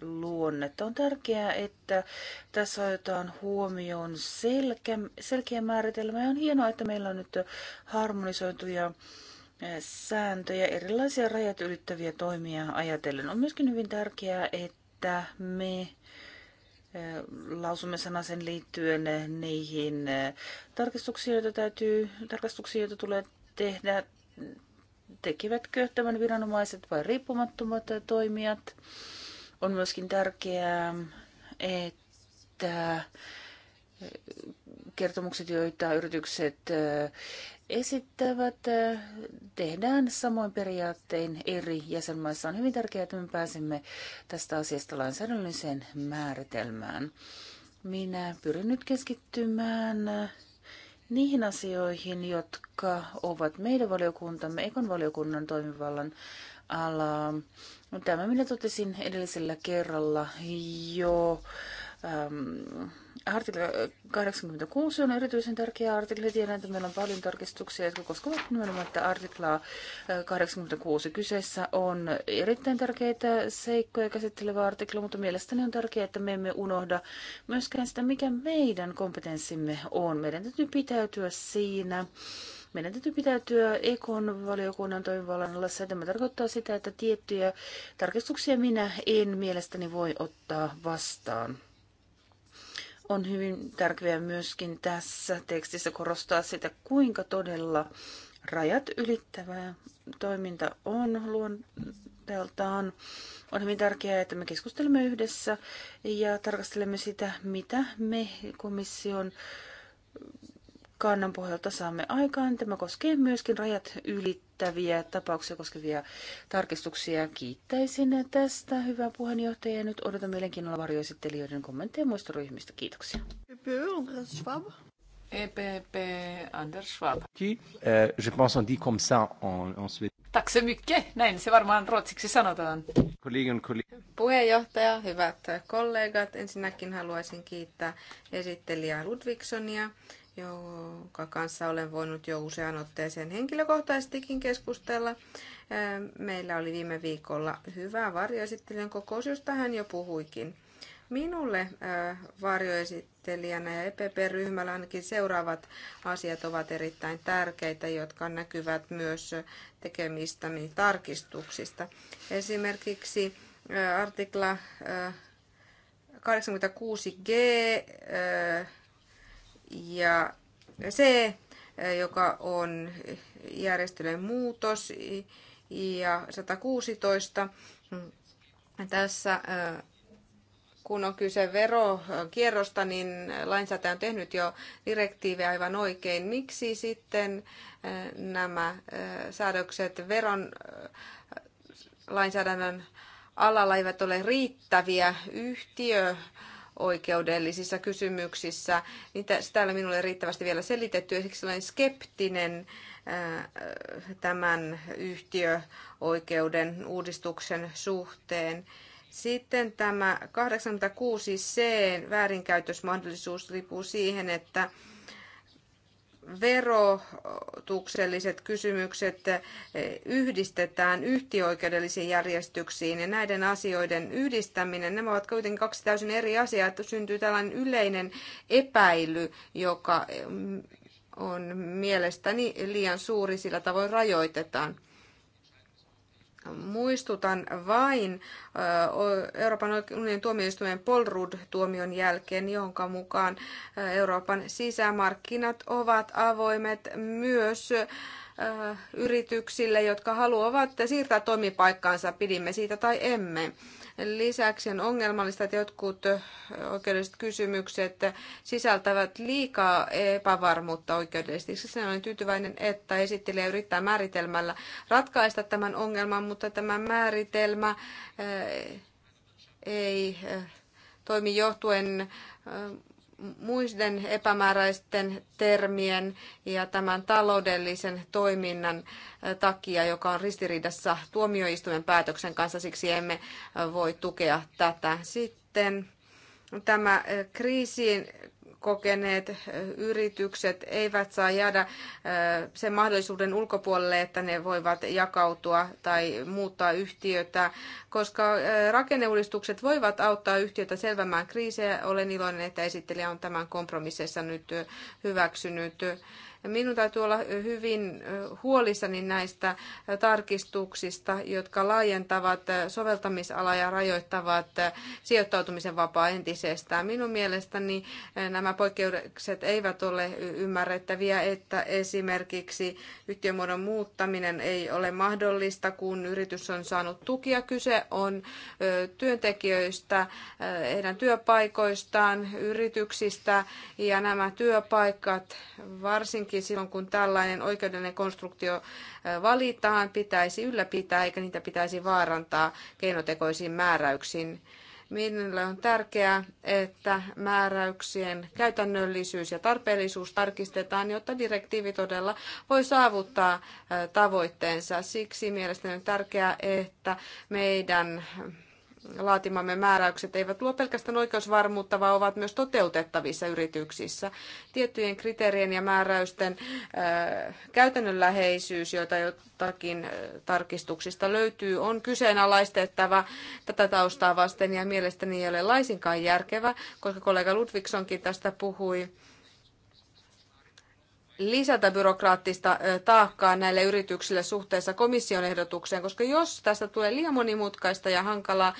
luonnetta. On tärkeää, että tässä otetaan huomioon selkeä, selkeä määritelmä. Ja on hienoa, että meillä on nyt harmonisoituja eh, sääntöjä erilaisia rajat ylittäviä toimia ajatellen. On myöskin hyvin tärkeää, että me eh, lausumme sen liittyen niihin eh, tarkistuksiin, joita täytyy, tarkastuksia, joita tulee tehdä. Tekivätkö tämän viranomaiset vai riippumattomat toimijat? On myöskin tärkeää, että kertomukset, joita yritykset esittävät, tehdään samoin periaattein eri jäsenmaissa. On hyvin tärkeää, että me pääsemme tästä asiasta lainsäädännölliseen määritelmään. Minä pyrin nyt keskittymään niihin asioihin, jotka ovat meidän valiokuntamme, Ekon valiokunnan toimivallan alaa. No tämä, minä totesin edellisellä kerralla jo. Ähm, artikla 86 on erityisen tärkeä artikla. Tiedän, että meillä on paljon tarkistuksia, jotka koskevat nimenomaan että artikla 86. Kyseessä on erittäin tärkeitä seikkoja käsittelevä artikla, mutta mielestäni on tärkeää, että me emme unohda myöskään sitä, mikä meidän kompetenssimme on. Meidän täytyy pitäytyä siinä meidän täytyy pitäytyä Ekon valiokunnan toimivallan alassa. tämä tarkoittaa sitä, että tiettyjä tarkistuksia minä en mielestäni voi ottaa vastaan. On hyvin tärkeää myöskin tässä tekstissä korostaa sitä, kuinka todella rajat ylittävää toiminta on luonteeltaan. On hyvin tärkeää, että me keskustelemme yhdessä ja tarkastelemme sitä, mitä me komission kannan pohjalta saamme aikaan. Tämä koskee myöskin rajat ylittäviä tapauksia koskevia tarkistuksia. Kiittäisin tästä, hyvää puheenjohtaja. Nyt odotan mielenkiinnolla varjoesittelijöiden kommentteja muista ryhmistä. Kiitoksia. EPP e, e Anders Schwab. Qui, euh, je pense on dit comme ça en, en Tack så mycket. Näin se varmaan ruotsiksi sanotaan. Puheenjohtaja, hyvät kollegat. Ensinnäkin haluaisin kiittää esittelijää Ludvigsonia jonka kanssa olen voinut jo usean otteeseen henkilökohtaisestikin keskustella. Meillä oli viime viikolla hyvä varjoesittelijän kokous, josta hän jo puhuikin. Minulle varjoesittelijänä ja EPP-ryhmällä ainakin seuraavat asiat ovat erittäin tärkeitä, jotka näkyvät myös tekemistäni tarkistuksista. Esimerkiksi artikla 86g ja se, eh, joka on järjestelyn muutos, ja 116. Mm, tässä eh, kun on kyse verokierrosta, niin lainsäätäjä on tehnyt jo direktiivejä aivan oikein. Miksi sitten eh, nämä säädökset veron lainsäädännön alalla eivät ole riittäviä? Yhtiö oikeudellisissa kysymyksissä, niitä sitä ei ole minulle riittävästi vielä selitetty Esimerkiksi siksi olen skeptinen äh, tämän yhtiöoikeuden uudistuksen suhteen. Sitten tämä 86c väärinkäytösmahdollisuus riippuu siihen, että verotukselliset kysymykset yhdistetään yhtiöoikeudellisiin järjestyksiin ja näiden asioiden yhdistäminen, nämä ovat kuitenkin kaksi täysin eri asiaa, että syntyy tällainen yleinen epäily, joka on mielestäni liian suuri, sillä tavoin rajoitetaan. Muistutan vain Euroopan unionin tuomioistuimen Polrud-tuomion jälkeen, jonka mukaan Euroopan sisämarkkinat ovat avoimet myös yrityksille, jotka haluavat siirtää toimipaikkaansa, pidimme siitä tai emme. Lisäksi on ongelmallista, että jotkut oikeudelliset kysymykset sisältävät liikaa epävarmuutta oikeudellisesti. se on tyytyväinen, että esittelijä yrittää määritelmällä ratkaista tämän ongelman, mutta tämä määritelmä ei toimi johtuen muiden epämääräisten termien ja tämän taloudellisen toiminnan takia, joka on ristiriidassa tuomioistuimen päätöksen kanssa, siksi emme voi tukea tätä. Sitten tämä kriisiin kokeneet yritykset eivät saa jäädä sen mahdollisuuden ulkopuolelle, että ne voivat jakautua tai muuttaa yhtiötä, koska rakenneuudistukset voivat auttaa yhtiötä selvämään kriisejä. Olen iloinen, että esittelijä on tämän kompromississa nyt hyväksynyt. Minun täytyy olla hyvin huolissani näistä tarkistuksista, jotka laajentavat soveltamisalaa ja rajoittavat sijoittautumisen vapaa entisestään. Minun mielestäni nämä poikkeukset eivät ole ymmärrettäviä, että esimerkiksi yhtiömuodon muuttaminen ei ole mahdollista, kun yritys on saanut tukia. Kyse on työntekijöistä, heidän työpaikoistaan, yrityksistä ja nämä työpaikat varsinkin Kuitenkin silloin, kun tällainen oikeudellinen konstruktio valitaan, pitäisi ylläpitää eikä niitä pitäisi vaarantaa keinotekoisiin määräyksiin. Minulle on tärkeää, että määräyksien käytännöllisyys ja tarpeellisuus tarkistetaan, jotta direktiivi todella voi saavuttaa tavoitteensa. Siksi mielestäni on tärkeää, että meidän laatimamme määräykset eivät luo pelkästään oikeusvarmuutta, vaan ovat myös toteutettavissa yrityksissä. Tiettyjen kriteerien ja määräysten äh, käytännönläheisyys, joita jotakin äh, tarkistuksista löytyy, on kyseenalaistettava tätä taustaa vasten ja mielestäni ei ole laisinkaan järkevä, koska kollega Ludvigsonkin tästä puhui lisätä byrokraattista taakkaa näille yrityksille suhteessa komission ehdotukseen, koska jos tästä tulee liian monimutkaista ja hankalaa,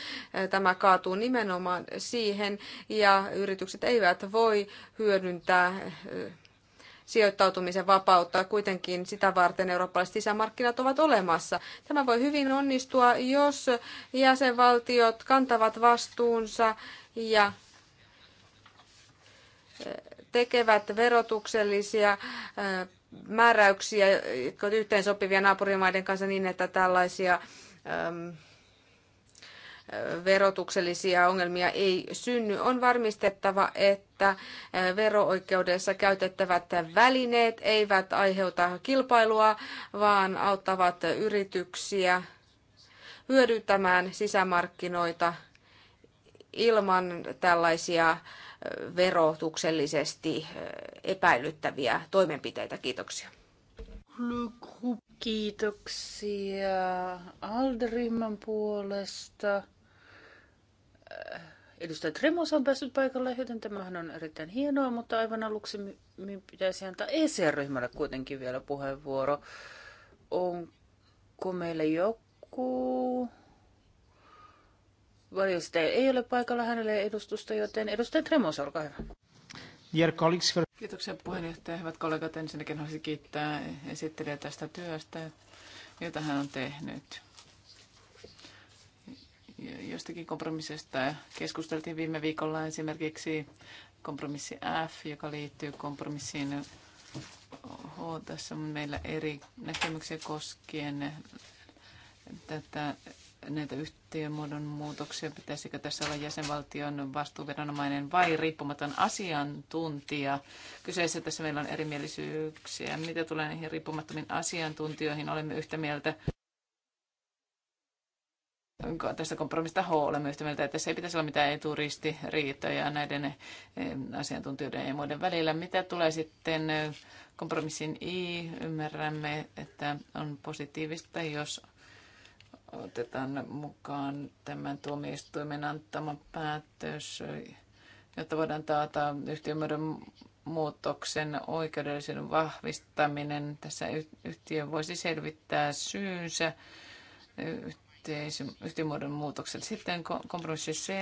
tämä kaatuu nimenomaan siihen ja yritykset eivät voi hyödyntää sijoittautumisen vapautta. Kuitenkin sitä varten eurooppalaiset sisämarkkinat ovat olemassa. Tämä voi hyvin onnistua, jos jäsenvaltiot kantavat vastuunsa ja tekevät verotuksellisia määräyksiä jotka yhteensopivia naapurimaiden kanssa niin, että tällaisia verotuksellisia ongelmia ei synny, on varmistettava, että verooikeudessa käytettävät välineet eivät aiheuta kilpailua, vaan auttavat yrityksiä hyödyntämään sisämarkkinoita ilman tällaisia verotuksellisesti epäilyttäviä toimenpiteitä. Kiitoksia. Kiitoksia Aldrimman puolesta. Edustaja Tremos on päässyt paikalle, joten tämähän on erittäin hienoa, mutta aivan aluksi minun pitäisi antaa ECR-ryhmälle kuitenkin vielä puheenvuoro. Onko meillä joku valiostaja ei ole paikalla hänelle edustusta, joten edustaja Tremos, olkaa hyvä. Kiitoksia puheenjohtaja. Hyvät kollegat, ensinnäkin haluaisin kiittää esittelijä tästä työstä, jota hän on tehnyt. Jostakin kompromissista keskusteltiin viime viikolla esimerkiksi kompromissi F, joka liittyy kompromissiin H. Tässä on meillä eri näkemyksiä koskien tätä näitä yhtiömuodon muutoksia? Pitäisikö tässä olla jäsenvaltion vastuuviranomainen vai riippumaton asiantuntija? Kyseessä tässä meillä on erimielisyyksiä. Mitä tulee näihin riippumattomiin asiantuntijoihin? Olemme yhtä mieltä tästä kompromista H olemme yhtä mieltä, että se ei pitäisi olla mitään eturistiriitoja näiden asiantuntijoiden ja muiden välillä. Mitä tulee sitten kompromissin I, ymmärrämme, että on positiivista, jos otetaan mukaan tämän tuomioistuimen antama päätös, jotta voidaan taata yhtiömuodon muutoksen oikeudellisen vahvistaminen. Tässä yhtiö voisi selvittää syynsä yhtiömuodon muutokselle. Sitten kompromissi C.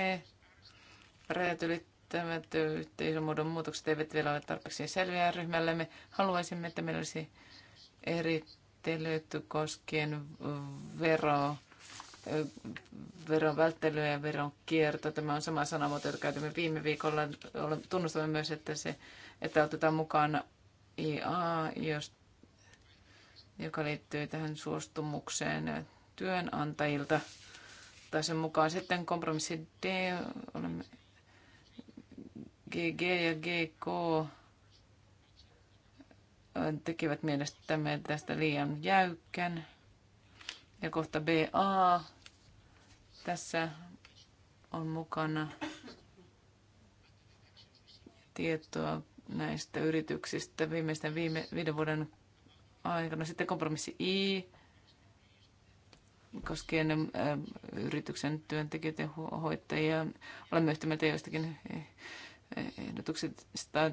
Rajat ylittävät yhtiömuodon muutokset eivät vielä ole tarpeeksi selviä ryhmällemme. Haluaisimme, että meillä olisi eri välttelyt koskien vero, veron välttelyä ja veron kierto. Tämä on sama sanamuoto, jota käytimme viime viikolla. Tunnustamme myös, että, se, että otetaan mukaan IA, jos, joka liittyy tähän suostumukseen työnantajilta. Tai sen mukaan sitten kompromissi D, olemme GG ja GK tekevät mielestämme tästä liian jäykkän. Ja kohta BA. Tässä on mukana tietoa näistä yrityksistä viimeisten viime, viiden vuoden aikana. Sitten kompromissi I koskien ä, ähm, yrityksen työntekijöiden ho- hoitajia. Olemme yhtä mieltä joistakin ehdotuksista.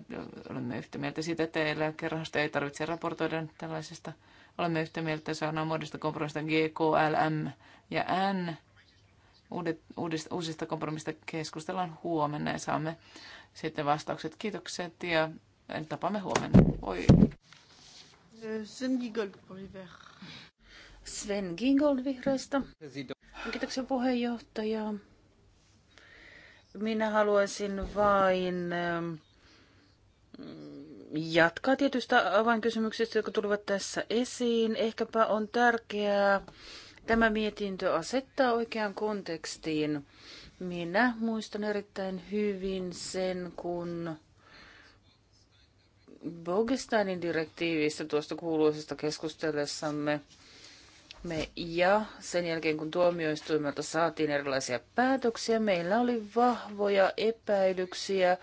olemme yhtä mieltä siitä, että eläkerahasta ei tarvitse raportoida tällaisesta. Olemme yhtä mieltä sanamuodosta kompromista G, K, L, M ja N. Uudet, uudista, uusista kompromista keskustellaan huomenna ja saamme sitten vastaukset. Kiitokset ja tapaamme huomenna. oi Sven Gingold, Sven Gingold vihreistä. Kiitoksia puheenjohtaja. Minä haluaisin vain ähm, jatkaa tietystä avainkysymyksistä, jotka tulivat tässä esiin. Ehkäpä on tärkeää tämä mietintö asettaa oikeaan kontekstiin. Minä muistan erittäin hyvin sen, kun Bogestainin direktiivistä tuosta kuuluisesta keskustellessamme – me ja sen jälkeen kun tuomioistuimelta saatiin erilaisia päätöksiä, meillä oli vahvoja epäilyksiä äh,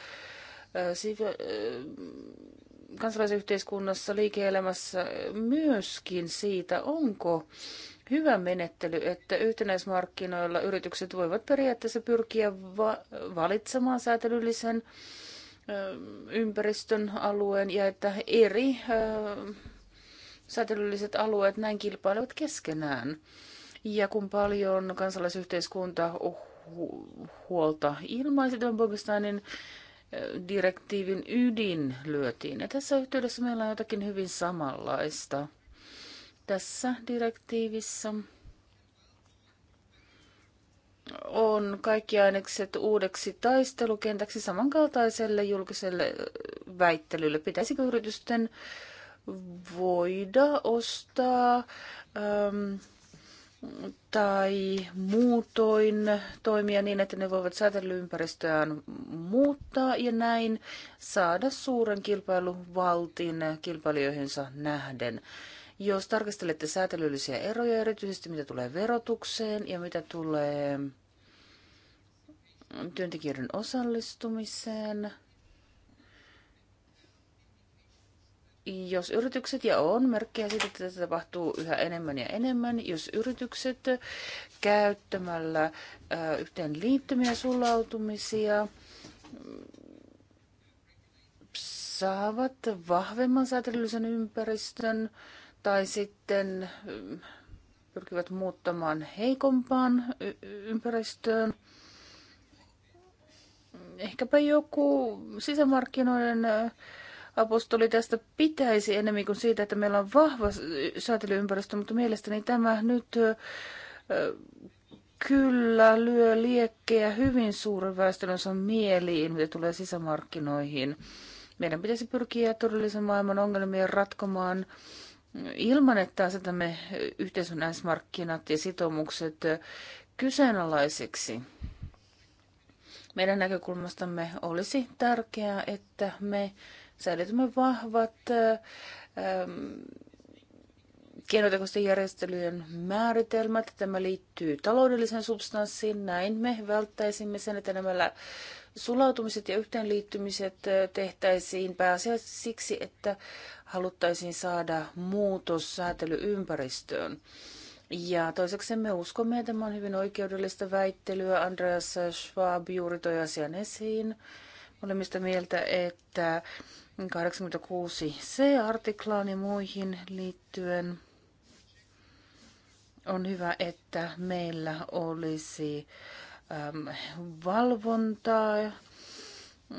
äh, kansalaisyhteiskunnassa, liike-elämässä myöskin siitä, onko hyvä menettely, että yhtenäismarkkinoilla yritykset voivat periaatteessa pyrkiä va- valitsemaan säätelyllisen ympäristön alueen ja että eri säätelylliset alueet näin kilpailevat keskenään. Ja kun paljon kansalaisyhteiskunta huolta ilmaisi tämän Bogestainin direktiivin ydin lyötiin. Ja tässä yhteydessä meillä on jotakin hyvin samanlaista tässä direktiivissä on kaikki ainekset uudeksi taistelukentäksi samankaltaiselle julkiselle väittelylle. Pitäisikö yritysten äh, voida ostaa ähm, tai muutoin toimia niin, että ne voivat säätelyympäristöään muuttaa ja näin saada suuren kilpailuvaltin kilpailijoihinsa nähden. Jos tarkastelette säätelyllisiä eroja, erityisesti mitä tulee verotukseen ja mitä tulee työntekijöiden osallistumiseen, jos yritykset, ja on merkkejä siitä, että tätä tapahtuu yhä enemmän ja enemmän, jos yritykset käyttämällä äh, yhteen liittymiä sulautumisia saavat vahvemman säätelyllisen ympäristön tai sitten äh, pyrkivät muuttamaan heikompaan ympäristöön, ehkäpä joku sisämarkkinoiden äh, apostoli tästä pitäisi enemmän kuin siitä, että meillä on vahva säätelyympäristö, mutta mielestäni tämä nyt ö, kyllä lyö liekkejä hyvin suuren väestönsä mieliin, mitä tulee sisämarkkinoihin. Meidän pitäisi pyrkiä todellisen maailman ongelmia ratkomaan ilman, että asetamme yhteisön S-markkinat ja sitoumukset kyseenalaiseksi. Meidän näkökulmastamme olisi tärkeää, että me säilytämme vahvat keinotekoisten järjestelyjen määritelmät. Tämä liittyy taloudelliseen substanssiin. Näin me välttäisimme sen, että nämä sulautumiset ja yhteenliittymiset tehtäisiin pääasiassa siksi, että haluttaisiin saada muutos säätelyympäristöön. Ja toiseksi me uskomme, että tämä on hyvin oikeudellista väittelyä. Andreas Schwab juuri toi asian esiin. Olemme sitä mieltä, että 86c-artiklaan ja muihin liittyen on hyvä, että meillä olisi äm, valvontaa mm,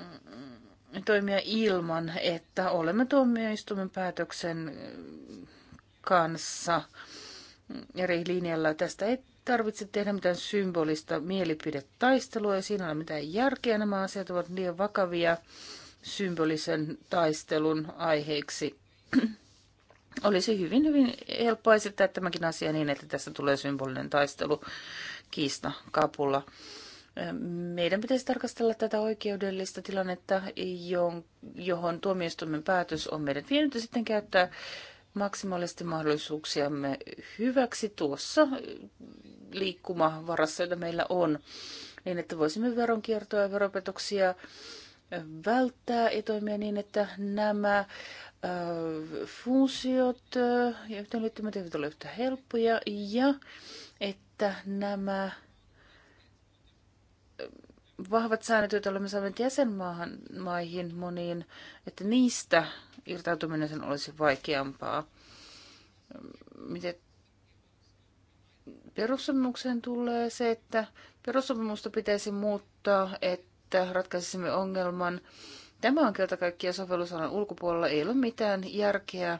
toimia ilman, että olemme tuomioistuimen päätöksen äh, kanssa mm, eri linjalla. Tästä ei tarvitse tehdä mitään symbolista mielipidetaistelua ja siinä ei ole mitään järkeä. Nämä asiat ovat liian vakavia symbolisen taistelun aiheeksi. <clears throat> Olisi hyvin, hyvin helppoa esittää tämäkin asia niin, että tässä tulee symbolinen taistelu, kiista, kapulla. Meidän pitäisi tarkastella tätä oikeudellista tilannetta, johon tuomioistuimen päätös on meidän. vienyt sitten käyttää maksimaalisesti mahdollisuuksiamme hyväksi tuossa liikkumavarassa, jota meillä on, niin että voisimme veronkiertoa ja veropetoksia välttää etoimia niin, että nämä funktiot ja yhteenliittymät eivät ole yhtä helppoja ja että nämä vahvat säännöt, joita olemme saaneet jäsenmaihin moniin, että niistä irtautuminen olisi vaikeampaa. Miten perussopimukseen tulee se, että perussopimusta pitäisi muuttaa, että että ratkaisisimme ongelman. Tämä on kerta kaikkiaan sovellusalan ulkopuolella. Ei ole mitään järkeä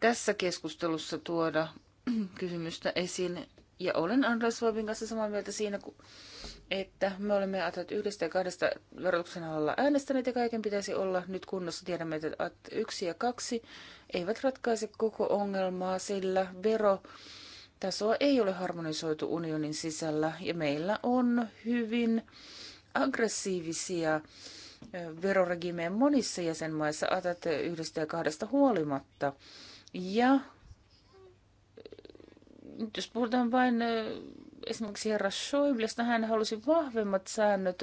tässä keskustelussa tuoda <clears throat> kysymystä esiin. Ja olen Andreas Voibin kanssa samaa mieltä siinä, että me olemme ajatelleet yhdestä ja kahdesta verotuksen alalla äänestäneet ja kaiken pitäisi olla nyt kunnossa. Tiedämme, että yksi ja kaksi eivät ratkaise koko ongelmaa, sillä vero tasoa ei ole harmonisoitu unionin sisällä ja meillä on hyvin aggressiivisia veroregimeen monissa jäsenmaissa ATT yhdestä ja kahdesta huolimatta. Ja nyt jos puhutaan vain esimerkiksi herra Schäublesta, hän halusi vahvemmat säännöt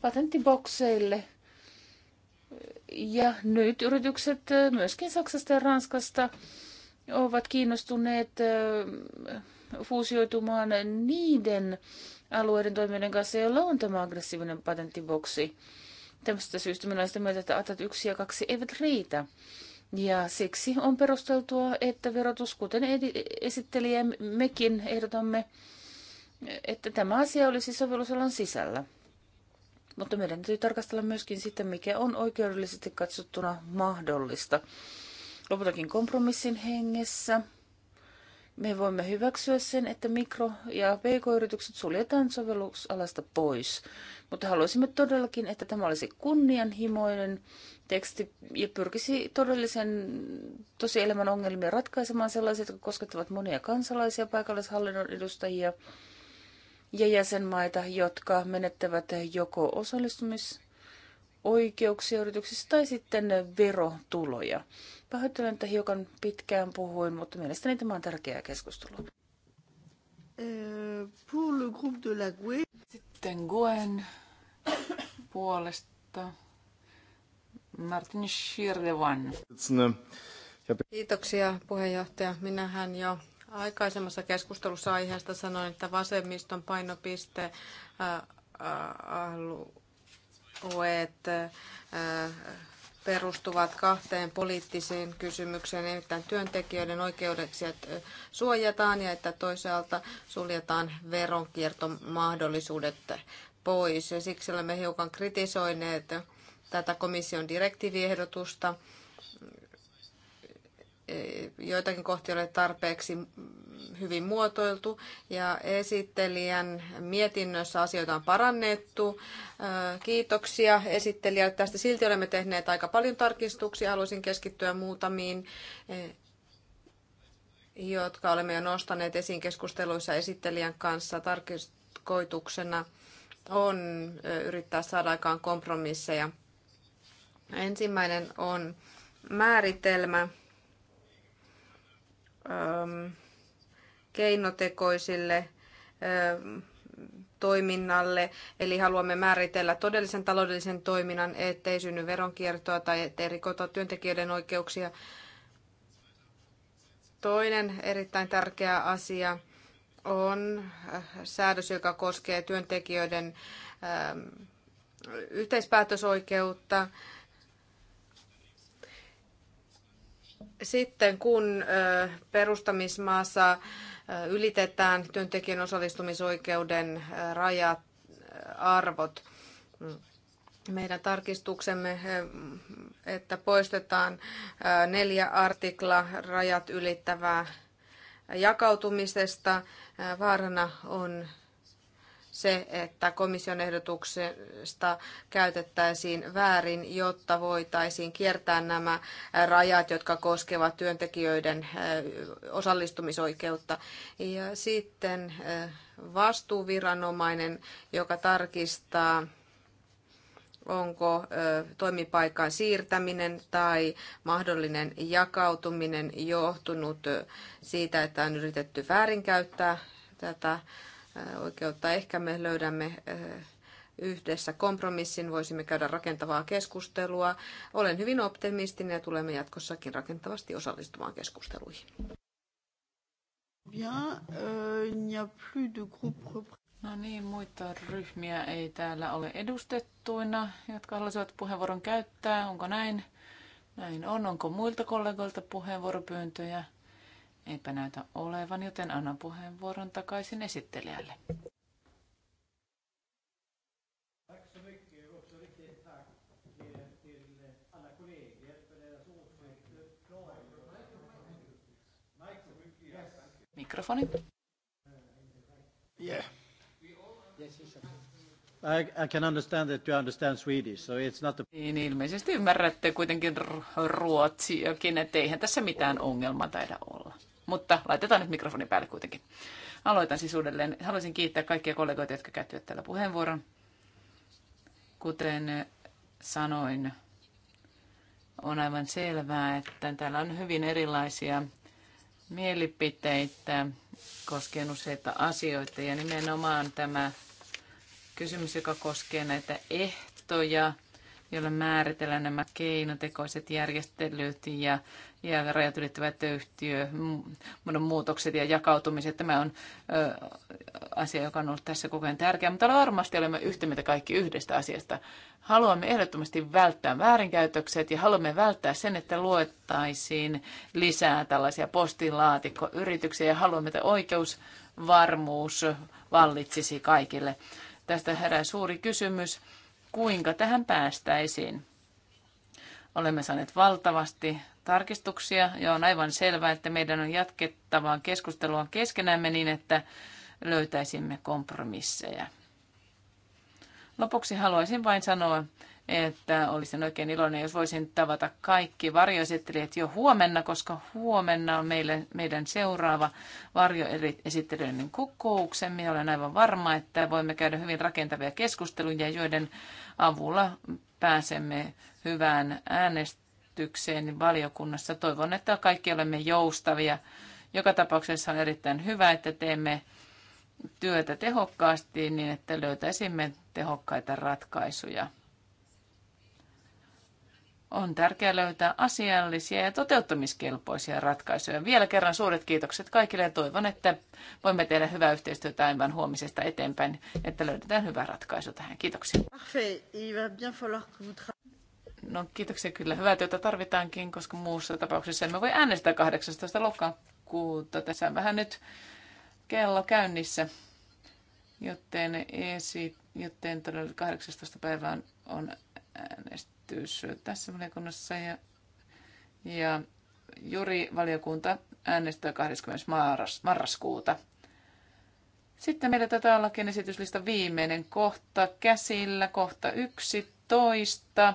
patenttibokseille. Ja nyt yritykset myöskin Saksasta ja Ranskasta ovat kiinnostuneet fuusioitumaan niiden alueiden toimijoiden kanssa, joilla on tämä aggressiivinen patenttiboksi. Tämästä syystä minä olen sitä mieltä, että atat 1 ja 2 eivät riitä. Ja siksi on perusteltua, että verotus, kuten esittelijä mekin ehdotamme, että tämä asia olisi sovellusalan sisällä. Mutta meidän täytyy tarkastella myöskin sitä, mikä on oikeudellisesti katsottuna mahdollista lopultakin kompromissin hengessä. Me voimme hyväksyä sen, että mikro- ja pk-yritykset suljetaan sovellusalasta pois, mutta haluaisimme todellakin, että tämä olisi kunnianhimoinen teksti ja pyrkisi todellisen tosielämän ongelmia ratkaisemaan sellaisia, jotka koskettavat monia kansalaisia, paikallishallinnon edustajia ja jäsenmaita, jotka menettävät joko osallistumis- oikeuksia yrityksissä tai sitten verotuloja. Pahoittelen, että hiukan pitkään puhuin, mutta mielestäni tämä on tärkeää keskustelua. Äh, e. Sitten GUEN puolesta Martin Schirlevan. Kiitoksia puheenjohtaja. Minähän jo aikaisemmassa keskustelussa aiheesta sanoin, että vasemmiston painopiste äh, äh, tuet perustuvat kahteen poliittiseen kysymykseen, nimittäin työntekijöiden oikeudeksi suojataan ja että toisaalta suljetaan veronkiertomahdollisuudet pois. Ja siksi olemme hiukan kritisoineet tätä komission direktiiviehdotusta joitakin kohtia ole tarpeeksi hyvin muotoiltu ja esittelijän mietinnössä asioita on parannettu. Kiitoksia esittelijälle. Tästä silti olemme tehneet aika paljon tarkistuksia. Haluaisin keskittyä muutamiin e, jotka olemme jo nostaneet esiin keskusteluissa esittelijän kanssa tarkoituksena on e, yrittää saada aikaan kompromisseja. Ensimmäinen on määritelmä Ähm, keinotekoisille ähm, toiminnalle, eli haluamme määritellä todellisen taloudellisen toiminnan, ettei synny veronkiertoa tai ettei rikota työntekijöiden oikeuksia. Toinen erittäin tärkeä asia on äh, säädös, joka koskee työntekijöiden ähm, yhteispäätösoikeutta. Sitten kun perustamismaassa ylitetään työntekijän osallistumisoikeuden rajat, arvot, mm, meidän tarkistuksemme, että poistetaan neljä artikla rajat ylittävää jakautumisesta. Vaarana on se, että komission ehdotuksesta käytettäisiin väärin, jotta voitaisiin kiertää nämä rajat, jotka koskevat työntekijöiden osallistumisoikeutta. Ja sitten vastuuviranomainen, joka tarkistaa onko toimipaikan siirtäminen tai mahdollinen jakautuminen johtunut siitä, että on yritetty väärinkäyttää tätä oikeutta. Ehkä me löydämme yhdessä kompromissin, voisimme käydä rakentavaa keskustelua. Olen hyvin optimistinen ja tulemme jatkossakin rakentavasti osallistumaan keskusteluihin. No niin, muita ryhmiä ei täällä ole edustettuina, jotka haluaisivat puheenvuoron käyttää. Onko näin? Näin on. Onko muilta kollegoilta puheenvuoropyyntöjä? Eipä näytä olevan, joten annan puheenvuoron takaisin esittelijälle. Mikrofoni. Yeah. I, I can understand that you understand Swedish, so it's not a... Niin, ilmeisesti ymmärrätte kuitenkin ruotsiakin, että eihän tässä mitään ongelmaa taida olla mutta laitetaan nyt mikrofoni päälle kuitenkin. Aloitan siis uudelleen. Haluaisin kiittää kaikkia kollegoita, jotka käyttivät täällä puheenvuoron. Kuten sanoin, on aivan selvää, että täällä on hyvin erilaisia mielipiteitä koskien useita asioita ja nimenomaan tämä kysymys, joka koskee näitä ehtoja, jolla määritellään nämä keinotekoiset järjestelyt ja, ja rajat ylittävät yhtiö, muutokset ja jakautumiset. Tämä on ö, asia, joka on ollut tässä koko ajan tärkeä, mutta varmasti olemme yhtä mitä kaikki yhdestä asiasta. Haluamme ehdottomasti välttää väärinkäytökset ja haluamme välttää sen, että luettaisiin lisää tällaisia postilaatikkoyrityksiä ja haluamme, että oikeusvarmuus vallitsisi kaikille. Tästä herää suuri kysymys kuinka tähän päästäisiin. Olemme saaneet valtavasti tarkistuksia ja on aivan selvää, että meidän on jatkettavaa keskustelua keskenämme niin, että löytäisimme kompromisseja. Lopuksi haluaisin vain sanoa, että olisin oikein iloinen, jos voisin tavata kaikki varjoesittelijät jo huomenna, koska huomenna on meille, meidän seuraava varjoesittelijöiden kokouksemme. Olen aivan varma, että voimme käydä hyvin rakentavia keskusteluja, joiden avulla pääsemme hyvään äänestykseen valiokunnassa. Toivon, että kaikki olemme joustavia. Joka tapauksessa on erittäin hyvä, että teemme työtä tehokkaasti niin, että löytäisimme tehokkaita ratkaisuja. On tärkeää löytää asiallisia ja toteuttamiskelpoisia ratkaisuja. Vielä kerran suuret kiitokset kaikille ja toivon, että voimme tehdä hyvää yhteistyötä aivan huomisesta eteenpäin, että löydetään hyvä ratkaisu tähän. Kiitoksia. No kiitoksia kyllä. Hyvää työtä tarvitaankin, koska muussa tapauksessa emme voi äänestää 18. lokakuuta. Tässä on vähän nyt kello käynnissä, joten, esi, joten todella 18. päivään on, äänestetty äänestys tässä valiokunnassa ja, ja Juri valiokunta äänestää 20. Marras, marraskuuta. Sitten meillä tätä ollakin esityslistan viimeinen kohta käsillä, kohta 11.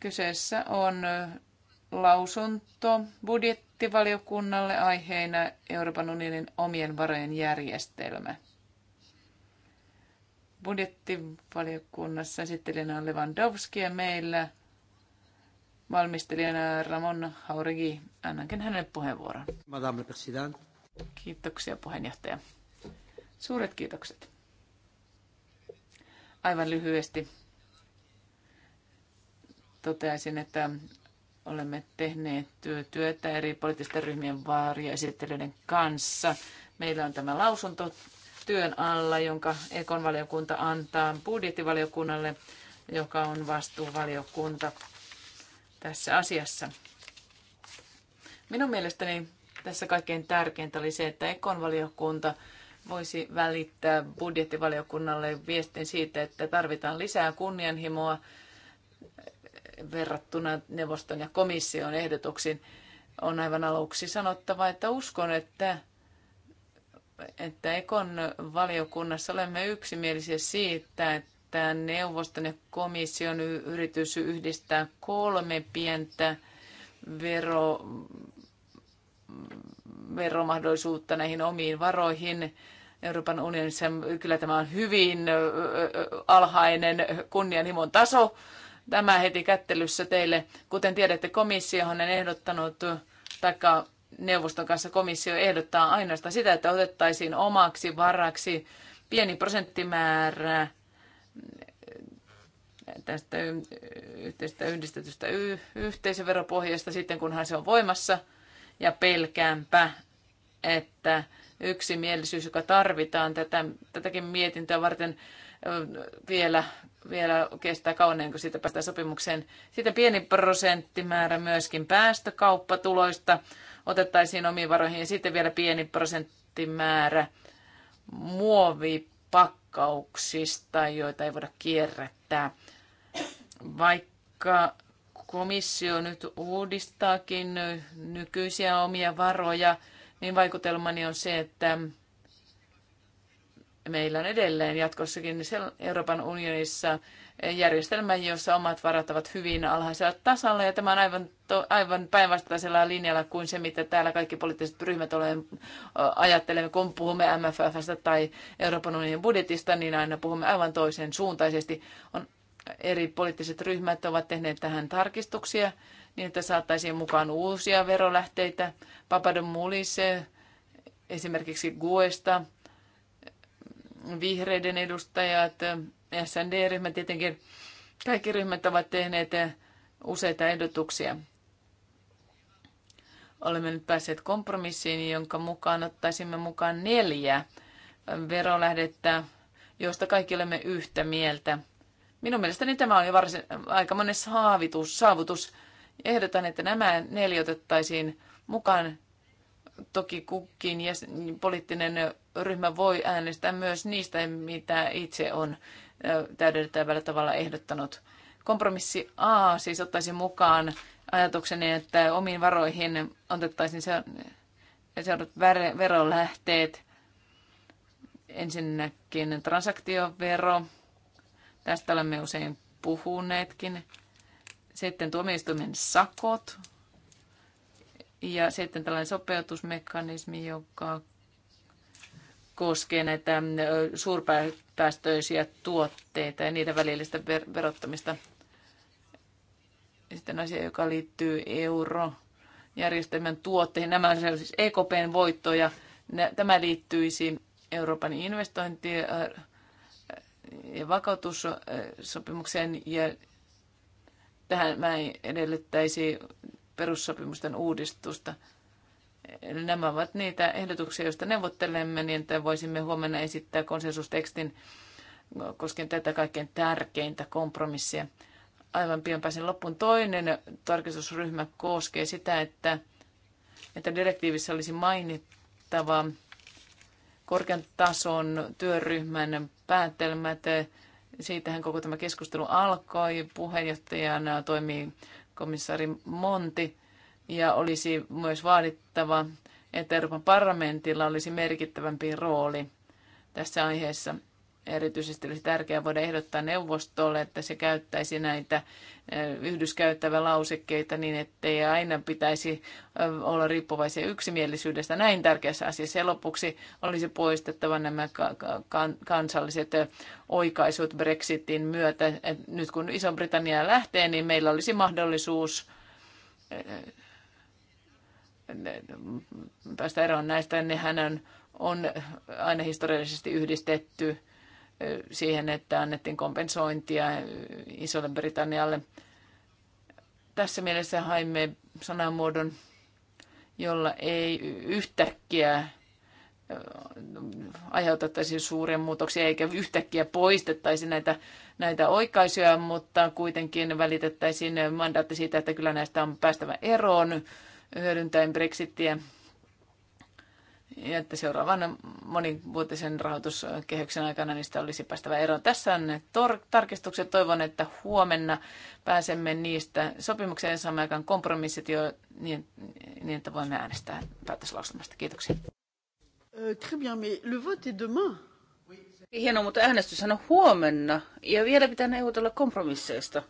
Kyseessä on lausunto budjettivaliokunnalle aiheena Euroopan unionin omien varojen järjestelmä budjettivaliokunnassa esittelijänä on Lewandowski ja meillä valmistelijana Ramon Haurigi. Annankin hänelle puheenvuoron. Madame President. Kiitoksia puheenjohtaja. Suuret kiitokset. Aivan lyhyesti toteaisin, että olemme tehneet työtä eri poliittisten ryhmien vaariaesittelyiden kanssa. Meillä on tämä lausunto työn alla, jonka ekonvaliokunta valiokunta antaa budjettivaliokunnalle, joka on vastuuvaliokunta tässä asiassa. Minun mielestäni tässä kaikkein tärkeintä oli se, että Ekon valiokunta voisi välittää budjettivaliokunnalle viestin siitä, että tarvitaan lisää kunnianhimoa verrattuna neuvoston ja komission ehdotuksiin. On aivan aluksi sanottava, että uskon, että että Ekon valiokunnassa olemme yksimielisiä siitä, että neuvoston ja komission yritys yhdistää kolme pientä vero, veromahdollisuutta näihin omiin varoihin. Euroopan unionissa kyllä tämä on hyvin alhainen kunnianhimon taso. Tämä heti kättelyssä teille. Kuten tiedätte, komissiohan on ehdottanut taikka neuvoston kanssa komissio ehdottaa ainoastaan sitä, että otettaisiin omaksi varaksi pieni prosenttimäärä tästä yhteistä yhdistetystä y- yhteisöveropohjasta sitten, kunhan se on voimassa. Ja pelkäänpä, että yksimielisyys, joka tarvitaan tätä, tätäkin mietintöä varten, vielä, vielä kestää kauan kun siitä päästään sopimukseen. Sitten pieni prosenttimäärä myöskin päästökauppatuloista otettaisiin omiin varoihin ja sitten vielä pieni prosenttimäärä muovipakkauksista, joita ei voida kierrättää. Vaikka komissio nyt uudistaakin nykyisiä omia varoja, niin vaikutelmani on se, että meillä on edelleen jatkossakin Euroopan unionissa järjestelmä, jossa omat varat ovat hyvin alhaisella tasolla. Ja tämä on aivan, aivan päinvastaisella linjalla kuin se, mitä täällä kaikki poliittiset ryhmät olen, ajattelemme, kun puhumme MFFstä tai Euroopan unionin budjetista, niin aina puhumme aivan toisen suuntaisesti. On, eri poliittiset ryhmät ovat tehneet tähän tarkistuksia niin, että saattaisiin mukaan uusia verolähteitä. Papadon mulis esimerkiksi Guesta – vihreiden edustajat, SND-ryhmä tietenkin, kaikki ryhmät ovat tehneet useita ehdotuksia. Olemme nyt päässeet kompromissiin, jonka mukaan ottaisimme mukaan neljä verolähdettä, joista kaikki olemme yhtä mieltä. Minun mielestäni tämä on jo varsin, aika monen saavutus. Ehdotan, että nämä neljä otettaisiin mukaan Toki kukin ja poliittinen ryhmä voi äänestää myös niistä, mitä itse on täydentävällä tavalla ehdottanut. Kompromissi A siis ottaisi mukaan ajatukseni, että omiin varoihin otettaisiin seuraavat verolähteet. Ensinnäkin transaktiovero. Tästä olemme usein puhuneetkin. Sitten tuomioistuimen sakot, ja sitten tällainen sopeutusmekanismi, joka koskee näitä mm, suurpäästöisiä tuotteita ja niiden välillistä verottamista. Sitten asia, joka liittyy eurojärjestelmän tuotteihin. Nämä ovat siis EKPn voittoja. Tämä liittyisi Euroopan investointi- ja vakautussopimukseen ja tähän mä edellyttäisi perussopimusten uudistusta. Eli nämä ovat niitä ehdotuksia, joista neuvottelemme, niin että voisimme huomenna esittää konsensustekstin koskien tätä kaikkein tärkeintä kompromissia. Aivan pian pääsen loppuun. Toinen tarkistusryhmä koskee sitä, että, että direktiivissä olisi mainittava korkean tason työryhmän päätelmät. Siitähän koko tämä keskustelu alkoi. Puheenjohtajana toimii komissaari Monti, ja olisi myös vaadittava, että Euroopan parlamentilla olisi merkittävämpi rooli tässä aiheessa. Erityisesti olisi tärkeää voida ehdottaa neuvostolle, että se käyttäisi näitä eh, yhdyskäyttäviä lausekkeita niin, että ei aina pitäisi eh, olla riippuvaisia yksimielisyydestä näin tärkeässä asiassa. Ja lopuksi olisi poistettava nämä kansalliset eh, oikaisut Brexitin myötä. Nyt kun Iso-Britannia lähtee, niin meillä olisi mahdollisuus päästä eroon näistä. Nehän on aina historiallisesti yhdistetty siihen, että annettiin kompensointia Isolle Britannialle. Tässä mielessä haimme sanamuodon, jolla ei yhtäkkiä aiheutettaisiin suuria muutoksia eikä yhtäkkiä poistettaisi näitä, näitä oikaisuja, mutta kuitenkin välitettäisiin mandaatti siitä, että kyllä näistä on päästävä eroon hyödyntäen Brexittiä ja että seuraavan monivuotisen rahoituskehyksen aikana niistä olisi päästävä eroon. Tässä on ne tarkistukset. Toivon, että huomenna pääsemme niistä sopimukseen ja saamme aikaan kompromissit jo niin, niin että voimme äänestää päätöslauselmasta. Kiitoksia. Euh, très bien, mais le vote est demain. Hienoa, mutta äänestys on huomenna ja vielä pitää neuvotella kompromisseista.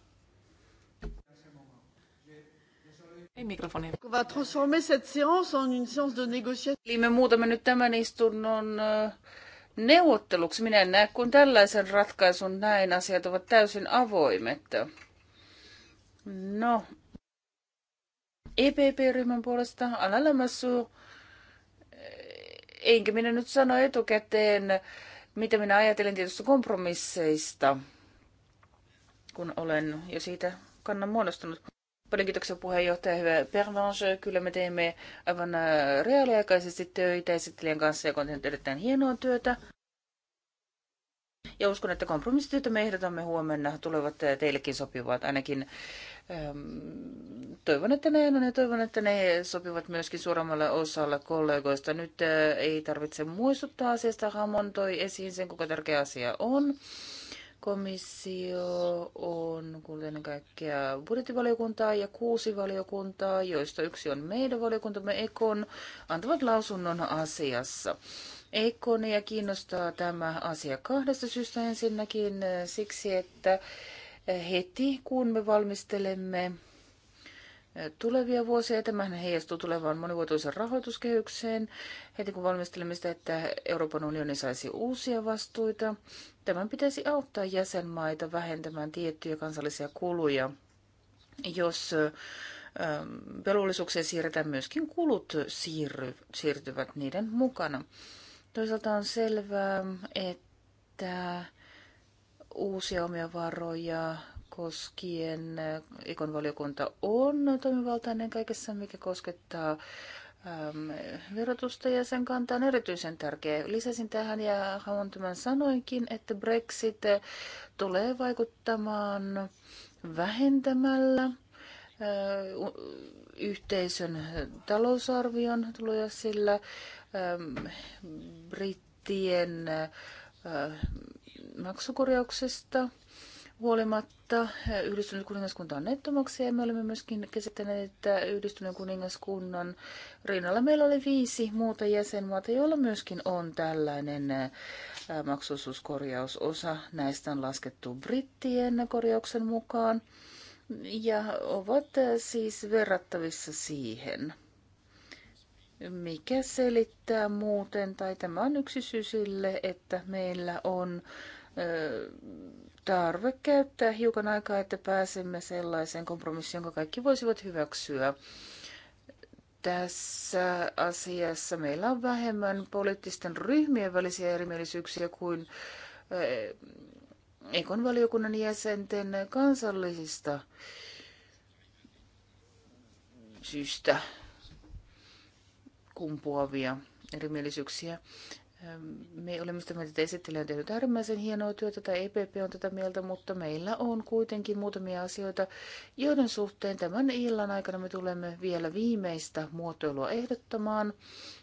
Niin, mikrofoni. Eli me muutamme nyt tämän istunnon neuvotteluksi. Minä en näe, kuin tällaisen ratkaisun näin asiat ovat täysin avoimet. No, EPP-ryhmän puolesta alalamassu. E, enkä minä nyt sano etukäteen, mitä minä ajattelen tietysti kompromisseista, kun olen jo siitä kannan muodostunut. Paljon kiitoksia puheenjohtaja, hyvä Pervange. Kyllä me teemme aivan äh, reaaliaikaisesti töitä esittelijän kanssa, joka on tehnyt erittäin hienoa työtä. Ja uskon, että kompromissityötä me ehdotamme huomenna tulevat äh, teillekin sopivat. Ainakin ähm, toivon, että ne on ja toivon, että ne sopivat myöskin suuremmalle osalle kollegoista. Nyt äh, ei tarvitse muistuttaa asiasta. Hamon toi esiin sen, kuinka tärkeä asia on. Komissio on kuten kaikkea budjettivaliokuntaa ja kuusi valiokuntaa, joista yksi on meidän valiokuntamme Ekon, antavat lausunnon asiassa. Ekonia kiinnostaa tämä asia kahdesta syystä. Ensinnäkin eh, siksi, että eh, heti kun me valmistelemme tulevia vuosia. Tämähän heijastuu tulevaan monivuotoisen rahoituskehykseen heti kun valmistelemme sitä, että Euroopan unioni saisi uusia vastuita. Tämän pitäisi auttaa jäsenmaita vähentämään tiettyjä kansallisia kuluja. Jos ähm, velvollisuuksia siirretään, myöskin kulut siirry, siirtyvät niiden mukana. Toisaalta on selvää, että uusia omia varoja koskien äh, Ekon valiokunta on toimivaltainen kaikessa, mikä koskettaa ähm, verotusta ja sen kanta on erityisen tärkeä. Lisäsin tähän ja haluan tämän sanoinkin, että Brexit tulee vaikuttamaan vähentämällä äh, yhteisön talousarvion tuloja, sillä ähm, brittien äh, maksukorjauksesta – huolimatta eh, yhdistynyt kuningaskunta on nettomaksaja. Me olemme myöskin käsittäneet, että yhdistyneen kuningaskunnan rinnalla meillä oli viisi muuta jäsenmaata, joilla myöskin on tällainen eh, maksuosuuskorjaus. näistä on laskettu brittien korjauksen mukaan ja ovat eh, siis verrattavissa siihen. Mikä selittää muuten, tai tämä on yksi syy sille, että meillä on tarve käyttää hiukan aikaa, että pääsemme sellaiseen kompromissiin, jonka kaikki voisivat hyväksyä. Tässä asiassa meillä on vähemmän poliittisten ryhmien välisiä erimielisyyksiä kuin eh, Ekon valiokunnan jäsenten kansallisista syystä kumpuavia erimielisyyksiä. Me olemme sitä mieltä, että esittely on tehnyt äärimmäisen hienoa työtä, tai EPP on tätä mieltä, mutta meillä on kuitenkin muutamia asioita, joiden suhteen tämän illan aikana me tulemme vielä viimeistä muotoilua ehdottamaan.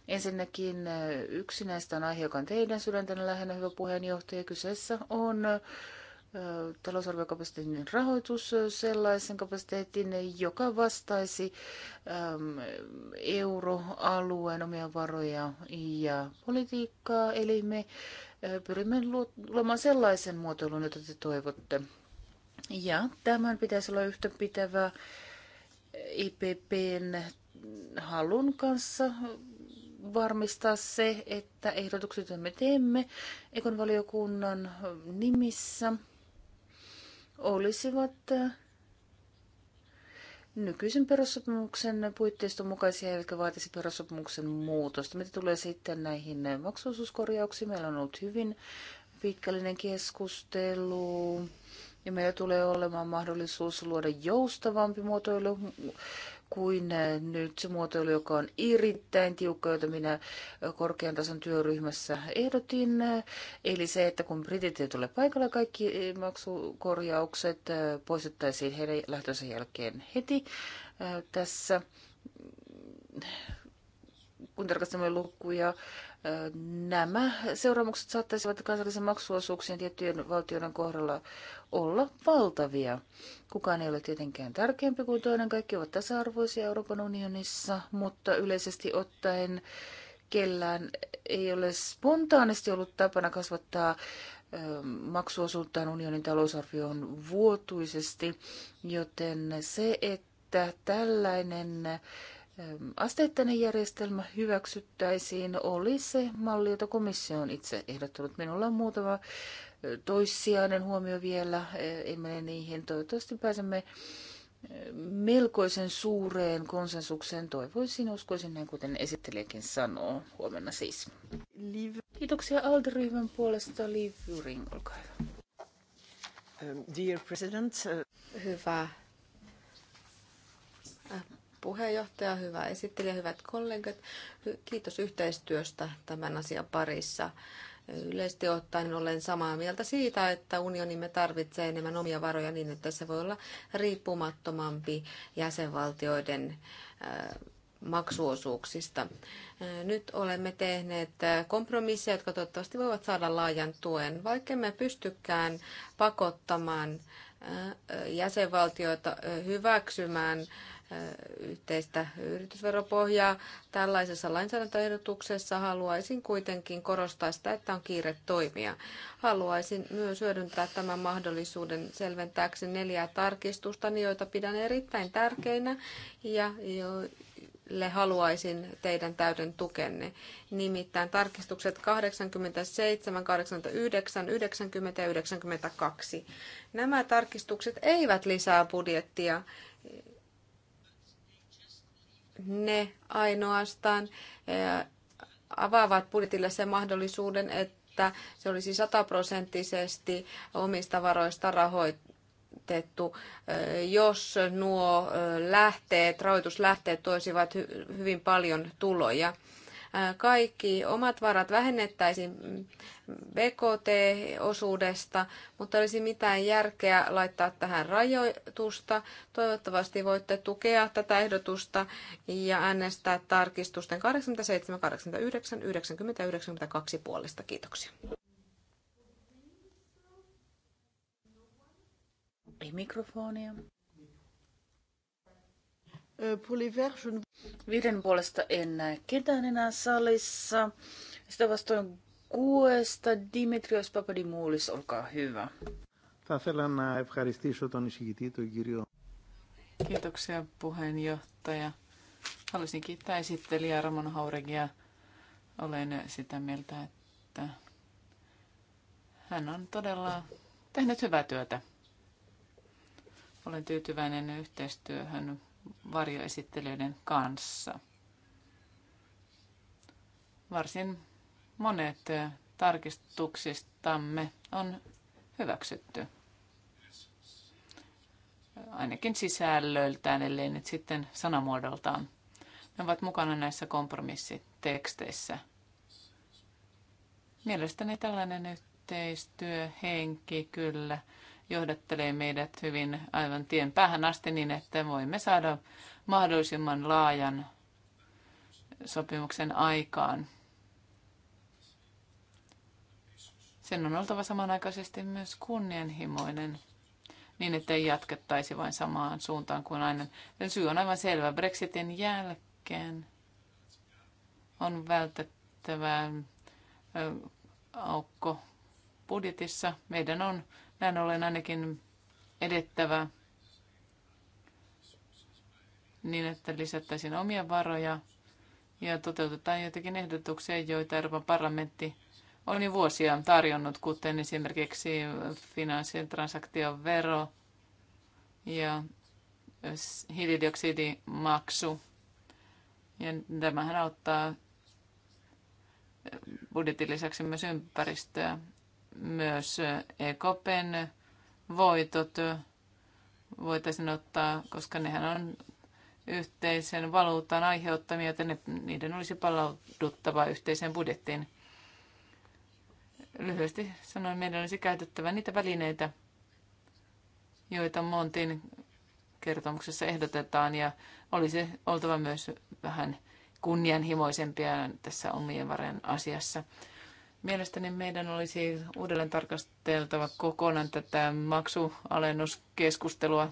Ensinnäkin äh, yksi näistä on aihe, joka on teidän sydäntänne lähinnä, hyvä puheenjohtaja. Kyseessä on äh, talousarviokapasiteetin rahoitus sellaisen kapasiteetin, joka vastaisi euroalueen omia varoja ja politiikkaa. Eli me pyrimme luomaan sellaisen muotoilun, jota te toivotte. Ja tämän pitäisi olla yhtäpitävä IPPn halun kanssa varmistaa se, että ehdotukset, joita me teemme Ekon valiokunnan nimissä – olisivat äh, nykyisen perussopimuksen puitteiston mukaisia, eivätkä vaatisi perussopimuksen muutosta. Mitä tulee sitten näihin maksuosuuskorjauksiin, meillä on ollut hyvin pitkällinen keskustelu. Ja meillä tulee olemaan mahdollisuus luoda joustavampi muotoilu kuin nyt se muotoilu, joka on erittäin tiukka, jota minä korkean tason työryhmässä ehdotin. Eli se, että kun britit ei tule paikalla, kaikki maksukorjaukset poistettaisiin heidän lähtönsä jälkeen heti tässä kun tarkastamme nämä seuraamukset saattaisivat kansallisen maksuosuuksien tiettyjen valtioiden kohdalla olla valtavia. Kukaan ei ole tietenkään tärkeämpi kuin toinen, kaikki ovat tasa-arvoisia Euroopan unionissa, mutta yleisesti ottaen kellään ei ole spontaanisti ollut tapana kasvattaa maksuosuuttaan unionin talousarvioon vuotuisesti, joten se, että tällainen asteittainen järjestelmä hyväksyttäisiin, oli se malli, jota komissio on itse ehdottanut. Minulla on muutama toissijainen huomio vielä, en mene niihin. Toivottavasti pääsemme melkoisen suureen konsensukseen. Toivoisin, uskoisin näin, kuten esittelijäkin sanoo. Huomenna siis. Kiitoksia Alderyhmän puolesta. Liv Juring, olkaa hyvä. Dear President. Hyvä puheenjohtaja, hyvä esittelijä, hyvät kollegat. Kiitos yhteistyöstä tämän asian parissa. Yleisesti ottaen olen samaa mieltä siitä, että unionimme tarvitsee enemmän omia varoja niin, että se voi olla riippumattomampi jäsenvaltioiden äh, maksuosuuksista. Äh, nyt olemme tehneet äh, kompromisseja, jotka toivottavasti voivat saada laajan tuen, vaikka me pystykään pakottamaan jäsenvaltioita hyväksymään yhteistä yritysveropohjaa. Tällaisessa lainsäädäntöehdotuksessa haluaisin kuitenkin korostaa sitä, että on kiire toimia. Haluaisin myös hyödyntää tämän mahdollisuuden selventääksi neljää tarkistusta, joita pidän erittäin tärkeinä ja joille haluaisin teidän täyden tukenne. Nimittäin tarkistukset 87, 89, 90 ja 92. Nämä tarkistukset eivät lisää budjettia ne ainoastaan eh, avaavat budjetille sen mahdollisuuden, että se olisi sataprosenttisesti omista varoista rahoitettu, eh, jos nuo eh, lähteet, rahoituslähteet toisivat hyvin paljon tuloja kaikki omat varat vähennettäisiin BKT-osuudesta, mutta olisi mitään järkeä laittaa tähän rajoitusta. Toivottavasti voitte tukea tätä ehdotusta ja äänestää tarkistusten 87, 89, 90 ja 92 puolesta. Kiitoksia. Ei mikrofonia. Euh, Viiden puolesta en näe ketään enää salissa. Sitä vastoin kuesta Dimitrios Papadimoulis, olkaa hyvä. Kiitoksia puheenjohtaja. Haluaisin kiittää esittelijä Ramon Hauregia. Olen sitä mieltä, että hän on todella tehnyt hyvää työtä. Olen tyytyväinen yhteistyöhön varjoesittelijöiden kanssa. Varsin monet tarkistuksistamme on hyväksytty. Ainakin sisällöltään, ellei nyt sitten sanamuodoltaan. Ne ovat mukana näissä kompromissiteksteissä. Mielestäni tällainen yhteistyöhenki kyllä johdattelee meidät hyvin aivan tien päähän asti niin, että voimme saada mahdollisimman laajan sopimuksen aikaan. Sen on oltava samanaikaisesti myös kunnianhimoinen niin, että ei jatkettaisi vain samaan suuntaan kuin aina. Sen syy on aivan selvä. Brexitin jälkeen on vältettävä aukko budjetissa. Meidän on näin ollen ainakin edettävä niin, että lisättäisiin omia varoja ja toteutetaan joitakin ehdotuksia, joita Euroopan parlamentti on jo vuosia tarjonnut, kuten esimerkiksi finanssien transaktion vero ja hiilidioksidimaksu. Ja tämähän auttaa budjetin lisäksi myös ympäristöä myös EKPn voitot voitaisiin ottaa, koska nehän on yhteisen valuutan aiheuttamia, joten ne, niiden olisi palauduttava yhteiseen budjettiin. Lyhyesti sanoen, meidän olisi käytettävä niitä välineitä, joita Montin kertomuksessa ehdotetaan, ja olisi oltava myös vähän kunnianhimoisempia tässä omien varen asiassa. Mielestäni meidän olisi uudelleen tarkasteltava kokonaan tätä maksualennuskeskustelua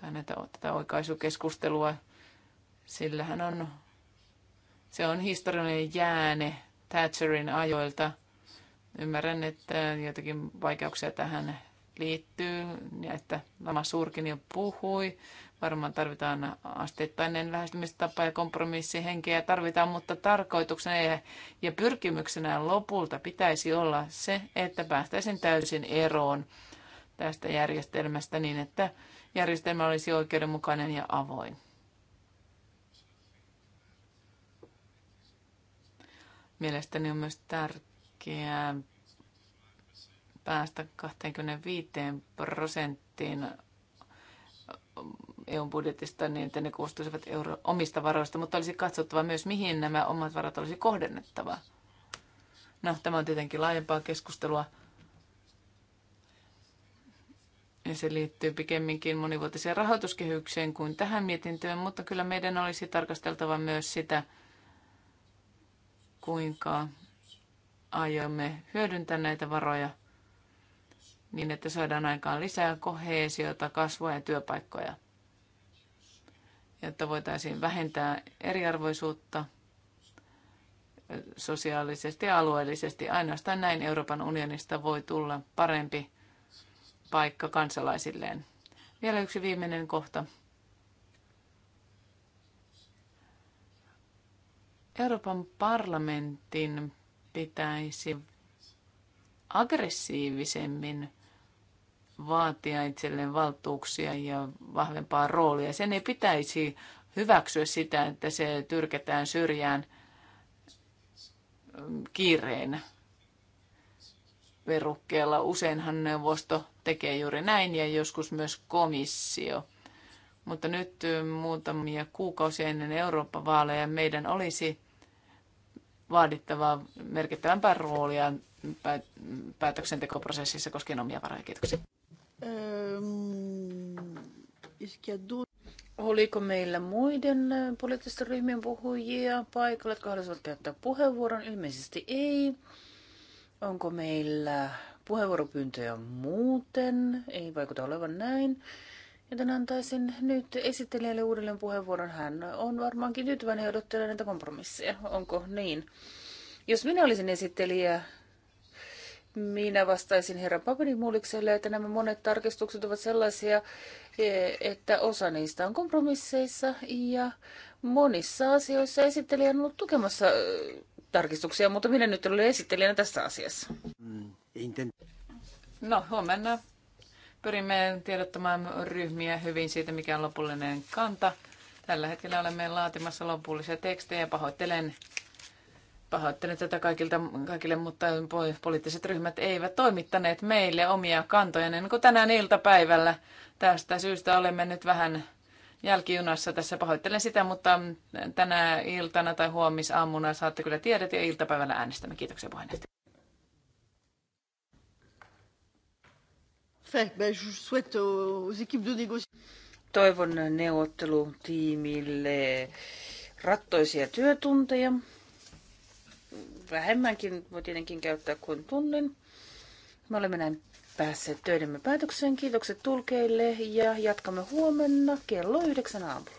tai näitä, tätä oikaisukeskustelua. Sillähän on, se on historiallinen jääne Thatcherin ajoilta. Ymmärrän, että joitakin vaikeuksia tähän liittyy, ja että Lama Suurkin jo puhui. Varmaan tarvitaan asteittainen lähestymistapa ja kompromissihenkeä tarvitaan, mutta tarkoituksena ja pyrkimyksenä lopulta pitäisi olla se, että päästäisiin täysin eroon tästä järjestelmästä niin, että järjestelmä olisi oikeudenmukainen ja avoin. Mielestäni on myös tärkeää päästä 25 prosenttiin EUn budjetista niin, että ne koostuisivat euro- omista varoista, mutta olisi katsottava myös, mihin nämä omat varat olisi kohdennettava. No, tämä on tietenkin laajempaa keskustelua. Ja se liittyy pikemminkin monivuotiseen rahoituskehykseen kuin tähän mietintöön, mutta kyllä meidän olisi tarkasteltava myös sitä, kuinka aiomme hyödyntää näitä varoja – niin, että saadaan aikaan lisää koheesiota, kasvua ja työpaikkoja, jotta voitaisiin vähentää eriarvoisuutta sosiaalisesti ja alueellisesti. Ainoastaan näin Euroopan unionista voi tulla parempi paikka kansalaisilleen. Vielä yksi viimeinen kohta. Euroopan parlamentin pitäisi aggressiivisemmin vaatia itselleen valtuuksia ja vahvempaa roolia. Sen ei pitäisi hyväksyä sitä, että se tyrketään syrjään mm, kiireen verukkeella. Useinhan neuvosto tekee juuri näin ja joskus myös komissio. Mutta nyt mm, muutamia kuukausia ennen Eurooppa-vaaleja meidän olisi vaadittavaa merkittävämpää roolia mm, päätöksentekoprosessissa koskien omia varoja. Kiitoksia. Oliko meillä muiden poliittisten ryhmien puhujia paikalla, jotka haluaisivat käyttää puheenvuoron? Ilmeisesti ei. Onko meillä puheenvuoropyyntöjä muuten? Ei vaikuta olevan näin. Joten antaisin nyt esittelijälle uudelleen puheenvuoron. Hän on varmaankin tyytyväinen ja odottelee näitä kompromisseja. Onko niin? Jos minä olisin esittelijä, minä vastaisin herra Papadimuulikselle, että nämä monet tarkistukset ovat sellaisia, e, että osa niistä on kompromisseissa ja monissa asioissa esittelijä on ollut tukemassa e, tarkistuksia, mutta minä nyt olen esittelijänä tässä asiassa. Mm, no, huomenna pyrimme tiedottamaan ryhmiä hyvin siitä, mikä on lopullinen kanta. Tällä hetkellä olemme laatimassa lopullisia tekstejä. Pahoittelen Pahoittelen tätä kaikilta, kaikille, mutta poliittiset ryhmät eivät toimittaneet meille omia kantoja. Niin kuin tänään iltapäivällä tästä syystä olemme nyt vähän jälkijunassa tässä. Pahoittelen sitä, mutta tänä iltana tai huomisaamuna saatte kyllä tiedot ja iltapäivällä äänestämme. Kiitoksia puheenjohtaja. Toivon neuvottelutiimille rattoisia työtunteja vähemmänkin voi tietenkin käyttää kuin tunnin. Me olemme näin päässeet töidemme päätökseen. Kiitokset tulkeille ja jatkamme huomenna kello yhdeksän aamulla.